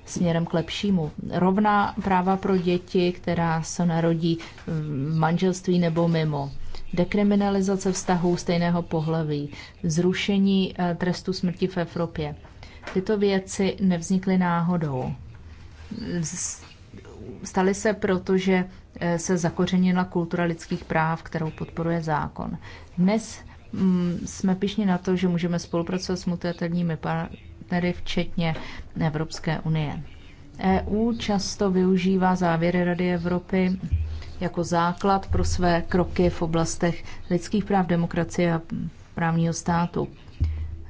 směrem k lepšímu. Rovná práva pro děti, která se narodí v manželství nebo mimo dekriminalizace vztahů stejného pohlaví, zrušení eh, trestu smrti v Evropě. Tyto věci nevznikly náhodou. Staly se proto, že eh, se zakořenila kultura lidských práv, kterou podporuje zákon. Dnes mm, jsme pišni na to, že můžeme spolupracovat s mutatilními partnery, včetně Evropské unie. EU často využívá závěry Rady Evropy jako základ pro své kroky v oblastech lidských práv, demokracie a právního státu.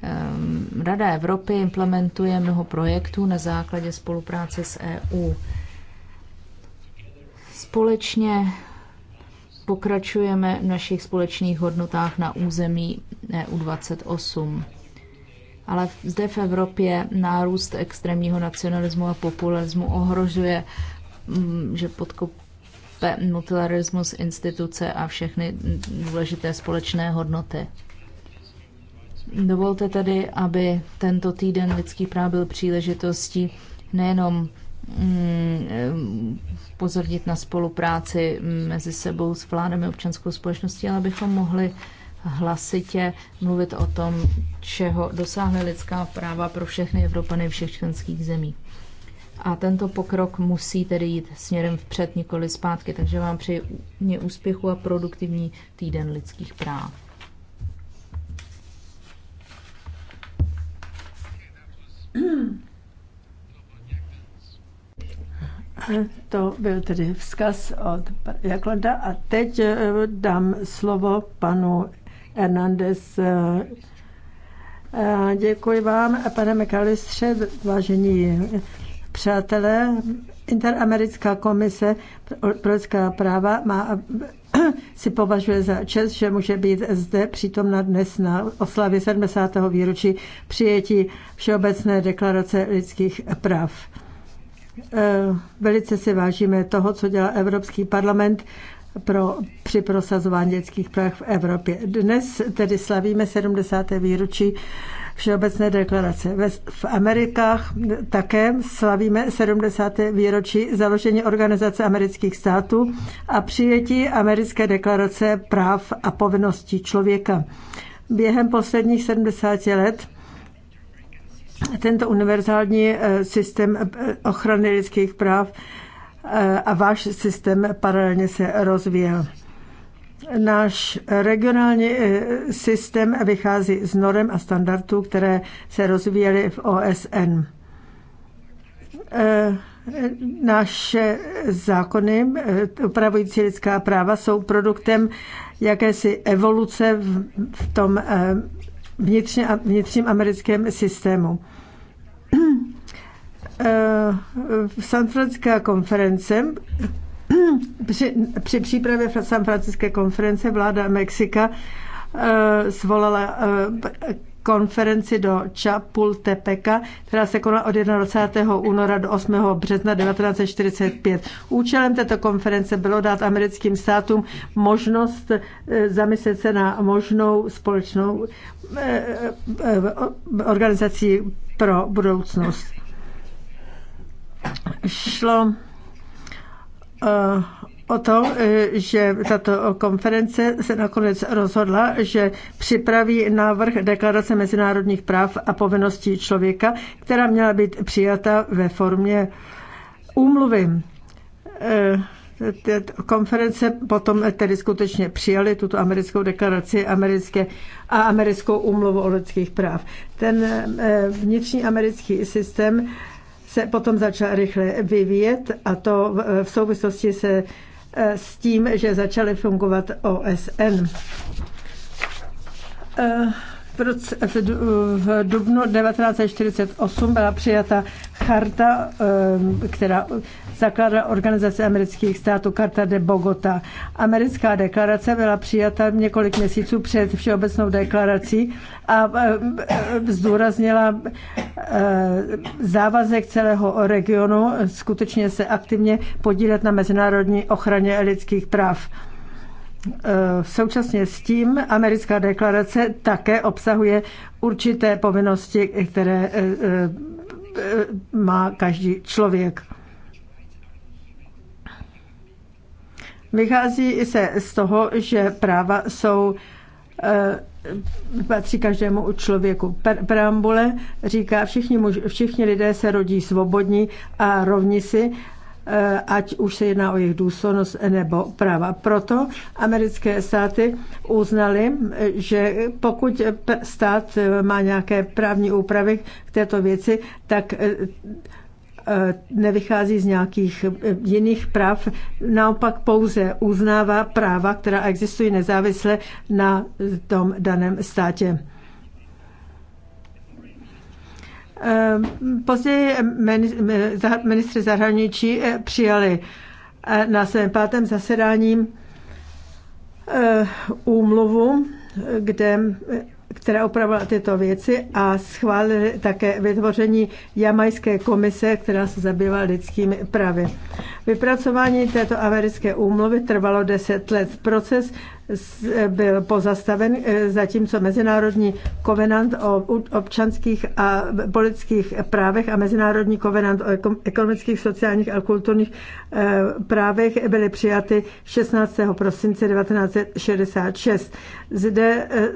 Ehm, Rada Evropy implementuje mnoho projektů na základě spolupráce s EU. Společně pokračujeme v našich společných hodnotách na území EU28. Ale zde v Evropě nárůst extrémního nacionalismu a populismu ohrožuje, mm, že podkop, multilateralismus, instituce a všechny důležité společné hodnoty. Dovolte tedy, aby tento týden lidský práv byl příležitostí nejenom mm, pozornit na spolupráci mezi sebou s vládami občanskou společností, ale abychom mohli hlasitě mluvit o tom, čeho dosáhne lidská práva pro všechny Evropany všech členských zemí. A tento pokrok musí tedy jít směrem vpřed, nikoli zpátky. Takže vám přeji mě úspěchu a produktivní týden lidských práv. To byl tedy vzkaz od Jaklada a teď eh, dám slovo panu Hernandez. Eh, eh, děkuji vám, pane Mekalistře, vážení Přátelé, Interamerická komise pro lidská práva má, si považuje za čest, že může být zde přítomna dnes na oslavě 70. výročí přijetí Všeobecné deklarace lidských práv. Eh, velice si vážíme toho, co dělá Evropský parlament pro, při prosazování dětských práv v Evropě. Dnes tedy slavíme 70. výročí Všeobecné deklarace. V Amerikách také slavíme 70. výročí založení Organizace amerických států a přijetí Americké deklarace práv a povinností člověka. Během posledních 70 let tento univerzální eh, systém eh, ochrany lidských práv eh, a váš systém paralelně se rozvíjel. Náš regionální eh, systém vychází z norem a standardů, které se rozvíjely v OSN. Eh, naše zákony eh, upravující lidská práva jsou produktem jakési evoluce v tom vnitřně, vnitřním americkém systému. V San Francisco konference při, při přípravě San Francisco konference vláda Mexika eh, svolala eh, konferenci do Čapultepeka, která se konala od 21. února do 8. března 1945. Účelem této konference bylo dát americkým státům možnost eh, zamyslet se na možnou společnou organizaci pro budoucnost. Šlo Eh, o to, eh, že tato konference se nakonec rozhodla, že připraví návrh deklarace mezinárodních práv a povinností člověka, která měla být přijata ve formě úmluvy. Eh, konference potom tedy skutečně přijali tuto americkou deklaraci americké a americkou úmluvu o lidských práv. Ten vnitřní americký systém se potom začal rychle vyvíjet a to v souvislosti se eh, s tím, že začaly fungovat OSN. Eh, v, roce, v, v dubnu 1948 byla přijata charta, ehm, která zakládá Organizace amerických států, Karta de Bogota. Americká deklarace byla přijata několik měsíců před Všeobecnou deklarací a ehm, zdůraznila ehm, závazek celého regionu skutečně se aktivně podílet na mezinárodní ochraně lidských práv. Eh, současně s tím americká deklarace také obsahuje určité povinnosti, které eh, eh, má každý člověk. Vychází se z toho, že práva jsou patří každému člověku. Preambule říká, všichni, muž, všichni lidé se rodí svobodní a rovní si Eh, ať už se jedná o jejich důstojnost nebo práva. Proto americké státy uznaly, eh, že pokud stát eh, má nějaké právní úpravy k této věci, tak nevychází z nějakých jiných práv, naopak pouze uznává práva, která existují nezávisle na tom daném státě. Ehm, později ehm, ministři zahraničí eh, přijali eh, na svém pátém zasedání eh, úmluvu, kde, která upravila tyto věci a schválili také vytvoření jamajské komise, která se zabývá lidskými právy. Vypracování této americké úmluvy trvalo deset let. Proces byl pozastaven, eh, zatímco Mezinárodní kovenant o občanských a politických právech a Mezinárodní kovenant o ekonomických, sociálních a kulturních eh, právech byly přijaty 16. prosince 1966. Zde eh,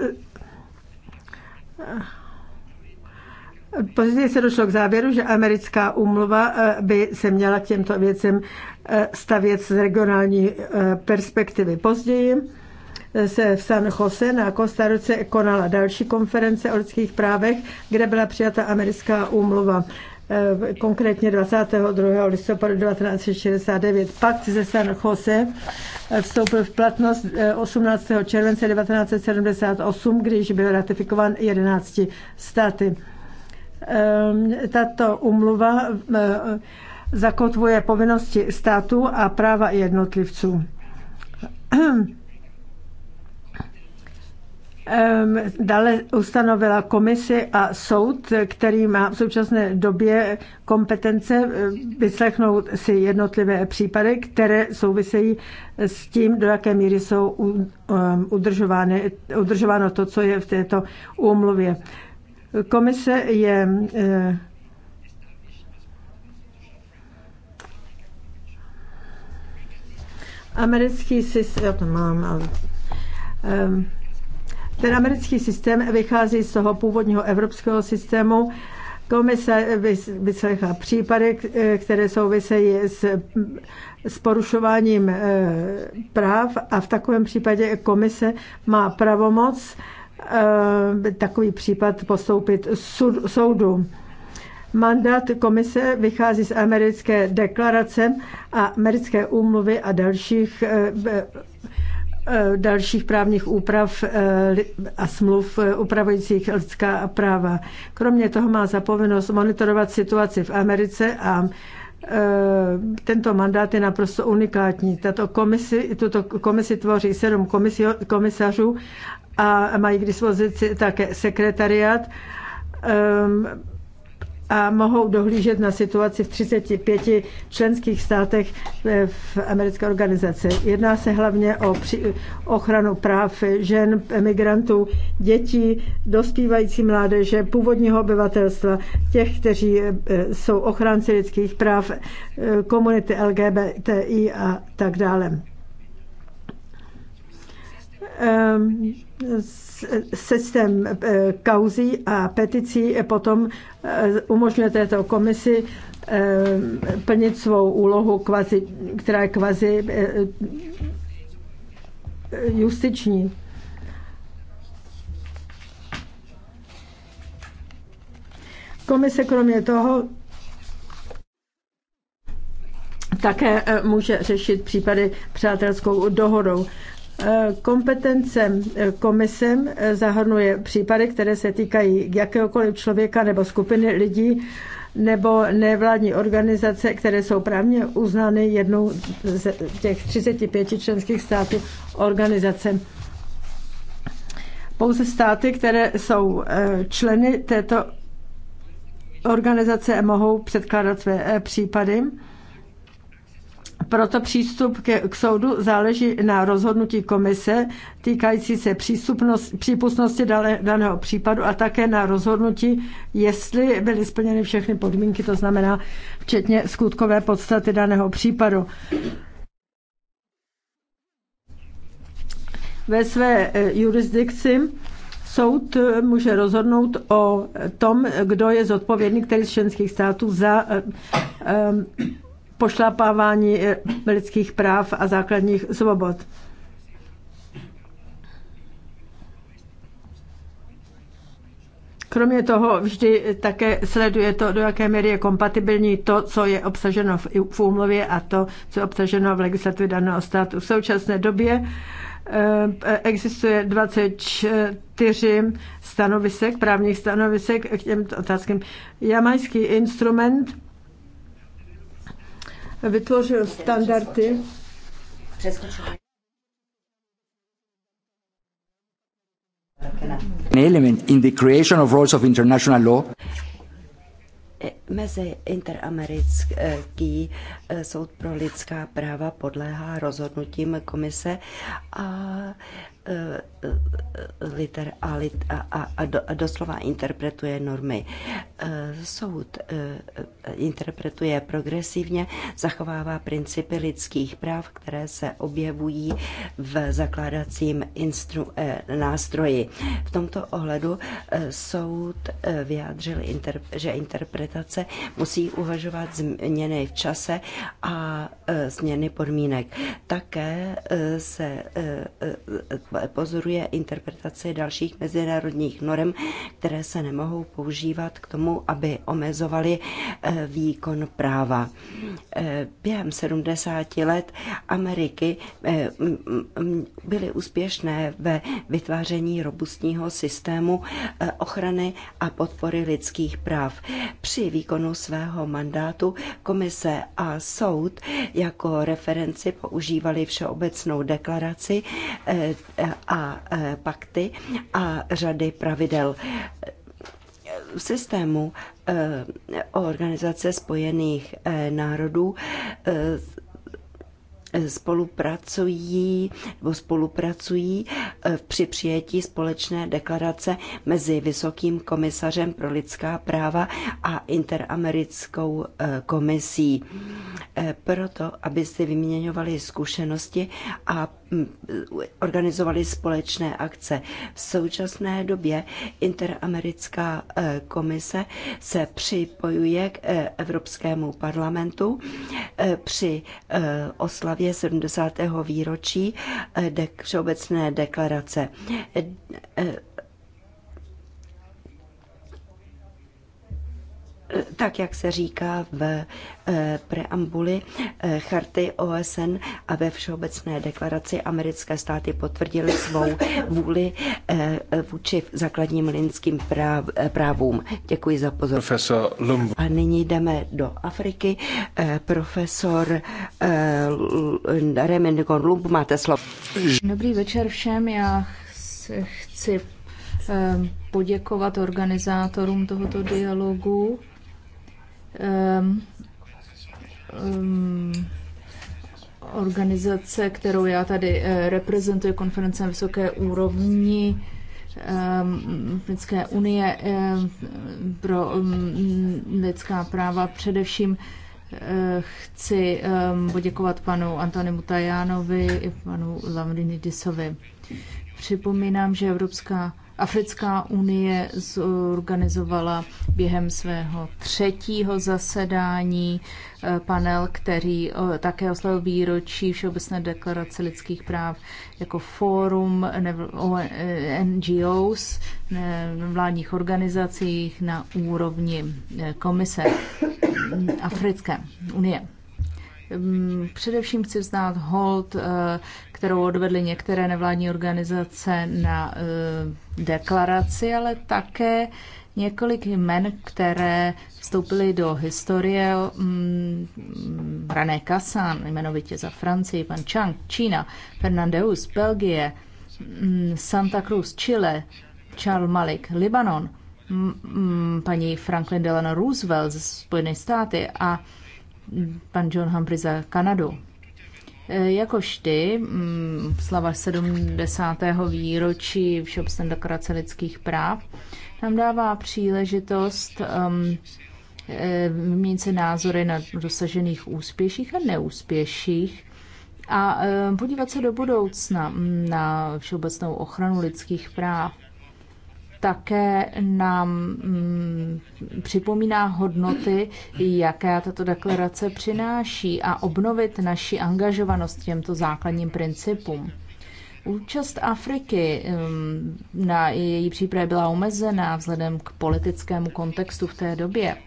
Později se došlo k závěru, že americká úmluva by se měla k těmto věcem stavět z regionální perspektivy. Později se v San Jose na Kostaruce konala další konference o lidských právech, kde byla přijata americká úmluva eh, konkrétně 22. listopadu 1969. Pakt ze San Jose eh, vstoupil v platnost 18. Eh, července 1978, když byl ratifikován 11 státy. Ehm, tato umluva zakotvuje povinnosti států a práva jednotlivců. Ehm, dále ustanovila komisi a soud, který má v současné době kompetence eh, vyslechnout si jednotlivé případy, které souvisejí s tím, do jaké míry jsou ehm, udržovány, udržováno to, co je v této úmluvě. Komise je eh, americký systém, já to mám, ale, ehm, ten americký systém vychází z toho původního evropského systému. Komise vyslechla případy, které souvisejí s, s porušováním eh, práv a v takovém případě komise má pravomoc eh, takový případ postoupit soudu. Mandát komise vychází z americké deklarace a americké úmluvy a dalších eh, Eh, dalších právních úprav eh, a smluv eh, upravujících lidská práva. Kromě toho má zapovinnost monitorovat situaci v Americe a tento mandát je naprosto unikátní. Tato komisi, tuto komisi tvoří sedm komisařů a mají k dispozici také sekretariat ehm, a mohou dohlížet na situaci v 35 členských státech eh, v americké organizaci. Jedná se hlavně o ochranu práv žen, emigrantů, dětí, dospívající mládeže, původního obyvatelstva, těch, kteří eh, jsou ochránci lidských práv, eh, komunity LGBTI a tak dále ehm, systém eh, kauzí a peticí potom eh, umožňuje této komisi eh, plnit svou úlohu, kvazi, která je kvazi justiční. Komise kromě toho také může řešit případy přátelskou dohodou. Kompetence eh, komisem eh, zahrnuje případy, které se týkají jakéhokoliv člověka nebo skupiny lidí nebo nevládní organizace, které jsou právně uznány jednou z těch 35 členských států organizace. Pouze státy, které jsou eh, členy této organizace, mohou předkládat své případy. Proto přístup ke, k soudu záleží na rozhodnutí komise týkající se přípustnosti daného případu a také na rozhodnutí, jestli byly splněny všechny podmínky, to znamená včetně skutkové podstaty daného případu. Ve své eh, jurisdikci soud eh, může rozhodnout o tom, kdo je zodpovědný, který z členských států za eh, pošlapávání eh, lidských práv a základních svobod. Kromě toho vždy také sleduje to, do jaké míry je kompatibilní to, co je obsaženo v úmluvě a to, co je obsaženo v legislativě daného státu. V současné době eh, existuje 24 stanovisek, právních stanovisek k těmto otázkám. Jamajský instrument vytvořil standardy. An element in the creation of rules of international law mezi interamerický eh, soud pro lidská práva podléhá rozhodnutím komise a Eh, eh, liter a, lit, a, a, a, do, a doslova interpretuje normy. Eh, soud interpretuje progresivně, zachovává principy lidských práv, které se objevují v zakládacím instru, nástroji. V tomto ohledu soud vyjádřil, inter, že interpretace musí uvažovat změny v čase a změny podmínek. Také se pozoruje interpretaci dalších mezinárodních norm, které se nemohou používat k tomu, aby omezovali eh, výkon práva. Eh, během 70 let Ameriky eh, byly úspěšné ve vytváření robustního systému ochrany a podpory lidských práv. Při výkonu svého mandátu komise a soud jako referenci používali všeobecnou deklaraci a pakty a řady pravidel. V systému e, Organizace spojených e, národů e, spolupracují nebo spolupracují při přijetí společné deklarace mezi Vysokým komisařem pro lidská práva a Interamerickou komisí. Proto, aby si vyměňovali zkušenosti a organizovali společné akce. V současné době Interamerická e, komise se připojuje k e, Evropskému parlamentu e, při oslavě 70. výročí Všeobecné deklarace. tak jak se říká v eh, preambuli eh, charty OSN a ve Všeobecné deklaraci americké státy potvrdily svou vůli eh, vůči základním lidským práv, právům. Děkuji za pozornost. A nyní jdeme do Afriky. Profesor Remen Lumb, máte slovo. Dobrý večer všem. Já chci poděkovat organizátorům tohoto dialogu um, um, organizace, kterou já tady eh, reprezentuji, konference na vysoké úrovni Lidské ehm, unie pro mm, lidská práva. Především eh, chci poděkovat panu Antonimu Tajánovi i panu Lamrini Disovi. Připomínám, že Evropská Africká unie zorganizovala během svého třetího zasedání eh, panel, který eh, také oslavil výročí Všeobecné deklarace lidských práv jako fórum NGOs, vládních organizacích na úrovni eh, komise Africké unie. Mm, především chci vzdát hold kterou odvedly některé nevládní organizace na e, deklaraci, ale také několik jmen, které vstoupily do historie mm, rané Kassan, jmenovitě za Francii, pan Chang, Čína, Fernandeus, Belgie, mm, Santa Cruz, Chile, Charles Malik, Libanon, mm, mm paní Franklin Delano Roosevelt ze Spojených státy a pan John Humphrey za Kanadu. Jako ty, mm, slava 70. výročí Všeobecné deklarace lidských práv nám dává příležitost um, vyměnit názory na dosažených úspěších a neúspěších a eh, podívat se do budoucna mm, na všeobecnou ochranu lidských práv také nám mm, připomíná hodnoty, jaké tato deklarace přináší a obnovit naši angažovanost těmto základním principům. Účast Afriky mm, na její přípravě byla omezená vzhledem k politickému kontextu v té době.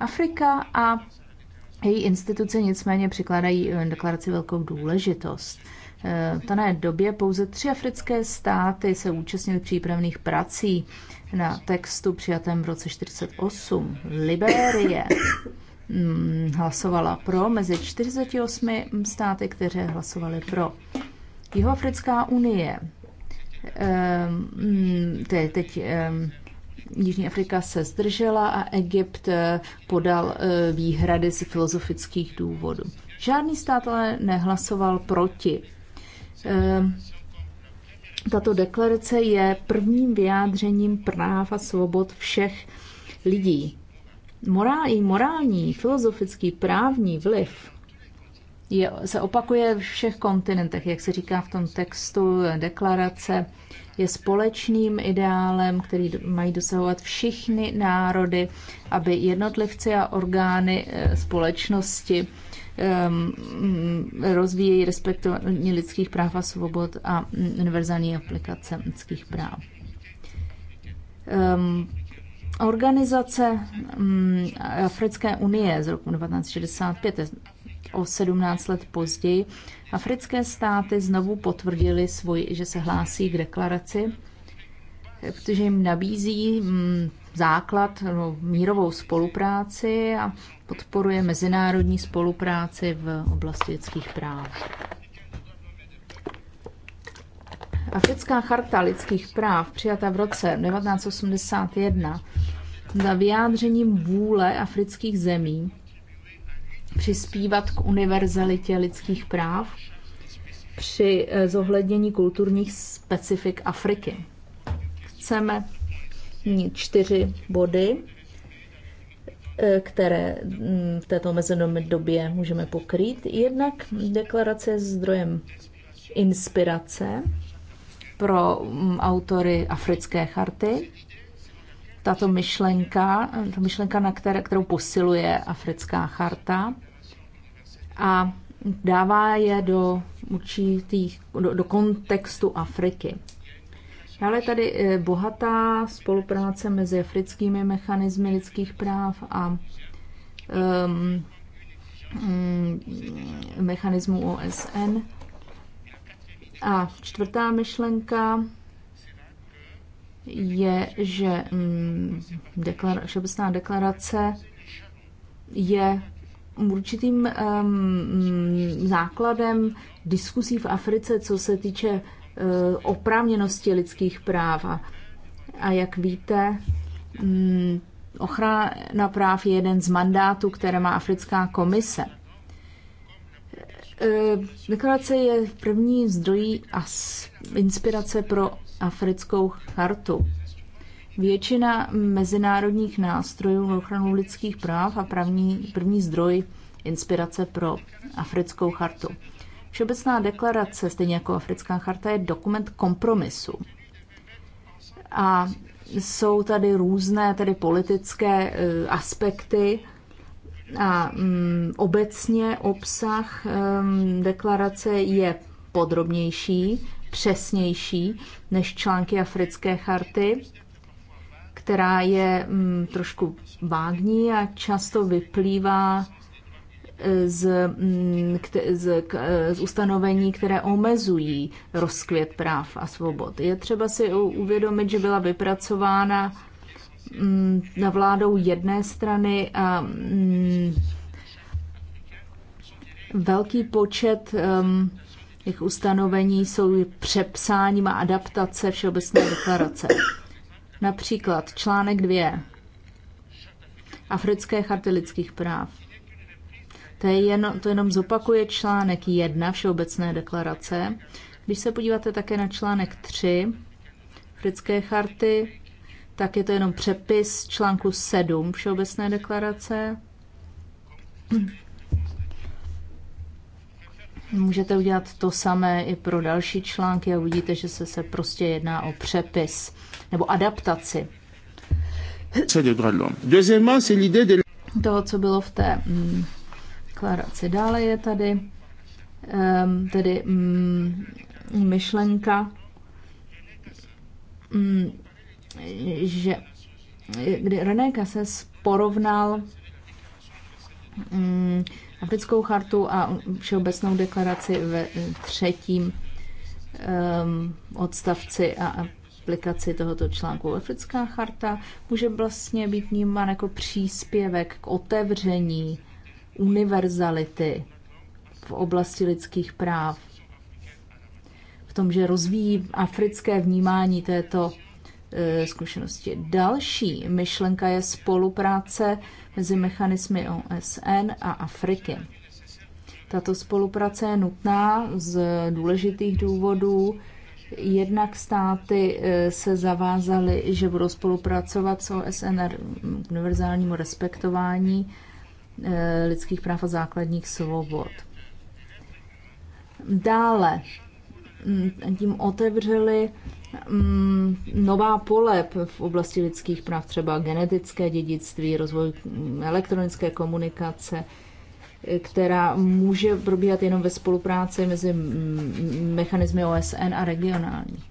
Afrika a její instituce nicméně přikládají mm, deklaraci velkou důležitost. V eh, dané době pouze tři africké státy se účastnily přípravných prací na textu přijatém v roce 1948. Liberie mm, hlasovala pro mezi 48 státy, které hlasovaly pro. Jihoafrická unie, je eh, mm, teď eh, Jižní Afrika se zdržela a Egypt podal výhrady z filozofických důvodů. Žádný stát ale nehlasoval proti Eh, tato deklarace je prvním vyjádřením práv a svobod všech lidí. Morál, morální, filozofický, právní vliv je, se opakuje v všech kontinentech, jak se říká v tom textu deklarace, je společným ideálem, který mají dosahovat všichni národy, aby jednotlivci a orgány eh, společnosti Um, mm, rozvíjejí respektování lidských práv a svobod a univerzální aplikace lidských práv. Um, organizace mm, Africké unie z roku 1965, o 17 let později, africké státy znovu potvrdili svůj, že se hlásí k deklaraci, protože jim nabízí mm, základ no, mírovou spolupráci a podporuje mezinárodní spolupráci v oblasti lidských práv. Africká charta lidských práv, přijata v roce 1981, za vyjádřením vůle afrických zemí přispívat k univerzalitě lidských práv při eh, zohlednění kulturních specifik Afriky. Chceme mít čtyři body E, které mm, v této mezinárodní době můžeme pokrýt. Jednak deklarace je zdrojem inspirace pro mm, autory africké charty. Tato myšlenka, ta myšlenka na které, kterou posiluje africká charta a dává je do určitých, do, do kontextu Afriky. Ale tady eh, bohatá spolupráce mezi africkými mechanismy lidských práv a um, um, mechanismu OSN. A čtvrtá myšlenka je, že um, mm, deklara- všeobecná deklarace je určitým um, základem diskusí v Africe, co se týče Eh, oprávněnosti lidských práv. A jak víte, mm, ochrana práv je jeden z mandátů, které má Africká komise. Eh, deklarace je první zdrojí a inspirace pro africkou chartu. Většina mezinárodních nástrojů na ochranu lidských práv a první první zdroj inspirace pro africkou chartu. Všeobecná deklarace, stejně jako Africká charta, je dokument kompromisu. A jsou tady různé tedy politické eh, aspekty a mm, obecně obsah ehm, deklarace je podrobnější, přesnější než články africké charty, která je mm, trošku vágní a často vyplývá z, mm, z, z ustanovení, které omezují rozkvět práv a svobod. Je třeba si uvědomit, že byla vypracována mm, na vládou jedné strany a mm, velký počet těch ustanovení jsou přepsáním a adaptace Všeobecné deklarace. Například článek 2 Africké charty lidských práv to, je jen, to jenom zopakuje článek 1 Všeobecné deklarace. Když se podíváte také na článek 3 Britské charty, tak je to jenom přepis článku 7 Všeobecné deklarace. Můžete udělat to samé i pro další články a uvidíte, že se, se prostě jedná o přepis nebo adaptaci. Toho, co bylo v té mm, deklaraci. Dále je tady ehm, tedy mm, myšlenka, mm, že kdy René se porovnal mm, Africkou chartu a Všeobecnou deklaraci ve třetím ehm, odstavci a aplikaci tohoto článku. Africká charta může vlastně být vnímána jako příspěvek k otevření univerzality v oblasti lidských práv, v tom, že rozvíjí africké vnímání této eh, zkušenosti. Další myšlenka je spolupráce mezi mechanismy OSN a Afriky. Tato spolupráce je nutná z důležitých důvodů. Jednak státy eh, se zavázaly, že budou spolupracovat s OSN na univerzálnímu respektování Eh, lidských práv a základních svobod. Dále mm, tím otevřeli mm, nová pole v oblasti lidských práv, třeba genetické dědictví, rozvoj mm, elektronické komunikace, která může probíhat jenom ve spolupráci mezi mechanismy OSN a regionální.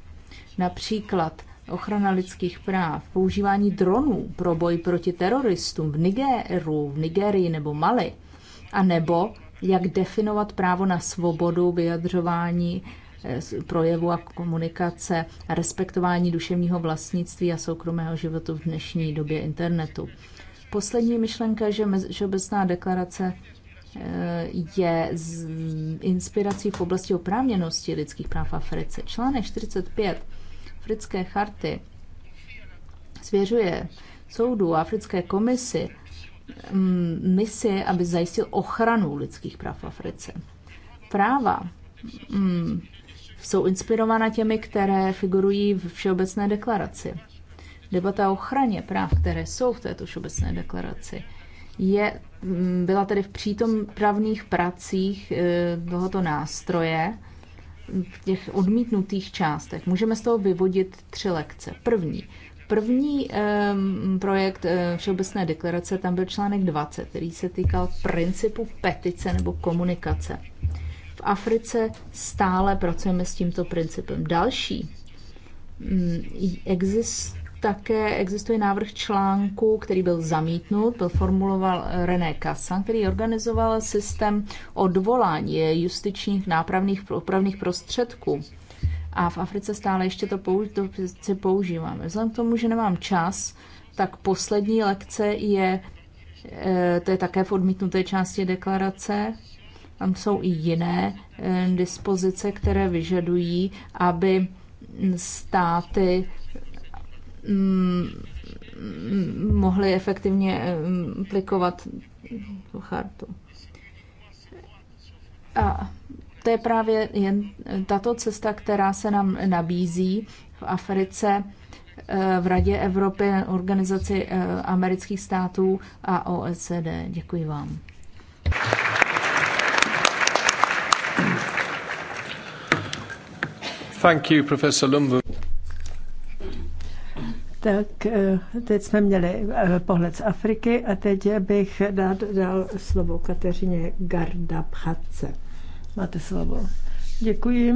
Například ochrana lidských práv, používání dronů pro boj proti teroristům v Nigeru, v Nigerii nebo Mali, a nebo jak definovat právo na svobodu vyjadřování eh, projevu a komunikace a respektování duševního vlastnictví a soukromého životu v dnešní době internetu. Poslední myšlenka je, že Všeobecná deklarace eh, je z inspirací v oblasti oprávněnosti lidských práv v Africe. Článek 45 africké charty svěřuje soudu a africké komisi mm, misi, aby zajistil ochranu lidských práv v Africe. Práva mm, jsou inspirována těmi, které figurují v Všeobecné deklaraci. Debata o ochraně práv, které jsou v této Všeobecné deklaraci, je, mm, byla tedy v přítom právních pracích eh, tohoto nástroje v těch odmítnutých částech můžeme z toho vyvodit tři lekce. První. První um, projekt uh, Všeobecné deklarace, tam byl článek 20, který se týkal principu petice nebo komunikace. V Africe stále pracujeme s tímto principem. Další. Um, exist, také existuje návrh článku, který byl zamítnut, byl formuloval René Kassan, který organizoval systém odvolání justičních nápravných opravných prostředků. A v Africe stále ještě to, použ- to používáme. Vzhledem k tomu, že nemám čas, tak poslední lekce je, eh, to je také v odmítnuté části deklarace, tam jsou i jiné eh, dispozice, které vyžadují, aby státy Mm, mohli efektivně mm, aplikovat tu chartu. A to je právě jen tato cesta, která se nám nabízí v Africe, eh, v Radě Evropy, Organizaci eh, amerických států a OECD. Děkuji vám. Thank you, Professor Lumbu. Tak eh, teď jsme měli eh, pohled z Afriky a teď bych dal, dal slovo Kateřině Pchatce. Máte slovo. Děkuji.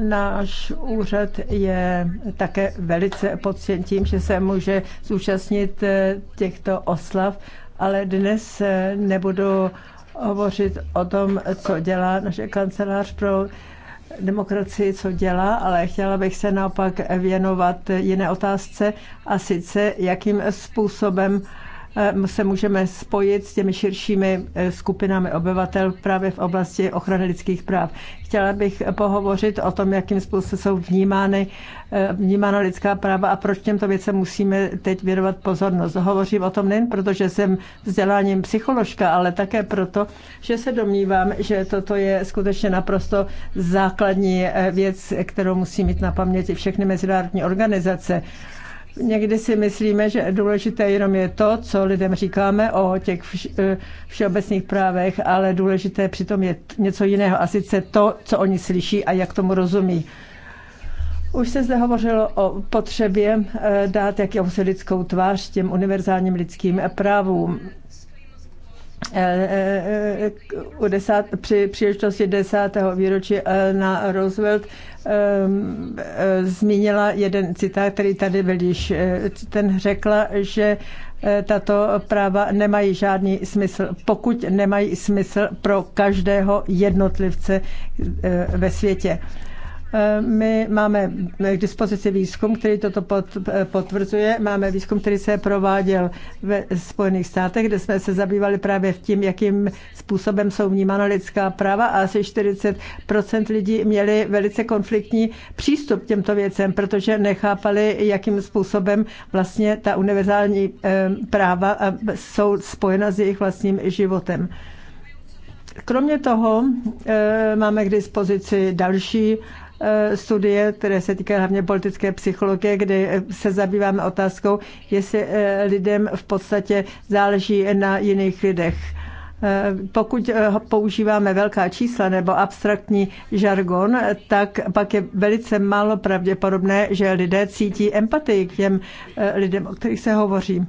Náš úřad je také velice poctěn tím, že se může zúčastnit eh, těchto oslav, ale dnes nebudu hovořit o tom, co dělá naše kancelář pro demokracii, co dělá, ale chtěla bych se naopak věnovat jiné otázce a sice, jakým způsobem Ehm, se můžeme spojit s těmi širšími eh, skupinami obyvatel právě v oblasti ochrany lidských práv. Chtěla bych pohovořit o tom, jakým způsobem jsou vnímány, eh, vnímána lidská práva a proč těmto věcem musíme teď věnovat pozornost. Hovořím o tom nejen proto, že jsem vzděláním psycholožka, ale také proto, že se domnívám, že toto je skutečně naprosto základní eh, věc, kterou musí mít na paměti všechny mezinárodní organizace. Někdy si myslíme, že důležité jenom je to, co lidem říkáme o těch eh, všeobecných právech, ale důležité přitom je něco jiného, a sice to, co oni slyší a jak tomu rozumí. Už se zde hovořilo o potřebě eh, dát jakousi lidskou tvář těm univerzálním lidským právům. Eh, u desát, při příležitosti desátého výročí na Roosevelt Ehm, eh, zmínila jeden citát, který tady byl již. Eh, ten řekla, že eh, tato práva nemají žádný smysl, pokud nemají smysl pro každého jednotlivce ve světě. Eh, my máme eh, k dispozici výzkum, který toto eh, potvrzuje. Máme výzkum, který se prováděl ve Spojených státech, kde jsme se zabývali právě v tím, jakým způsobem jsou vnímána lidská práva a asi 40 lidí měli velice konfliktní přístup k těmto věcem, protože nechápali, jakým způsobem vlastně ta univerzální práva jsou spojena s jejich vlastním životem. Kromě toho máme k dispozici další Eh, studie, které se týká hlavně politické psychologie, kde se zabýváme otázkou, jestli eh, lidem v podstatě záleží na jiných lidech. Eh, pokud používáme velká čísla nebo abstraktní žargon, tak pak je velice málo pravděpodobné, že lidé cítí empatii k těm lidem, o kterých se hovoří.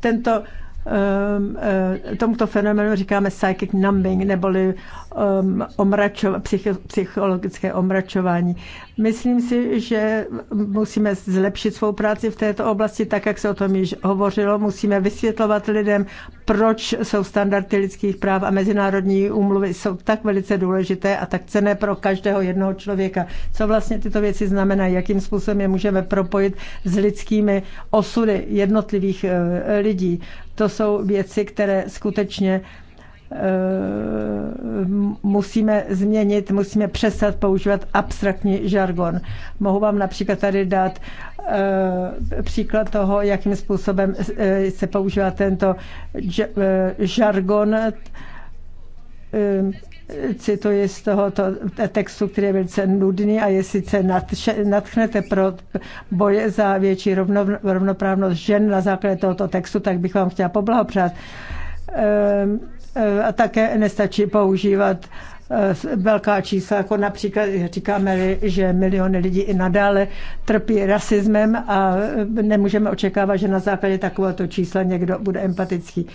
Tento um, uh, tomuto fenoménu říkáme psychic numbing, neboli um, ehm, omračov, psycho, psychologické omračování. Myslím si, že musíme zlepšit svou práci v této oblasti, tak jak se o tom již hovořilo. Musíme vysvětlovat lidem, proč jsou standardy lidských práv a mezinárodní úmluvy jsou tak velice důležité a tak cené pro každého jednoho člověka. Co vlastně tyto věci znamenají, jakým způsobem je můžeme propojit s lidskými osudy jednotlivých eh, lidí. To jsou věci, které skutečně Eh, musíme změnit, musíme přestat používat abstraktní žargon. Mohu vám například tady dát eh, příklad toho, jakým způsobem eh, se používá tento žargon. Cituji z tohoto textu, který je velice nudný a je sice natchnete pro boje za větší rovno, rovnoprávnost žen na základě tohoto textu, tak bych vám chtěla poblahopřát Eh, a také nestačí používat eh, velká čísla, jako například říkáme, že miliony lidí i nadále trpí rasismem a eh, nemůžeme očekávat, že na základě takovéto čísla někdo bude empatický.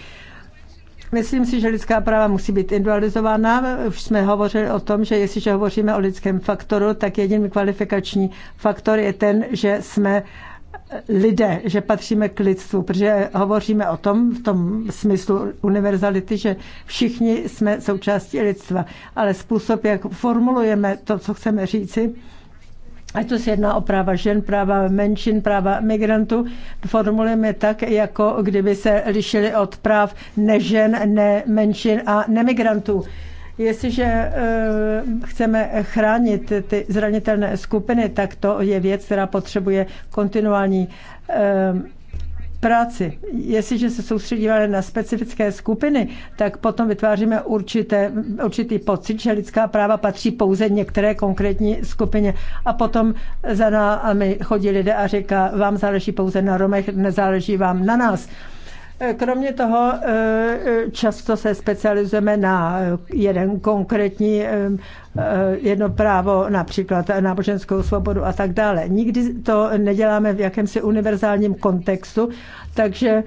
Myslím si, že lidská práva musí být individualizována. Už jsme hovořili o tom, že jestliže hovoříme o lidském faktoru, tak jediný kvalifikační faktor je ten, že jsme uh, lidé, že patříme k lidstvu, protože hovoříme o tom v tom smyslu univerzality, že všichni jsme součástí lidstva, ale způsob, jak formulujeme to, co chceme říci, Ať to se jedná o práva žen, práva menšin, práva migrantů, formulujeme tak, jako kdyby se lišili od práv nežen, ne menšin a nemigrantů. Jestliže eh, chceme chránit ty zranitelné skupiny, tak to je věc, která potřebuje kontinuální eh, práci. Jestliže se soustředíme na specifické skupiny, tak potom vytváříme určité, určitý pocit, že lidská práva patří pouze některé konkrétní skupině. A potom za námi chodí lidé a říká, vám záleží pouze na Romech, nezáleží vám na nás. Eh, kromě toho eh, eh, často se specializujeme na jeden konkrétní jedno právo, například náboženskou svobodu a tak dále. Nikdy to neděláme v jakémsi univerzálním kontextu, takže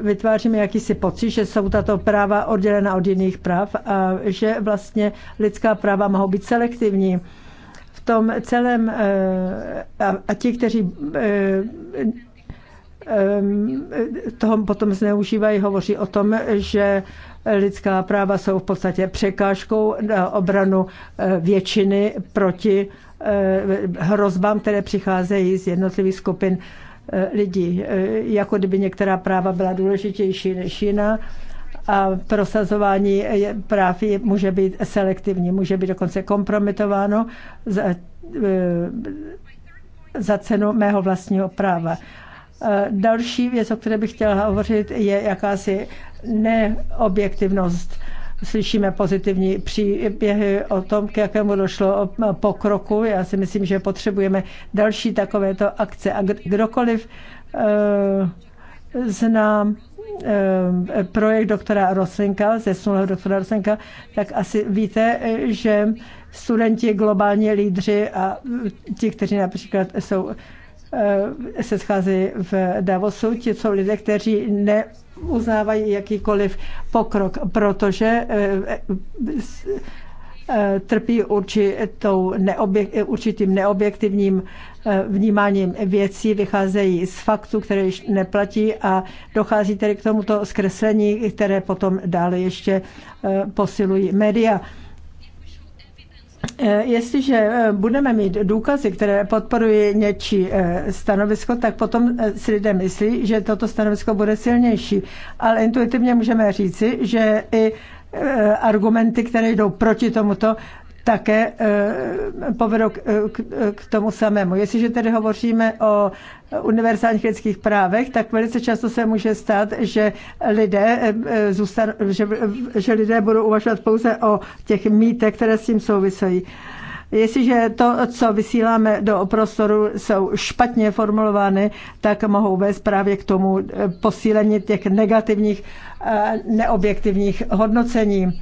vytváříme jakýsi pocit, že jsou tato práva oddělena od jiných práv a že vlastně lidská práva mohou být selektivní v tom celém a, a ti, kteří Ehm, toho potom zneužívají, hovoří o tom, že lidská práva jsou v podstatě překážkou na obranu eh, většiny proti eh, hrozbám, které přicházejí z jednotlivých skupin eh, lidí. Jako kdyby některá práva byla důležitější než jiná a prosazování práv může být selektivní, může být dokonce kompromitováno za, za cenu mého vlastního práva. Eh, další věc, o které bych chtěla hovořit, je jakási neobjektivnost slyšíme pozitivní příběhy o tom, k jakému došlo pokroku. Já si myslím, že potřebujeme další takovéto akce. A kdokoliv uh, zná uh, projekt doktora Roslinka, zesnulého doktora Roslinka, tak asi víte, že studenti, globální lídři a ti, kteří například jsou Eh, se schází v Davosu. Ti jsou lidé, kteří neuznávají jakýkoliv pokrok, protože eh, eh, trpí určitou neobjek, určitým neobjektivním vnímáním věcí, vycházejí z faktů, které již neplatí a dochází tedy k tomuto zkreslení, které potom dále ještě posilují média. Eh, jestliže eh, budeme mít důkazy, které podporují něčí eh, stanovisko, tak potom si lidé myslí, že toto stanovisko bude silnější. Ale intuitivně můžeme říci, že i argumenty, které jdou proti tomuto také eh, povedou eh, k tomu samému. Jestliže tedy hovoříme o univerzálních lidských právech, tak velice často se může stát, že lidé, eh, zůstan, že, že lidé budou uvažovat pouze o těch mýtech, které s tím souvisejí. Jestliže to, co vysíláme do prostoru, jsou špatně formulovány, tak mohou vést právě k tomu posílení těch negativních, neobjektivních hodnocení.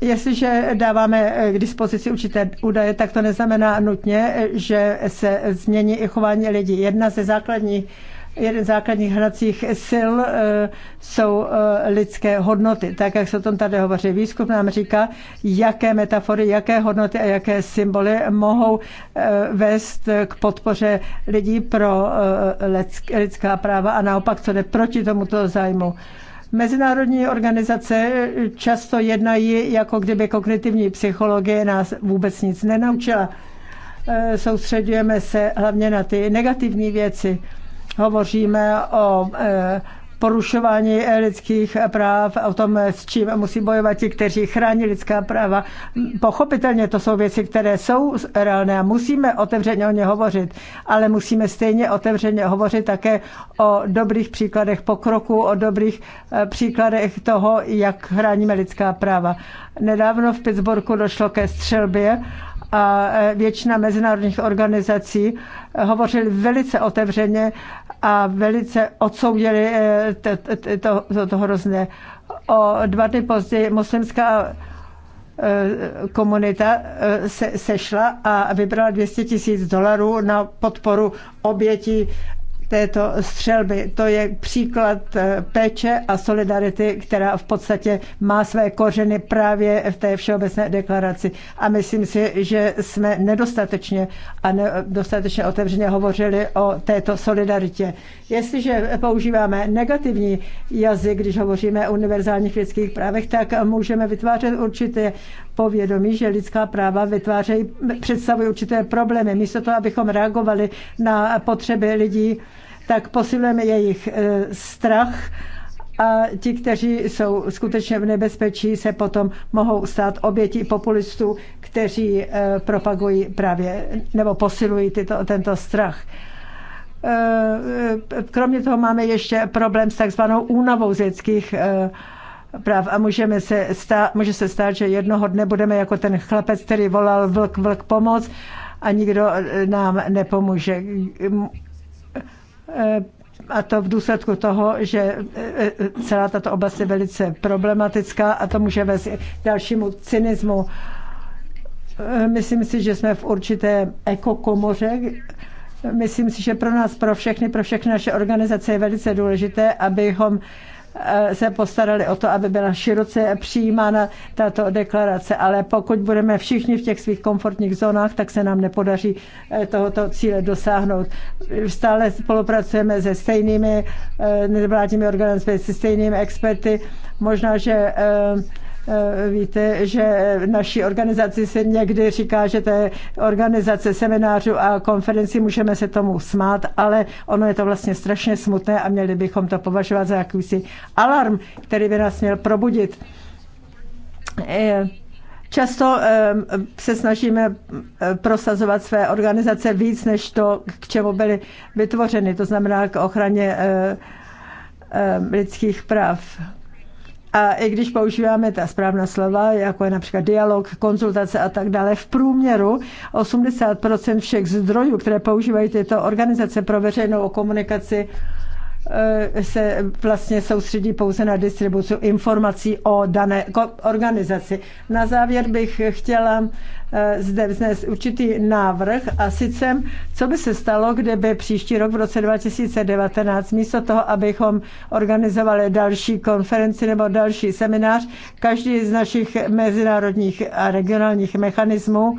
Jestliže dáváme eh, k dispozici určité údaje, tak to neznamená nutně, eh, že se změní i chování lidí. Jedna ze základních jeden z základních hracích sil eh, jsou lidské hodnoty. Tak, jak se o tom tady hovoří, výzkum nám říká, jaké metafory, jaké hodnoty a jaké symboly mohou vést k podpoře lidí pro lidská práva a naopak, co jde proti tomuto zájmu. Mezinárodní organizace často jednají, jako kdyby kognitivní jako psychologie nás vůbec nic nenaučila. E, soustředujeme se hlavně na ty negativní věci. Hovoříme o e, porušování lidských práv, o tom, s čím musí bojovat ti, kteří chrání lidská práva. Pochopitelně to jsou věci, které jsou reálné a musíme otevřeně o ně hovořit, ale musíme stejně otevřeně hovořit také o dobrých příkladech pokroku, o dobrých eh, příkladech toho, jak chráníme lidská práva. Nedávno v Pittsburghu došlo ke střelbě a eh, většina mezinárodních organizací hovořili velice otevřeně a velice odsoudili eh, to, to, to, hrozné. O dva dny později muslimská eh, komunita eh, se, sešla a vybrala 200 tisíc dolarů na podporu obětí této střelby. To je příklad eh, péče a solidarity, která v podstatě má své kořeny právě v té všeobecné deklaraci. A myslím si, že jsme nedostatečně a nedostatečně otevřeně hovořili o této solidaritě. Jestliže používáme negativní jazyk, když hovoříme o univerzálních lidských právech, tak můžeme vytvářet určité povědomí, že lidská práva vytvářejí, představují určité problémy. Místo toho, abychom reagovali na potřeby lidí, tak posilujeme jejich e, strach a ti, kteří jsou skutečně v nebezpečí, se potom mohou stát oběti populistů, kteří e, propagují právě nebo posilují tyto, tento strach. E, kromě toho máme ještě problém s takzvanou únavou z lidských Prav, a můžeme se stát, může se stát, že jednoho dne budeme jako ten chlapec, který volal vlk, vlk pomoc a nikdo eh, nám nepomůže. Eh, a to v důsledku toho, že eh, celá tato oblast je velice problematická a to může vést k dalšímu cynismu. Myslím si, že jsme v určité ekokomoře, Myslím si, že pro nás, pro všechny, pro všechny naše organizace je velice důležité, abychom Eh, se postarali o to, aby byla široce přijímána tato deklarace, ale pokud budeme všichni v těch svých komfortních zónách, tak se nám nepodaří eh, tohoto cíle dosáhnout. Stále spolupracujeme se stejnými eh, nevládními organizacemi, se stejnými experty. Možná, že Eh, víte, že naší organizaci se někdy říká, že to je organizace seminářů a konferenci, můžeme se tomu smát, ale ono je to vlastně strašně smutné a měli bychom to považovat za jakýsi alarm, který by nás měl probudit. Eh, často eh, se snažíme prosazovat své organizace víc, než to, k čemu byly vytvořeny, to znamená k ochraně lidských práv. A i když používáme ta správná slova, jako je například dialog, konzultace a tak dále, v průměru 80% všech zdrojů, které používají tyto organizace pro veřejnou komunikaci, Eh, se vlastně soustředí pouze na distribuci informací o dané organizaci. Na závěr bych chtěla eh, zde vznést určitý návrh a sice, co by se stalo, kdyby příští rok v roce 2019 místo toho, abychom organizovali další konferenci nebo další seminář, každý z našich mezinárodních a regionálních mechanismů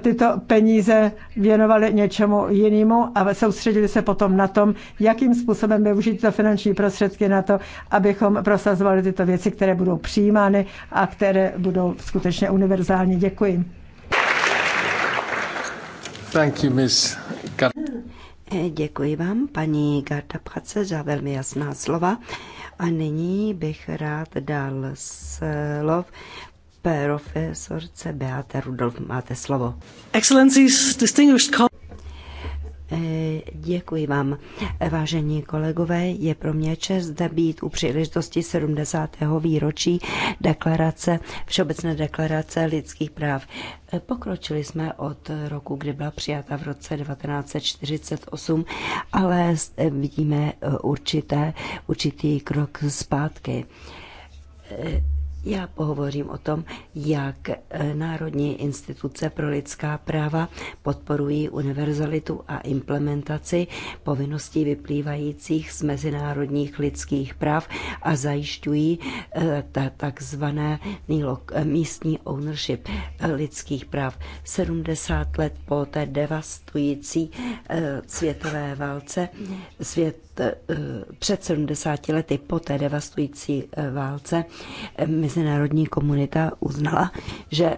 tyto peníze věnovali něčemu jinému a soustředili se potom na tom, jakým způsobem využít tyto finanční prostředky na to, abychom prosazovali tyto věci, které budou přijímány a které budou skutečně univerzální. Děkuji. Thank you, Miss Děkuji vám, paní Garda Pace, za velmi jasná slova. A nyní bych rád dal slov profesorce Beate Rudolf. Máte slovo. Excellencies, distinguished eh, Děkuji vám. Vážení kolegové, je pro mě čest zde být u příležitosti 70. výročí deklarace, Všeobecné deklarace lidských práv. Eh, pokročili jsme od roku, kdy byla přijata v roce 1948, ale eh, vidíme určité, určitý krok zpátky já pohovořím o tom, jak e, Národní instituce pro lidská práva podporují univerzalitu a implementaci povinností vyplývajících z mezinárodních lidských práv a zajišťují e, takzvané e, místní ownership lidských práv. 70 let po té devastující světové válce svět před 70 eh, lety po té devastující eh, válce eh, mezinárodní komunita uznala, že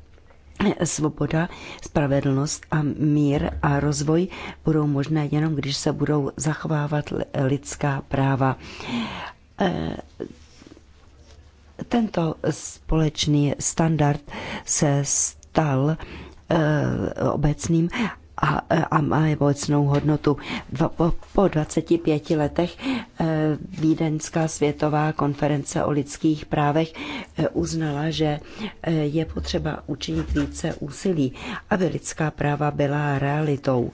svoboda, spravedlnost a mír a rozvoj budou možné jenom, když se budou zachovávat lidská práva. Tento společný standard se stal obecným a, e, a má obecnou hodnotu. Po, po 25 letech e, Vídeňská světová konference o lidských právech e, uznala, že je potřeba učinit více úsilí, aby lidská práva byla realitou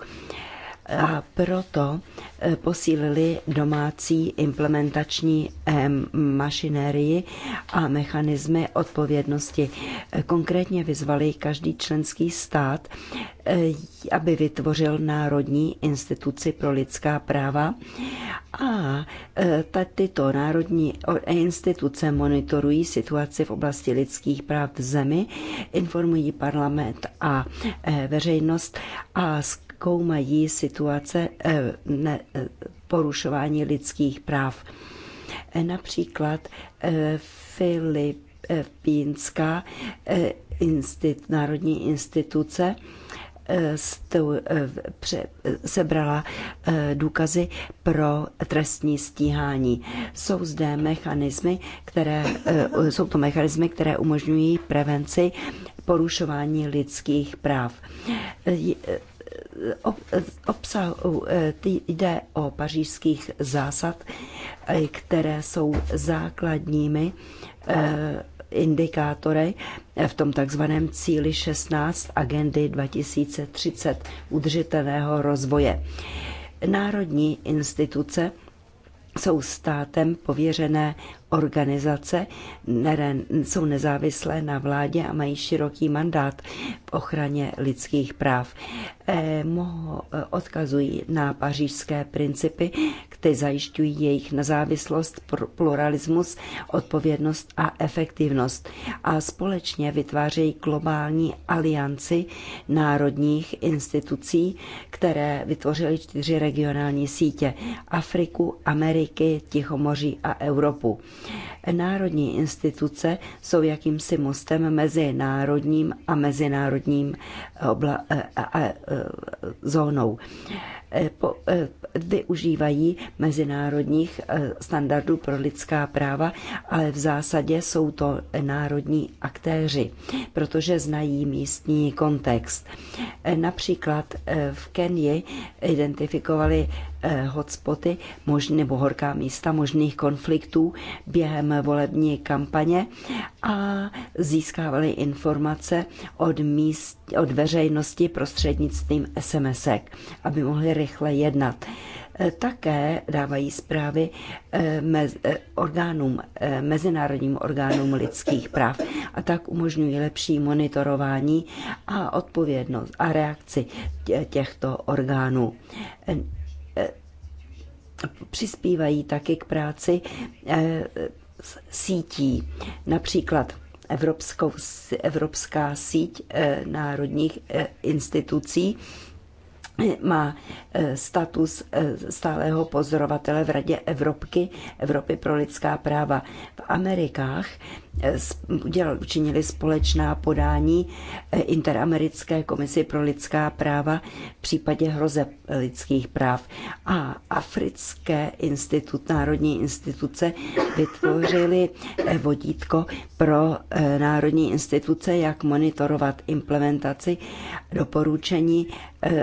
a proto e, posílili domácí implementační e, mašinérii a mechanismy odpovědnosti. E, konkrétně vyzvali každý členský stát, aby vytvořil Národní instituci pro lidská práva a tyto národní instituce monitorují situaci v oblasti lidských práv v zemi, informují parlament a veřejnost a zkoumají situace eh, ne, eh, porušování lidských práv. Eh, například Filipínská instit, národní instituce sebrala důkazy pro trestní stíhání. Jsou zde mechanismy, které, jsou to mechanismy, které umožňují prevenci porušování lidských práv obsahu, eh, jde o pařížských zásad, eh, které jsou základními eh, indikátory v tom takzvaném cíli 16 agendy 2030 udržitelného rozvoje. Národní instituce jsou státem pověřené organizace jsou nezávislé na vládě a mají široký mandát v ochraně lidských práv. Eh, eh, odkazují na pařížské principy, které zajišťují jejich nezávislost, pluralismus, odpovědnost a efektivnost. A společně vytvářejí globální alianci národních institucí, které vytvořily čtyři regionální sítě Afriku, Ameriky, Tichomoří a Evropu. Národní instituce jsou jakýmsi mostem mezi národním a mezinárodním obla- a, a, a, zónou. Eh, eh, využívají mezinárodních eh, standardů pro lidská práva, ale v zásadě jsou to národní aktéři, protože znají místní kontext. Například v Kenii identifikovali hotspoty možný, nebo horká místa možných konfliktů během volební kampaně a získávali informace od, míst, od veřejnosti prostřednictvím SMSek, aby mohli rychle jednat. E, také dávají zprávy e, e, orgánům, mezinárodním orgánům lidských práv a tak umožňují lepší monitorování a odpovědnost a reakci těchto orgánů přispívají taky k práci sítí, například Evropskou, Evropská síť národních institucí má e, status e, stálého pozorovatele v Radě Evropky, Evropy pro lidská práva. V Amerikách udělali, učinili společná podání eh, Interamerické komisi pro lidská práva v případě hrozeb eh, lidských práv. A Africké institut, národní instituce vytvořili eh, vodítko pro národní instituce, jak monitorovat implementaci doporučení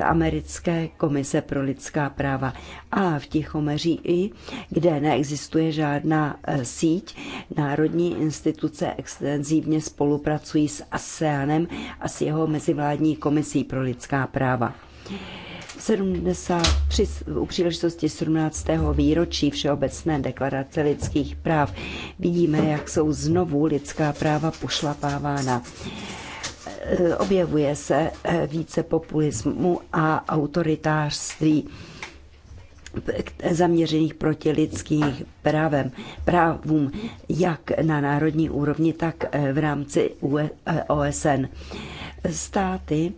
Americké komise pro lidská práva a v Tichomeří i, kde neexistuje žádná e, síť, národní instituce extenzivně spolupracují s ASEANem a s jeho mezivládní komisí pro lidská práva. 70, při, u příležitosti 17. výročí Všeobecné deklarace lidských práv vidíme, jak jsou znovu lidská práva pošlapávána. E, objevuje se e, více populismu a autoritářství zaměřených proti lidských právem, právům, jak na národní úrovni, tak eh, v rámci e, eh, OSN. Státy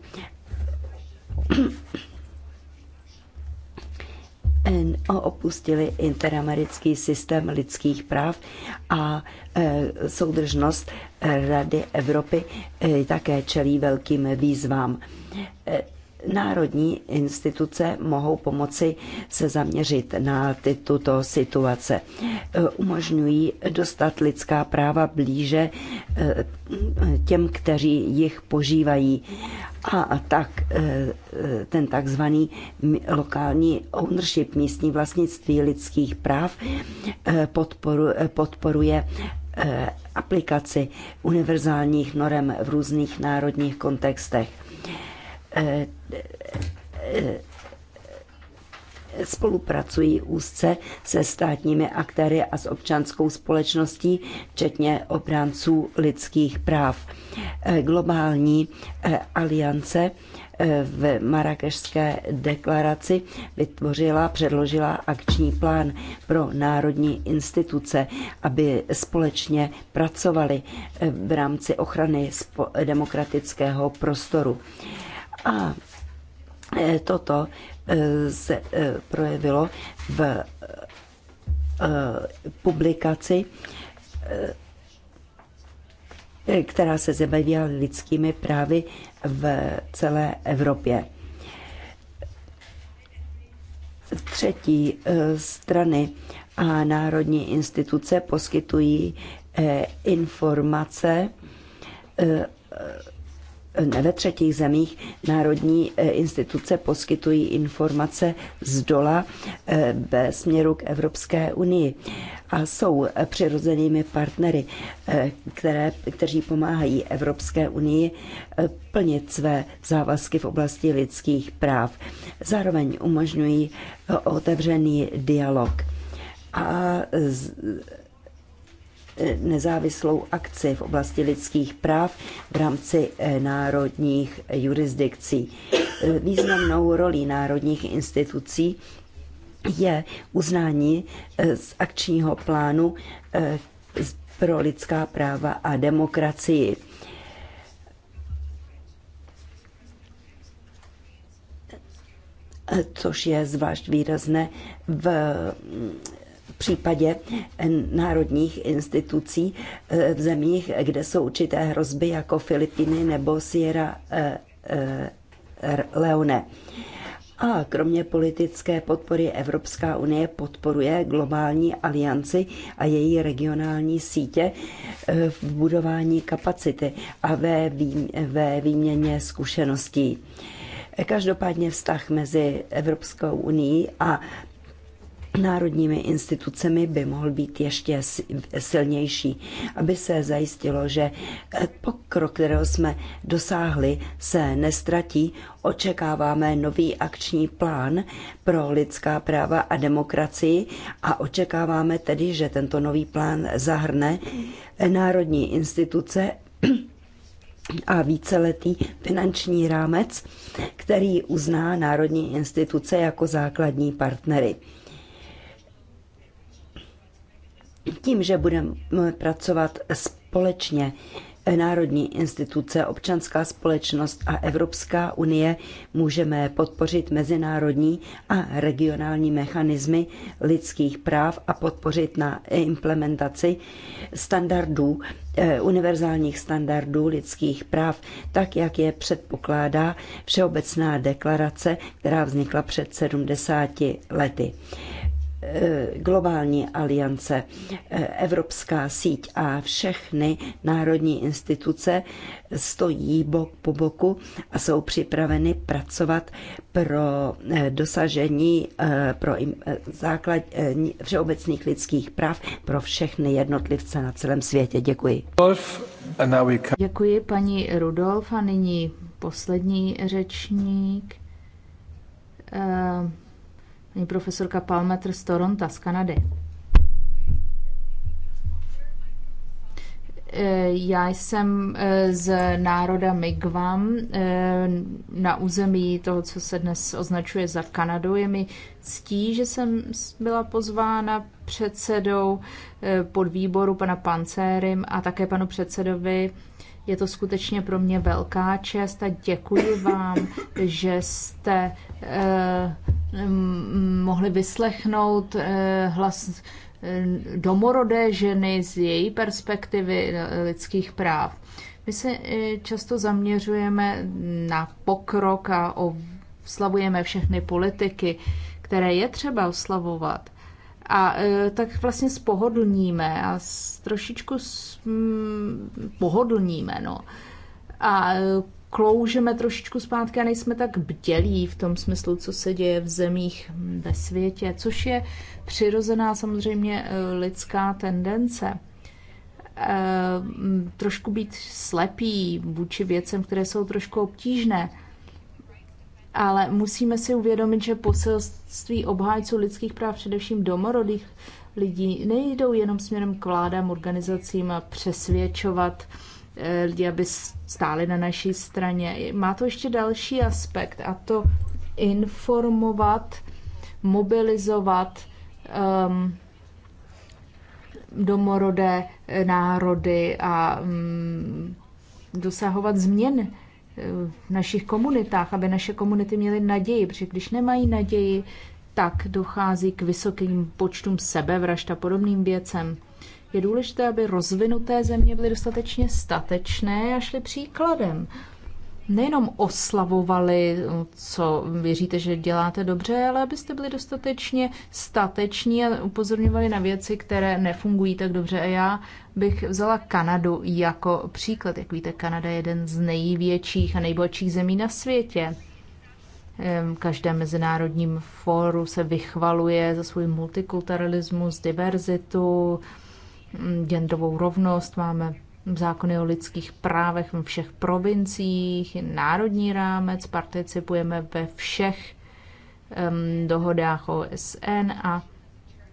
eh, opustili interamerický systém lidských práv a soudržnost Rady Evropy také čelí velkým výzvám národní instituce mohou pomoci se zaměřit na ty, tuto situace. Eh, umožňují dostat lidská práva blíže eh, těm, kteří jich požívají. A tak eh, ten takzvaný lokální ownership, místní vlastnictví lidských práv podporuje aplikaci univerzálních norem v různých národních kontextech. Eh, eh, spolupracují úzce se státními aktéry a s občanskou společností, včetně obránců lidských práv. Eh, globální aliance v marakešské deklaraci vytvořila, předložila akční plán pro národní instituce, aby společně pracovali v rámci ochrany demokratického prostoru. A e, toto e, se e, projevilo v publikaci, která se zabývala lidskými právy v celé Evropě. Třetí strany a národní instituce poskytují informace ve třetích zemích národní eh, instituce poskytují informace z dola eh, ve směru k Evropské unii a jsou eh, přirozenými partnery, které, kteří pomáhají Evropské unii plnit své závazky v oblasti lidských práv. Zároveň umožňují otevřený dialog a Eh, nezávislou akci v oblasti lidských práv v rámci eh, národních jurisdikcí. Eh, významnou rolí národních institucí je uznání z akčního plánu pro lidská práva a demokracii. což je zvlášť výrazné v případě eh, národních institucí eh, v zemích, kde jsou určité hrozby jako Filipiny nebo Sierra eh, Leone. A kromě politické podpory Evropská unie podporuje globální alianci a její regionální sítě v budování kapacity a ve výměně zkušeností. Každopádně vztah mezi Evropskou unii a národními institucemi by mohl být ještě silnější, aby se zajistilo, že eh, pokrok, kterého jsme dosáhli, se nestratí. Očekáváme nový akční plán pro lidská práva a demokracii a očekáváme tedy, že tento nový plán zahrne eh, národní instituce a víceletý finanční rámec, který uzná národní instituce jako základní partnery tím, že budeme pracovat společně, eh, národní instituce, občanská společnost a Evropská unie můžeme podpořit mezinárodní a regionální mechanismy lidských práv a podpořit na implementaci standardů, eh, univerzálních standardů lidských práv, tak jak je předpokládá Všeobecná deklarace, která vznikla před 70 lety. Eh, globální aliance, eh, Evropská síť a všechny národní instituce stojí bok po boku a jsou připraveny pracovat pro eh, dosažení pro základ všeobecných lidských práv pro všechny jednotlivce na celém světě. Děkuji. Děkuji paní Rudolf a nyní poslední řečník. Uh Paní profesorka Palmetr z Toronto, z Kanady. Eh, já jsem eh, z národa Migvam eh, na území toho, co se dnes označuje za Kanadu. Je mi ctí, že jsem byla pozvána předsedou podvýboru pana Pancérym a také panu předsedovi je to skutečně pro mě velká čest a děkuji vám, že jste eh, mohli vyslechnout eh, hlas eh, domorodé ženy z její perspektivy eh, lidských práv. My se eh, často zaměřujeme na pokrok a oslavujeme všechny politiky, které je třeba oslavovat. A e, tak vlastně spohodlníme a trošičku mm, pohodlníme, no. A e, kloužeme trošičku zpátky a nejsme tak bdělí v tom smyslu, co se děje v zemích hm, ve světě, což je přirozená samozřejmě e, lidská tendence. Trošku být slepý vůči věcem, které jsou trošku obtížné ale musíme si uvědomit, že poselství obhájců lidských práv, především domorodých lidí, nejdou jenom směrem k vládám, organizacím a přesvědčovat eh, lidi, aby stáli na naší straně. Má to ještě další aspekt a to informovat, mobilizovat um, domorodé eh, národy a um, dosahovat změn v našich komunitách, aby naše komunity měly naději, protože když nemají naději, tak dochází k vysokým počtům sebevražd a podobným věcem. Je důležité, aby rozvinuté země byly dostatečně statečné a šly příkladem nejenom oslavovali, co věříte, že děláte dobře, ale abyste byli dostatečně stateční a upozorňovali na věci, které nefungují tak dobře. A já bych vzala Kanadu jako příklad. Jak víte, Kanada je jeden z největších a nejbohatších zemí na světě. Každé mezinárodním fóru se vychvaluje za svůj multikulturalismus, diverzitu, genderovou rovnost. Máme zákony o lidských právech ve všech provinciích, národní rámec, participujeme ve všech um, dohodách OSN a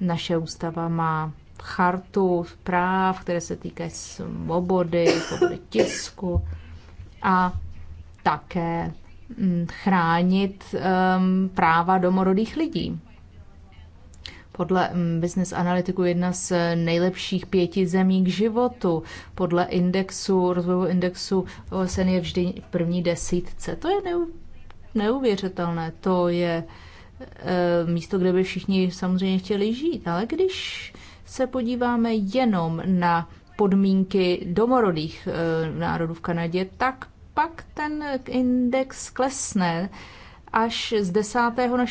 naše ústava má chartu práv, které se týkají svobody, svobody tisku a také mm, chránit um, práva domorodých lidí podle mm, Business Analytiku jedna z nejlepších pěti zemí k životu. Podle indexu, rozvojového indexu OSN je vždy první desítce. To je neuvěřitelné. To je eh, místo, kde by všichni samozřejmě chtěli žít. Ale když se podíváme jenom na podmínky domorodých eh, národů v Kanadě, tak pak ten index klesne až z, desátého na,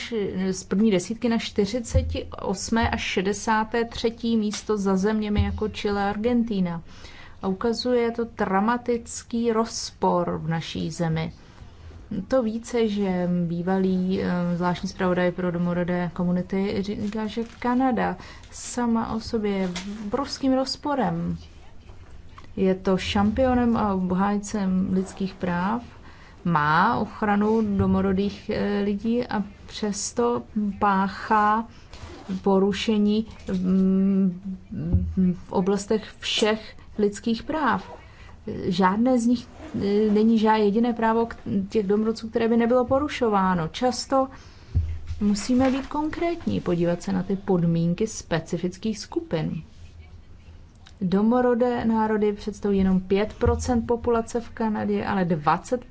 z první desítky na 48. až 63. místo za zeměmi jako Chile a Argentina. A ukazuje to dramatický rozpor v naší zemi. To více, že bývalý eh, zvláštní zpravodaj pro domorodé komunity říká, že Kanada sama o sobě je obrovským rozporem. Je to šampionem a obhájcem lidských práv, má ochranu domorodých e, lidí a přesto páchá porušení v oblastech všech lidských práv. Žádné z nich e, není žádné jediné právo těch domorodců, které by nebylo porušováno. Často musíme být konkrétní, podívat se na ty podmínky specifických skupin. Domorodé národy představují jenom 5 populace v Kanadě, ale 20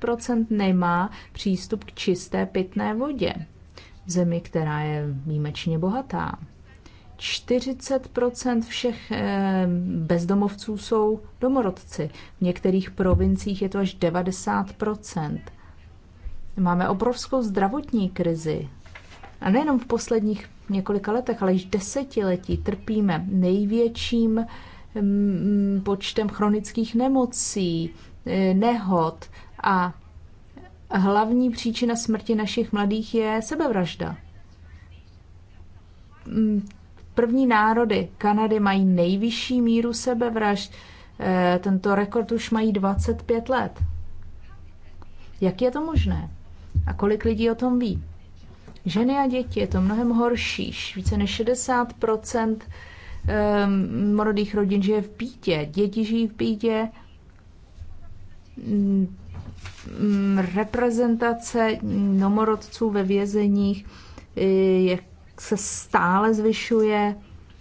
nemá přístup k čisté pitné vodě. zemi, která je výjimečně bohatá. 40 všech eh, bezdomovců jsou domorodci. V některých provinciích je to až 90 Máme obrovskou zdravotní krizi. A nejenom v posledních několika letech, ale již desetiletí trpíme největším počtem chronických nemocí, e, nehod a hlavní příčina smrti našich mladých je sebevražda. První národy Kanady mají nejvyšší míru sebevražd. E, tento rekord už mají 25 let. Jak je to možné? A kolik lidí o tom ví? Ženy a děti je to mnohem horší. Více než 60 morodých rodin žije v pítě, děti žijí v pítě, mm, mm, reprezentace nomorodců ve vězeních eh, je, se stále zvyšuje.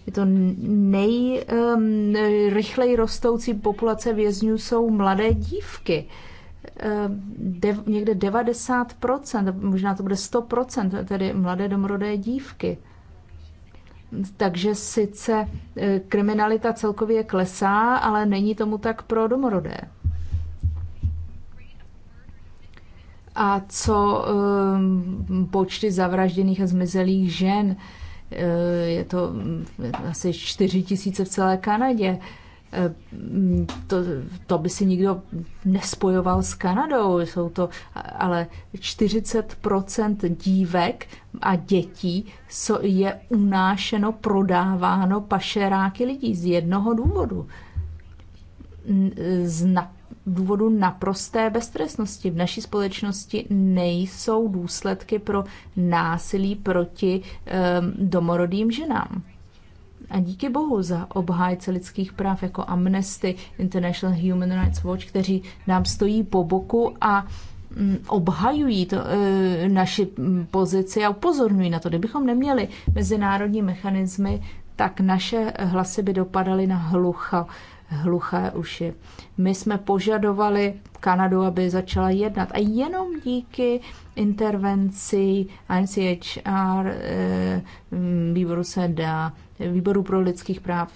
Je to nejrychleji um, rostoucí populace vězňů jsou mladé dívky. De, někde 90%, možná to bude 100%, tedy mladé domorodé dívky. Takže sice e, kriminalita celkově klesá, ale není tomu tak pro domorodé. A co e, počty zavražděných a zmizelých žen? E, je to asi 4 tisíce v celé Kanadě. Eh, to, to by si nikdo nespojoval s Kanadou, jsou to ale 40% dívek a dětí co je unášeno, prodáváno pašeráky lidí z jednoho důvodu. Z na, důvodu naprosté beztrestnosti. V naší společnosti nejsou důsledky pro násilí proti um, domorodým ženám. A díky bohu za obhájce lidských práv jako Amnesty, International Human Rights Watch, kteří nám stojí po boku a mm, obhajují to, e, naši mm, pozici a upozorňují na to. Kdybychom neměli mezinárodní mechanismy, tak naše hlasy by dopadaly na hlucho hluché uši. My jsme požadovali Kanadu, aby začala jednat a jenom díky intervenci NCHR eh, mm, výboru SEDA, výboru pro lidských práv,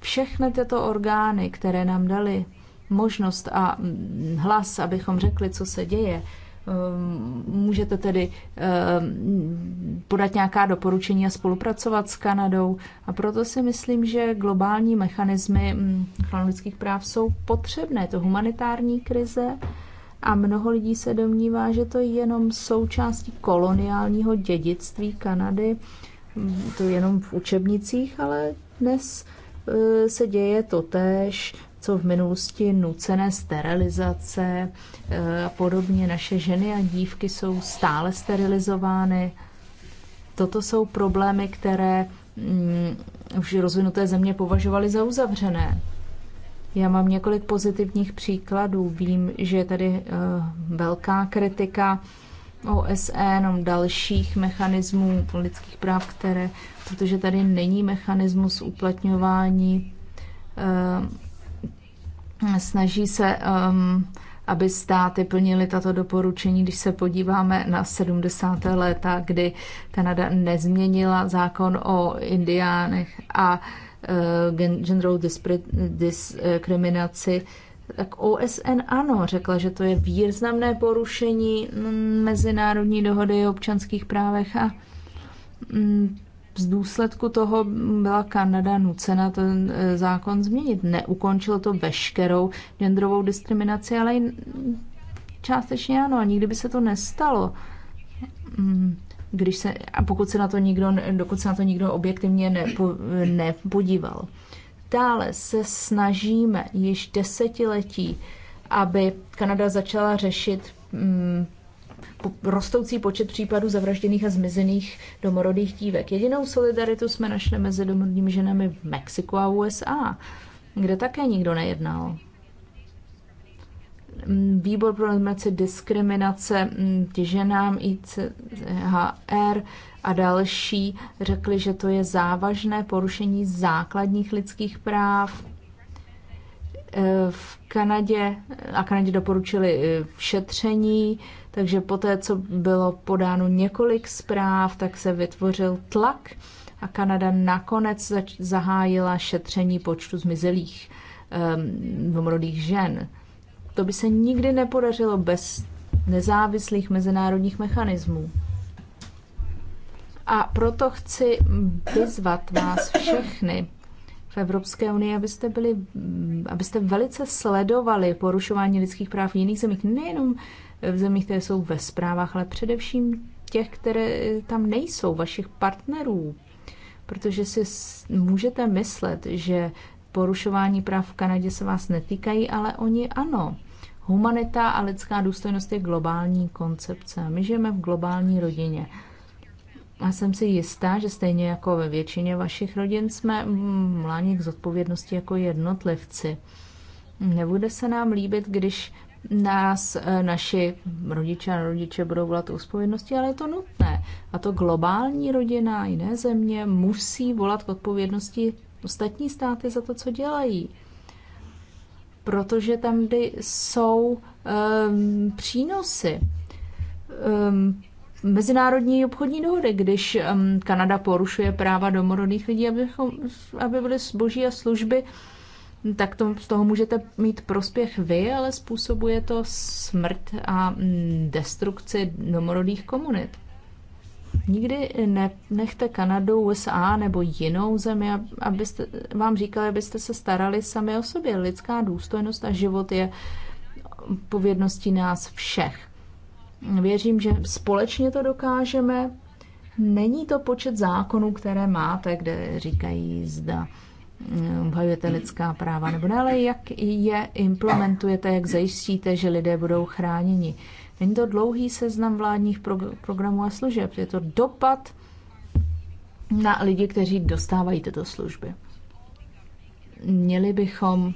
všechny tyto orgány, které nám dali možnost a mm, hlas, abychom řekli, co se děje, Ehm, můžete tedy ehm, podat nějaká doporučení a spolupracovat s Kanadou. A proto si myslím, že globální mechanismy mm, chronických práv jsou potřebné. To humanitární krize a mnoho lidí se domnívá, že to je jenom součástí koloniálního dědictví Kanady, mm, to jenom v učebnicích, ale dnes eh, se děje to tež co v minulosti nucené sterilizace eh, a podobně. Naše ženy a dívky jsou stále sterilizovány. Toto jsou problémy, které mm, už rozvinuté země považovaly za uzavřené. Já mám několik pozitivních příkladů. Vím, že je tady eh, velká kritika OSN, dalších mechanismů lidských práv, které, protože tady není mechanismus uplatňování eh, Snaží se, um, aby státy plnily tato doporučení, když se podíváme na 70. léta, kdy Kanada nezměnila zákon o indiánech a uh, genderovou diskriminaci, tak OSN ano, řekla, že to je významné porušení mm, mezinárodní dohody o občanských právech a mm, v důsledku toho byla Kanada nucena ten e, zákon změnit. Neukončil to veškerou genderovou diskriminaci, ale i částečně ano, a nikdy by se to nestalo. Mm, když se, a pokud se na to nikdo, dokud se na to nikdo objektivně nepo, nepodíval. Dále se snažíme již desetiletí, aby Kanada začala řešit mm, rostoucí počet případů zavražděných a zmizených domorodých dívek. Jedinou solidaritu jsme našli mezi domorodými ženami v Mexiku a USA, kde také nikdo nejednal. Výbor pro eliminaci diskriminace mm, těženám ICHR a další řekli, že to je závažné porušení základních lidských práv, eh, v Kanadě a Kanadě doporučili eh, šetření takže po té, co bylo podáno několik zpráv, tak se vytvořil tlak a Kanada nakonec zahájila šetření počtu zmizelých um, ehm, mladých žen. To by se nikdy nepodařilo bez nezávislých mezinárodních mechanismů. A proto chci vyzvat vás všechny v Evropské unii, abyste, byli, abyste velice sledovali porušování lidských práv v jiných zemích, nejenom v zemích, které jsou ve zprávách, ale především těch, které tam nejsou, vašich partnerů. Protože si můžete myslet, že porušování práv v Kanadě se vás netýkají, ale oni ano. Humanita a lidská důstojnost je globální koncepce. My žijeme v globální rodině. A jsem si jistá, že stejně jako ve většině vašich rodin jsme mláni mm, k zodpovědnosti jako jednotlivci. Nebude se nám líbit, když nás eh, naši rodiče a rodiče budou volat odpovědnosti, ale je to nutné. A to globální rodina, jiné země musí volat k odpovědnosti ostatní státy za to, co dělají. Protože tam, kde jsou um, přínosy, um, mezinárodní obchodní dohody, když um, Kanada porušuje práva domorodých lidí, aby, aby byly zboží a služby uh, tak to, z toho můžete mít prospěch vy, ale způsobuje to smrt a mm, destrukci domorodých komunit. Nikdy ne, nechte Kanadu, USA nebo jinou zemi, abyste vám říkali, abyste se starali sami o sobě. Lidská důstojnost a život je povědností nás všech. Věřím, že společně to dokážeme. Není to počet zákonů, které máte, kde říkají zda obhajujete lidská práva, nebo ne, ale jak je implementujete, jak zajistíte, že lidé budou chráněni. Není to dlouhý seznam vládních pro, programů a služeb, je to dopad na lidi, kteří dostávají tyto služby. Měli bychom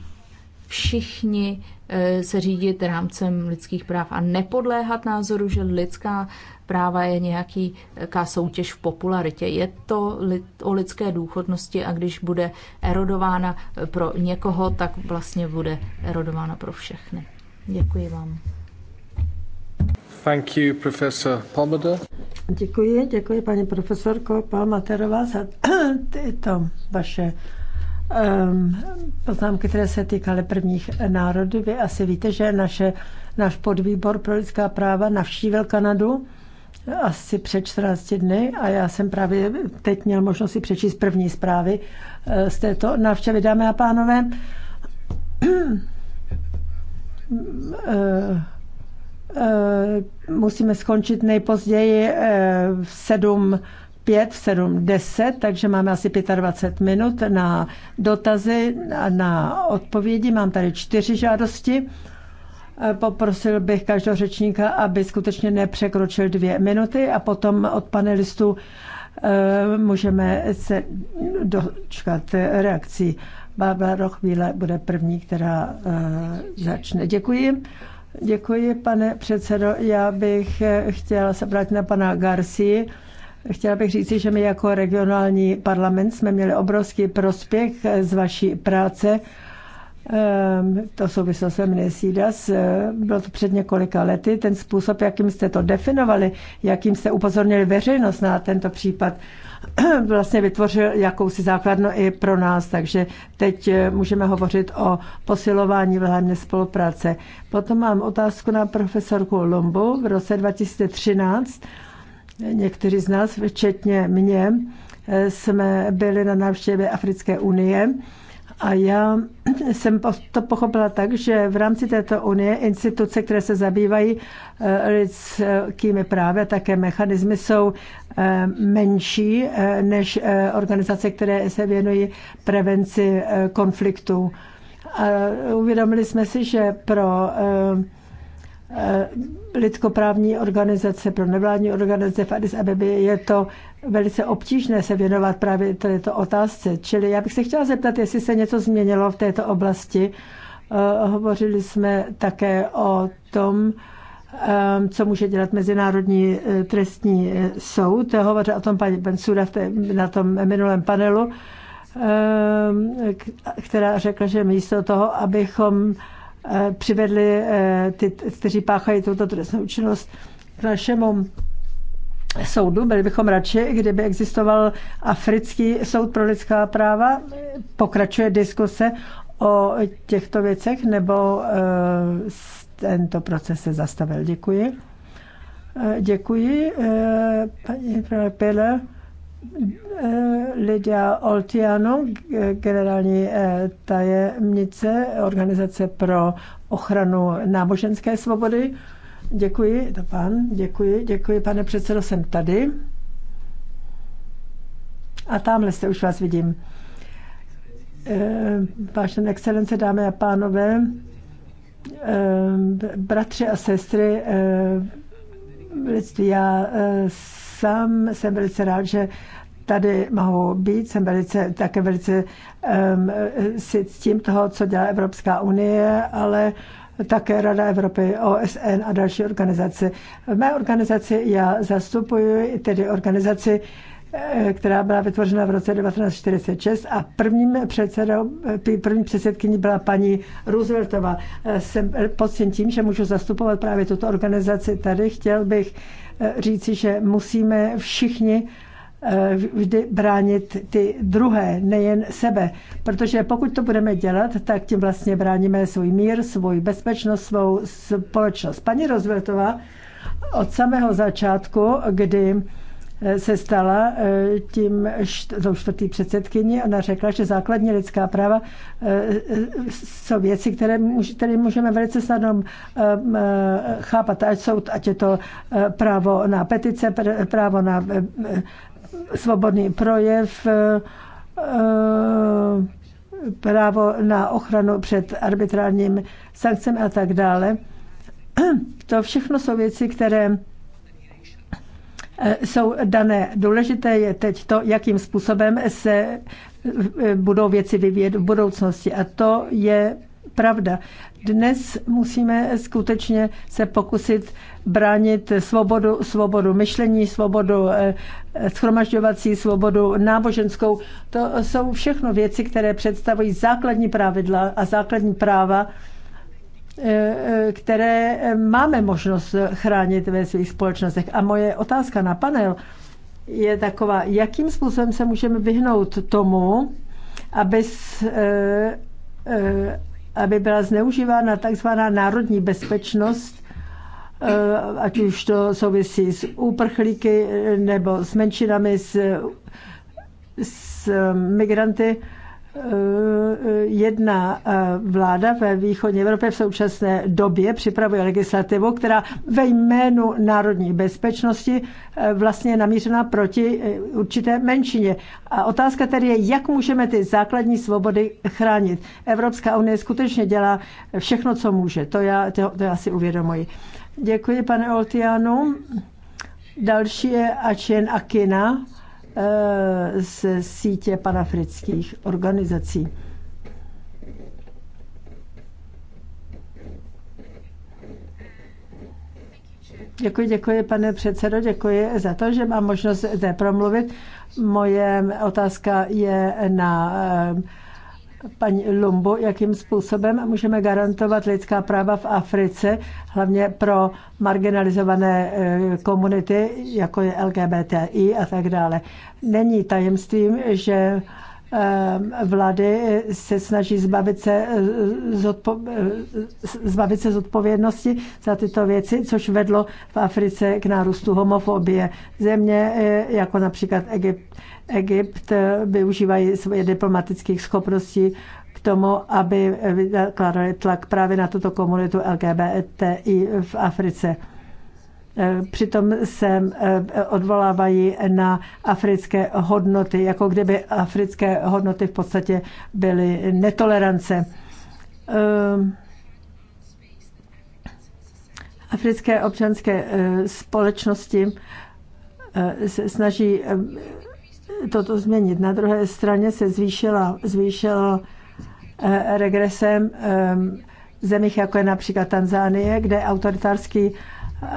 všichni E, se řídit rámcem lidských práv a nepodléhat názoru, že lidská práva je nějaký nějaká soutěž v popularitě. Je to o lidské důchodnosti a když bude erodována pro někoho, tak vlastně bude erodována pro všechny. Děkuji vám. Thank you, professor Palmader. Děkuji, děkuji paní profesorko Palmaterová za tyto vaše Ehm, poznámky, které se týkaly prvních národů. Vy asi víte, že naše, náš podvýbor pro lidská práva navštívil Kanadu asi před 14 dny a já jsem právě teď měl možnost si přečíst první zprávy eh, z této návštěvy, dámy a pánové. Eh, eh, musíme skončit nejpozději v 7 5, 7, 10, takže máme asi 25 minut na dotazy a na odpovědi. Mám tady čtyři žádosti. Poprosil bych každého řečníka, aby skutečně nepřekročil dvě minuty a potom od panelistů eh, můžeme se dočkat reakcí. Bába Rochvíle bude první, která eh, začne. Děkuji. Děkuji, pane předsedo. Já bych eh, chtěla se na pana Garcii Chtěla bych říci, že my jako regionální parlament jsme měli obrovský prospěch z vaší práce. Ehm, to souvislo se mně Sídas, eh, bylo to před několika lety. Ten způsob, jakým jste to definovali, jakým jste upozornili veřejnost na tento případ, vlastně vytvořil jakousi základnu i pro nás, takže teď eh, můžeme hovořit o posilování vzájemné spolupráce. Potom mám otázku na profesorku Lombu. V roce 2013 Někteří z nás, včetně mě, eh, jsme byli na návštěvě Africké unie a já jsem to pochopila tak, že v rámci této unie instituce, které se zabývají eh, lidskými právy a také mechanismy, jsou eh, menší než organizace, které se věnují prevenci konfliktů. A uvědomili jsme si, že pro Eh, lidskoprávní organizace, pro nevládní organizace v Addis Abebe, je to velice obtížné se věnovat právě této otázce. Čili já bych se chtěla zeptat, jestli se něco změnilo v této oblasti. Eh, hovořili jsme také o tom, eh, co může dělat Mezinárodní trestní soud. Hovořil o tom paní Bensuda na tom minulém panelu, která řekla, že místo toho, abychom Eh, přivedli eh, ty, kteří páchají tuto trestnou činnost k našemu soudu. Byli bychom radši, kdyby existoval Africký soud pro lidská práva. Pokračuje diskuse o těchto věcech, nebo eh, tento proces se zastavil. Děkuji. Děkuji, paní Pele. Lidia Oltiano, generální eh, tajemnice Organizace pro ochranu náboženské svobody. Děkuji, to pan, děkuji, děkuji, pane předsedo, jsem tady. A tamhle jste, už vás vidím. Eh, vážené excelence, dámy a pánové, eh, bratři a sestry, lidství, já sám jsem velice rád, že tady mohou být. Jsem velice, také velice um, si s tím toho, co dělá Evropská unie, ale také Rada Evropy, OSN a další organizace. V mé organizaci já zastupuji tedy organizaci, eh, která byla vytvořena v roce 1946 a prvním předsedou, první předsedkyní byla paní Rooseveltová. Eh, jsem eh, poctěn tím, že můžu zastupovat právě tuto organizaci tady. Chtěl bych říci, že musíme všichni eh, vždy bránit ty druhé, nejen sebe. Protože pokud to budeme dělat, tak tím vlastně bráníme svůj mír, svůj bezpečnost, svou společnost. Paní Rozvětová od samého začátku, kdy Eh, se stala eh, tím čtvrtý předsedkyní. Ona řekla, že základní lidská práva eh, jsou věci, které, které můžeme velice snadno chápat, ať, jsou, ať je to právo na petice, právo na svobodný projev, právo na ochranu před arbitrárním sankcemi a tak dále. To všechno jsou věci, které Eh, jsou dané. Důležité je teď to, jakým způsobem se eh, budou věci vyvíjet v budoucnosti. A to je pravda. Dnes musíme skutečně se pokusit bránit svobodu, svobodu myšlení, svobodu eh, schromažďovací, svobodu náboženskou. To jsou všechno věci, které představují základní pravidla a základní práva Eh, eh, které eh, máme možnost chránit ve svých společnostech. A moje otázka na panel je taková, jakým způsobem se můžeme vyhnout tomu, aby, aby byla zneužívána takzvaná národní bezpečnost, ať už to souvisí s úprchlíky nebo s menšinami, s, s migranty, Eh, jedna eh, vláda ve východní Evropě v současné době připravuje legislativu, která ve jménu národní bezpečnosti eh, vlastně je namířena proti určité menšině. A otázka tedy je, jak můžeme ty základní svobody chránit. Evropská unie skutečně dělá všechno, co může. To já, to, to já si uvědomuji. Děkuji, pane Oltianu. Další je Ačen Akina. Eh, ze sítě panafrických organizací. Děkuji, děkuji, pane předsedo, děkuji za to, že mám možnost zde promluvit. Moje otázka je na eh, paní Lumbu, jakým způsobem můžeme garantovat lidská práva v Africe, hlavně pro marginalizované eh, komunity, jako je LGBTI a tak dále. Není tajemstvím, že eh, vlády se snaží zbavit se, eh, zodpo, zbavit se zodpovědnosti za tyto věci, což vedlo v Africe k nárůstu homofobie. Země jako například Egypt Egypt využívají svoje diplomatických schopností k tomu, aby vykládali tlak právě na tuto komunitu LGBTI v Africe. Přitom se eh, odvolávají na africké hodnoty, jako kdyby africké hodnoty v podstatě byly netolerance. Eh, africké občanské eh, společnosti se snaží toto změnit. Na druhé straně se zvýšila, zvýšilo eh, regresem ehm, zemích, jako je například Tanzánie, kde autoritárský eh,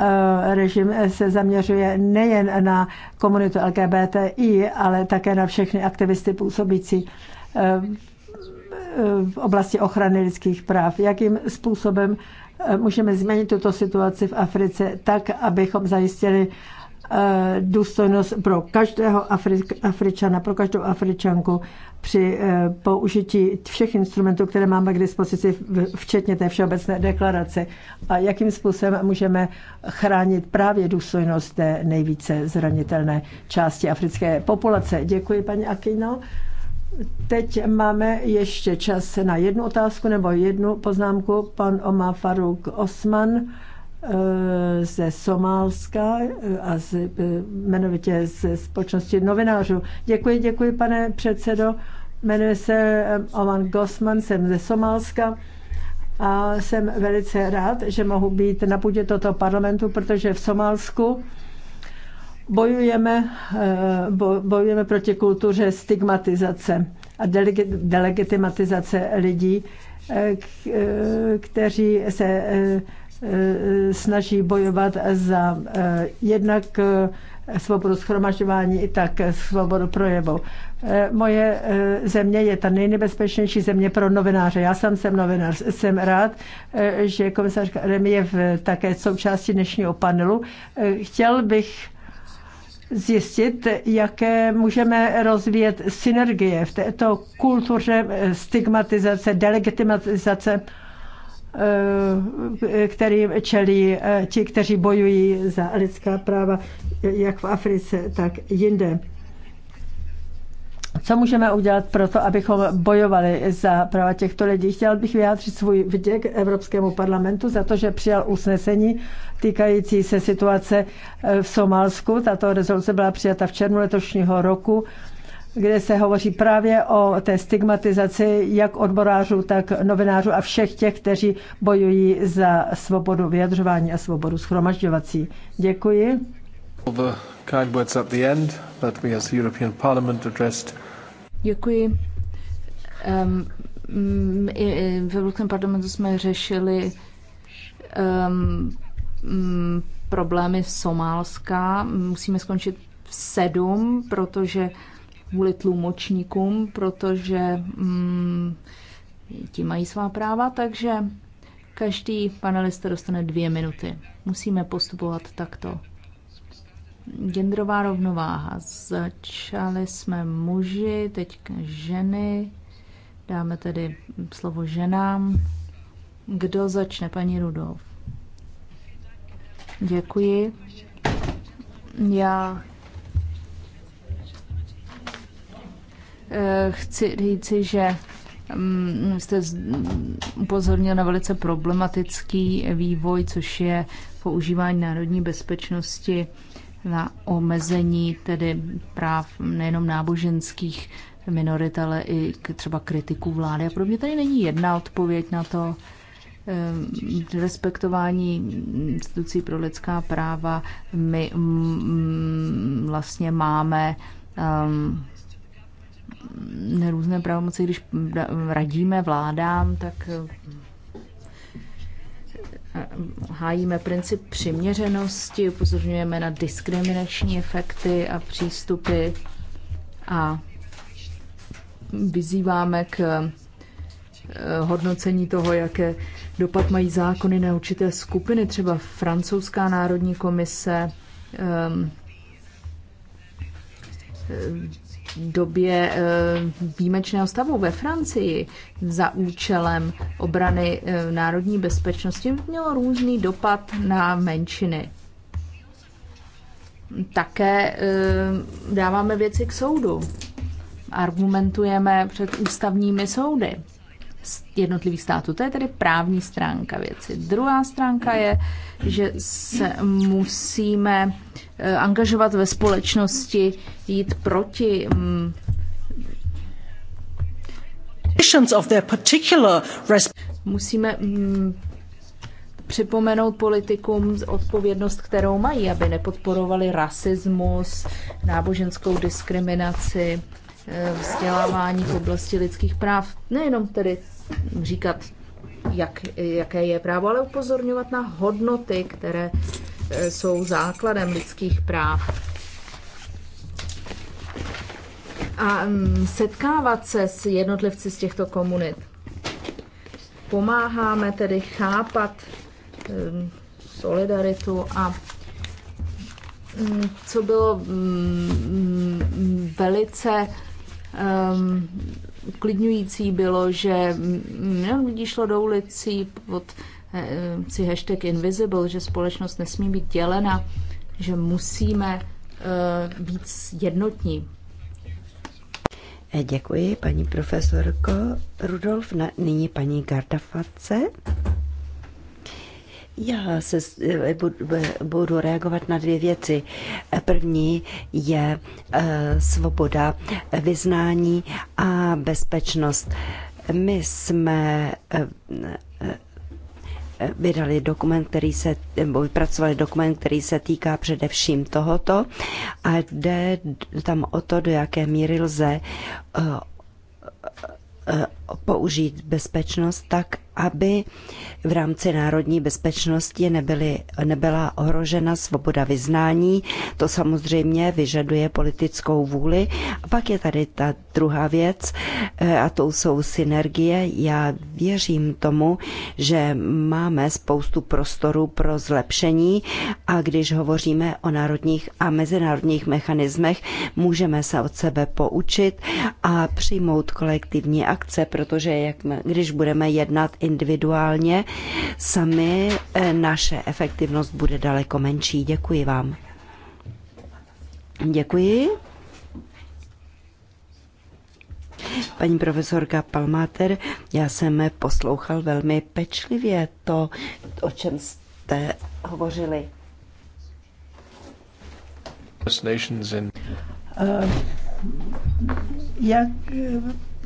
režim eh, se zaměřuje nejen na komunitu LGBTI, ale také na všechny aktivisty působící v oblasti ochrany lidských práv. Jakým způsobem můžeme změnit tuto situaci v Africe tak, abychom zajistili Eh, důstojnost pro každého Afrik, Afričana, pro každou Afričanku při eh, použití všech instrumentů, které máme k dispozici, včetně té všeobecné deklarace. A jakým způsobem můžeme chránit právě důstojnost té nejvíce zranitelné části africké populace. Děkuji, paní Akino. Teď máme ještě čas na jednu otázku nebo jednu poznámku. Pan Omar Faruk Osman. Eh, ze Somálska eh, a z, eh, jmenovitě ze společnosti novinářů. Děkuji, děkuji, pane předsedo. Jmenuji se Oman Gosman, jsem ze Somálska a jsem velice rád, že mohu být na půdě tohoto parlamentu, protože v Somálsku bojujeme, bojujeme proti kultuře stigmatizace a delegitimatizace lidí, kteří se Eh, snaží bojovat za eh, jednak eh, svobodu schromažďování i tak svobodu projevu. Moje země je ta nejnebezpečnější země pro novináře. Já sám jsem novinář. Jsem rád, že komisář Remi je v také součástí dnešního panelu. Chtěl bych zjistit, jaké můžeme rozvíjet synergie v této kultuře stigmatizace, delegitimizace Eh, kterým čelí eh, ti, kteří bojují za lidská práva, jak v Africe, tak jinde. Co můžeme udělat pro to, abychom bojovali za práva těchto lidí? Chtěl bych vyjádřit svůj vděk Evropskému parlamentu za to, že přijal usnesení týkající se situace eh, v Somálsku. Tato rezoluce byla přijata v červnu letošního roku kde se hovoří právě o té stigmatizaci jak odborářů, tak novinářů a všech těch, kteří bojují za svobodu vyjadřování a svobodu schromažďovací. Děkuji. Děkuji. Um, i, v Evropském parlamentu jsme řešili um, um, problémy Somálska. Musíme skončit v sedm, protože kvůli tlumočníkům, protože mm, ti mají svá práva, takže každý panelista dostane dvě minuty. Musíme postupovat takto. Genderová rovnováha. Začali jsme muži, teď ženy. Dáme tedy slovo ženám. Kdo začne? Paní Rudolf. Děkuji. Já Eh, chci říci, že mm, jste upozornil na velice problematický vývoj, což je používání národní bezpečnosti na omezení tedy práv nejenom náboženských minorit, ale i třeba kritiků vlády. A pro mě tady není jedna odpověď na to eh, respektování institucí pro lidská práva. My mm, mm, vlastně máme ehm, různé pravomoci, když radíme vládám, tak eh, hájíme princip přiměřenosti, upozorňujeme na diskriminační efekty a přístupy a vyzýváme k eh, hodnocení toho, jaké dopad mají zákony na určité skupiny, třeba francouzská národní komise, ehm, době eh, výjimečného stavu ve Francii za účelem obrany eh, národní bezpečnosti mělo různý dopad na menšiny. Také eh, dáváme věci k soudu. Argumentujeme před ústavními soudy jednotlivých států. To je tedy právní stránka věci. Druhá stránka je, že se musíme Eh, angažovat ve společnosti, jít proti mm, Musíme mm, připomenout politikům odpovědnost, kterou mají, aby nepodporovali rasismus, náboženskou diskriminaci, eh, vzdělávání v oblasti lidských práv. Nejenom tedy říkat, jak, jaké je právo, ale upozorňovat na hodnoty, které E, jsou základem lidských práv. A setkávat se s jednotlivci z těchto komunit. Pomáháme tedy chápat e, solidaritu a co bylo velice uklidňující bylo, že milion no, lidí šlo do ulicí pod Eh, si hashtag Invisible, že společnost nesmí být dělena, že musíme eh, být jednotní. Eh, děkuji, paní profesorko Rudolf. Nyní paní Gardaface. Já se budu reagovat na dvě věci. První je svoboda vyznání a bezpečnost. My jsme vydali dokument, který se, nebo vypracovali dokument, který se týká především tohoto a jde tam o to, do jaké míry lze eh, eh, použít bezpečnost tak, aby v rámci národní bezpečnosti nebyly, nebyla ohrožena svoboda vyznání. To samozřejmě vyžaduje politickou vůli. A pak je tady ta druhá věc eh, a to jsou synergie. Já věřím tomu, že máme spoustu prostoru pro zlepšení a když hovoříme o národních a mezinárodních mechanismech, můžeme se od sebe poučit a přijmout kolektivní akce protože jak, když budeme jednat individuálně, sami eh, naše efektivnost bude daleko menší. Děkuji vám. Děkuji. Paní profesorka Palmáter, já jsem poslouchal velmi pečlivě to, o čem jste hovořili. Eh, jak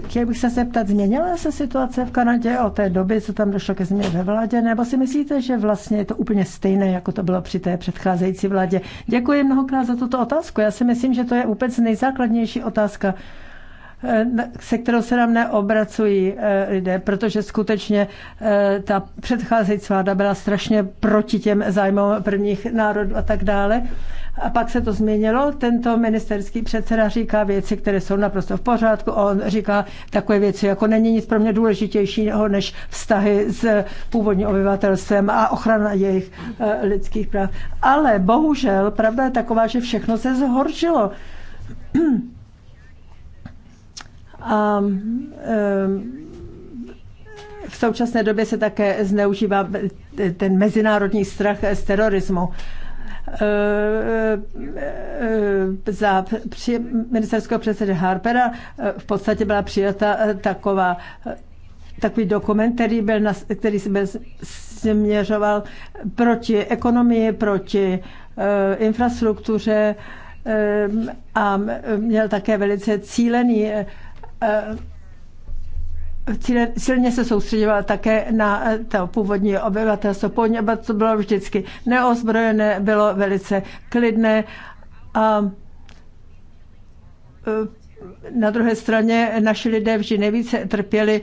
Chtěl bych se zeptat, změnila se situace v Kanadě od té doby, co tam došlo ke změně ve vládě, nebo si myslíte, že vlastně je to úplně stejné, jako to bylo při té předcházející vládě? Děkuji mnohokrát za tuto otázku. Já si myslím, že to je úplně nejzákladnější otázka, eh, se kterou se nám neobracují eh, lidé, protože skutečně eh, ta předcházející vláda byla strašně proti těm zájmům prvních národů a tak dále. A pak se to změnilo. Tento ministerský předseda říká věci, které jsou naprosto v pořádku. On říká takové věci, jako není nic pro mě důležitějšího než vztahy s původním obyvatelstvem a ochrana jejich eh, lidských práv. Ale bohužel pravda je taková, že všechno se zhoršilo. A ehm, v současné době se také zneužívá ten mezinárodní strach z terorismu. Eh, eh, eh, za ministerského předsedy Harpera v podstatě byla přijata taková takový dokument, který, byl, který se směřoval proti ekonomii, proti infrastruktuře a měl také velice cílený silně se soustředovala také na eh, to původní obyvatelstvo. Poněba to bylo vždycky neozbrojené, bylo velice klidné a eh, na druhé straně naši lidé vždy nejvíce trpěli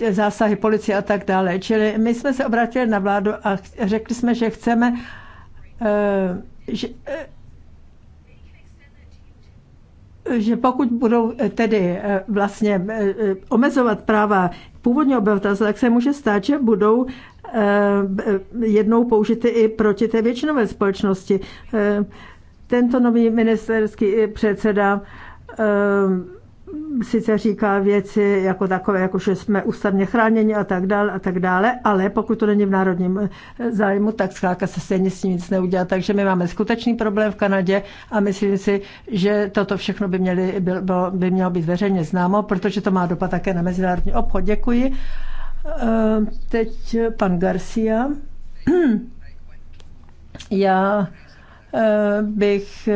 eh, zásahy policie a tak dále. Čili my jsme se obrátili na vládu a řekli jsme, že chceme že, že pokud budou eh, tedy eh, vlastně eh, omezovat práva původního obyvatelstva, tak se může stát, že budou jednou použity i proti té většinové společnosti. Tento nový ministerský předseda sice říká věci jako takové, jako že jsme ústavně chráněni a tak dále a tak dále, ale pokud to není v národním eh, zájmu, tak zkrátka se stejně s tím nic neudělá. Takže my máme skutečný problém v Kanadě a myslím si, že toto všechno by, měli, bylo, by mělo být veřejně známo, protože to má dopad také na mezinárodní obchod. Děkuji. Eh, teď pan Garcia. Já eh, bych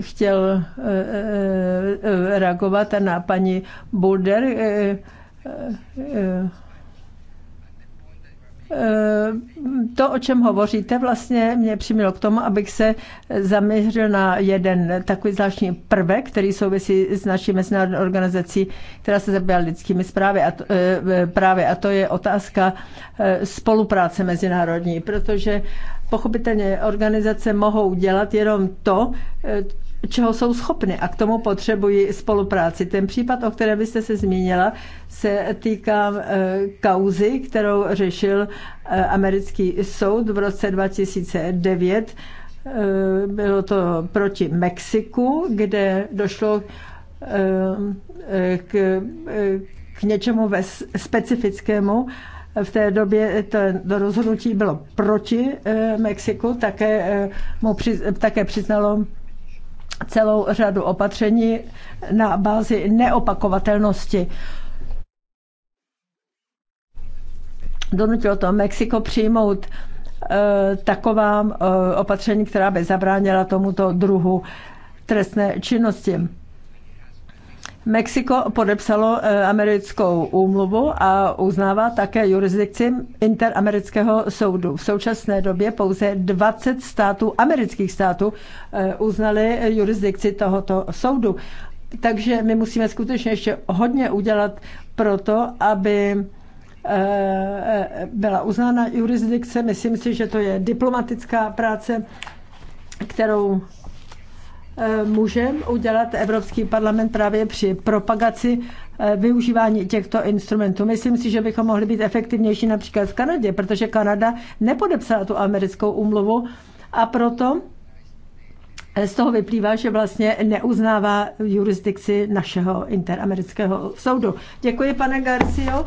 chtěl eh, eh, eh, reagovat na paní Bulder. To, o čem hovoříte, vlastně mě přimělo k tomu, abych se zaměřil na jeden takový zvláštní prvek, který souvisí s naší mezinárodní organizací, která se zabývá lidskými zprávy a to, právě, a to je otázka spolupráce mezinárodní, protože Pochopitelně organizace mohou dělat jenom to, eh, čeho jsou schopny a k tomu potřebují spolupráci. Ten případ, o kterém byste se zmínila, se týká eh, kauzy, kterou řešil eh, americký soud v roce 2009. Bylo to proti Mexiku, kde došlo k, k něčemu specifickému v té době to rozhodnutí bylo proti eh, Mexiku, také, eh, mu při, také přiznalo celou řadu opatření na bázi neopakovatelnosti. Donutilo to Mexiko přijmout eh, taková opatření, která by zabránila tomuto druhu trestné činnosti. Mexiko podepsalo eh, americkou úmluvu a uznává také jurisdikci Interamerického soudu. V současné době pouze 20 států, amerických států, eh, uznali jurisdikci tohoto soudu. Takže my musíme skutečně ještě hodně udělat pro to, aby eh, byla uznána jurisdikce. Myslím si, že to je diplomatická práce, kterou Eh, můžeme udělat Evropský parlament právě při propagaci eh, využívání těchto instrumentů. Myslím si, že bychom mohli být efektivnější například v Kanadě, protože Kanada nepodepsala tu americkou úmluvu a proto eh, z toho vyplývá, že vlastně neuznává jurisdikci našeho interamerického soudu. Děkuji, pane Garcio.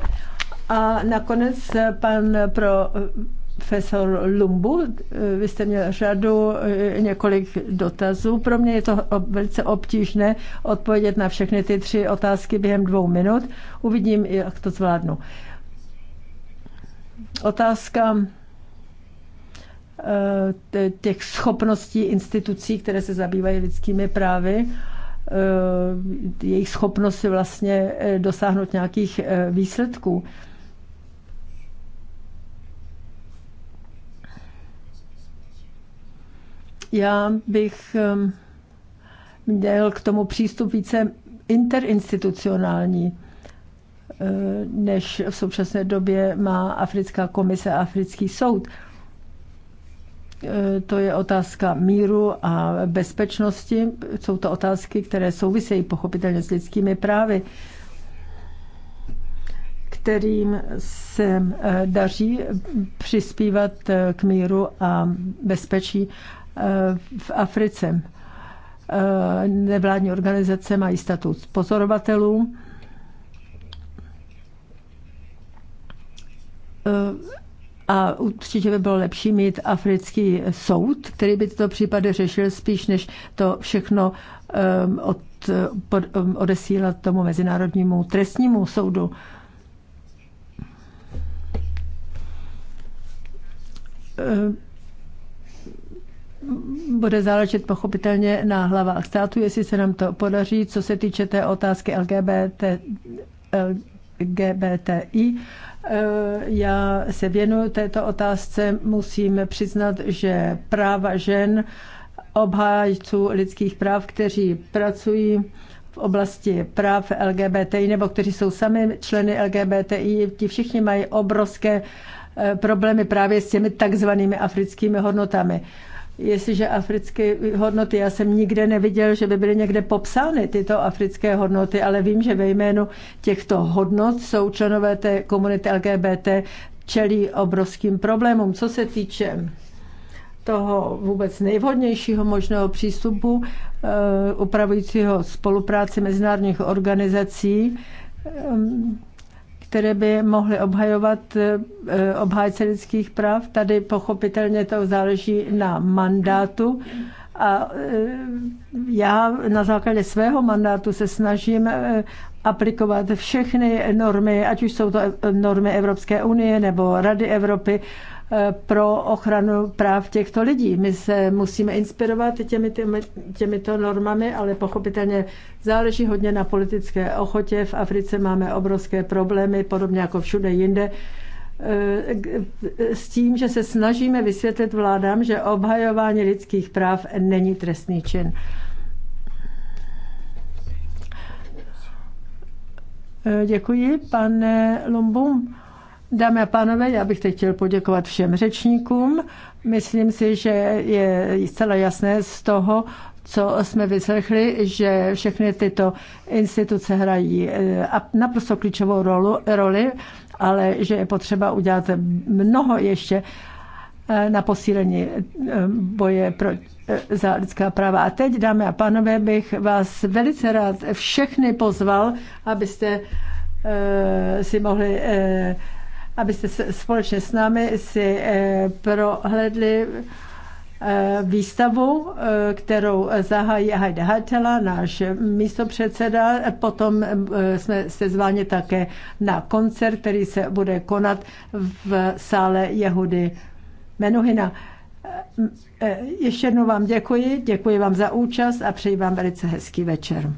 A nakonec pan pro profesor Lumbu. Vy jste měl řadu eh, několik dotazů. Pro mě je to velice obtížné odpovědět na všechny ty tři otázky během dvou minut. Uvidím, jak to zvládnu. Otázka eh, těch schopností institucí, které se zabývají lidskými právy eh, jejich schopnosti vlastně dosáhnout nějakých výsledků. Já bych měl k tomu přístup více interinstitucionální, e, než v současné době má Africká komise a Africký soud. E, to je otázka míru a bezpečnosti. Jsou to otázky, které souvisejí pochopitelně s lidskými právy kterým se e, daří přispívat k míru a bezpečí v Africe. Eh, nevládní organizace mají statut pozorovatelů. Eh, a určitě by bylo lepší mít africký soud, který by tyto případy řešil spíš, než to všechno eh, od, pod, odesílat tomu mezinárodnímu trestnímu soudu bude záležet pochopitelně na hlavách státu, jestli se nám to podaří. Co se týče té otázky LGBT, LGBTI, eh, já se věnuju této otázce. Musím přiznat, že práva žen, obhájců lidských práv, kteří pracují v oblasti práv LGBTI nebo kteří jsou sami členy LGBTI, ti všichni mají obrovské eh, problémy právě s těmi takzvanými africkými hodnotami jestliže africké hodnoty, já jsem nikde neviděl, že by byly někde popsány tyto africké hodnoty, ale vím, že ve jménu těchto hodnot jsou členové té komunity LGBT čelí obrovským problémům. Co se týče toho vůbec nejvhodnějšího možného přístupu eh, upravujícího spolupráci mezinárodních organizací, eh, které by mohly obhajovat eh, obhájce lidských práv. Tady pochopitelně to záleží na mandátu. A eh, já na základě svého mandátu se snažím eh, aplikovat všechny normy, ať už jsou to normy Evropské unie nebo Rady Evropy pro ochranu práv těchto lidí. My se musíme inspirovat těmi, těmi, těmito normami, ale pochopitelně záleží hodně na politické ochotě. V Africe máme obrovské problémy, podobně jako všude jinde e, s tím, že se snažíme vysvětlit vládám, že obhajování lidských práv není trestný čin. E, děkuji, pane Lombum. Dámy a pánové, já bych teď chtěl poděkovat všem řečníkům. Myslím si, že je zcela jasné z toho, co jsme vyslechli, že všechny tyto instituce hrají eh, naprosto klíčovou rolu, roli, ale že je potřeba udělat mnoho ještě eh, na posílení eh, boje pro, za lidská práva. A teď, dámy a pánové, bych vás velice rád všechny pozval, abyste si mohli abyste se společně s námi si eh, prohledli eh, výstavu, eh, kterou zahájí Hajda Hatela, náš místopředseda. Potom jsme se zváni také na koncert, který se bude konat v sále Jehudy Menuhina. Ještě jednou vám děkuji, děkuji vám za účast a přeji vám velice hezký večer.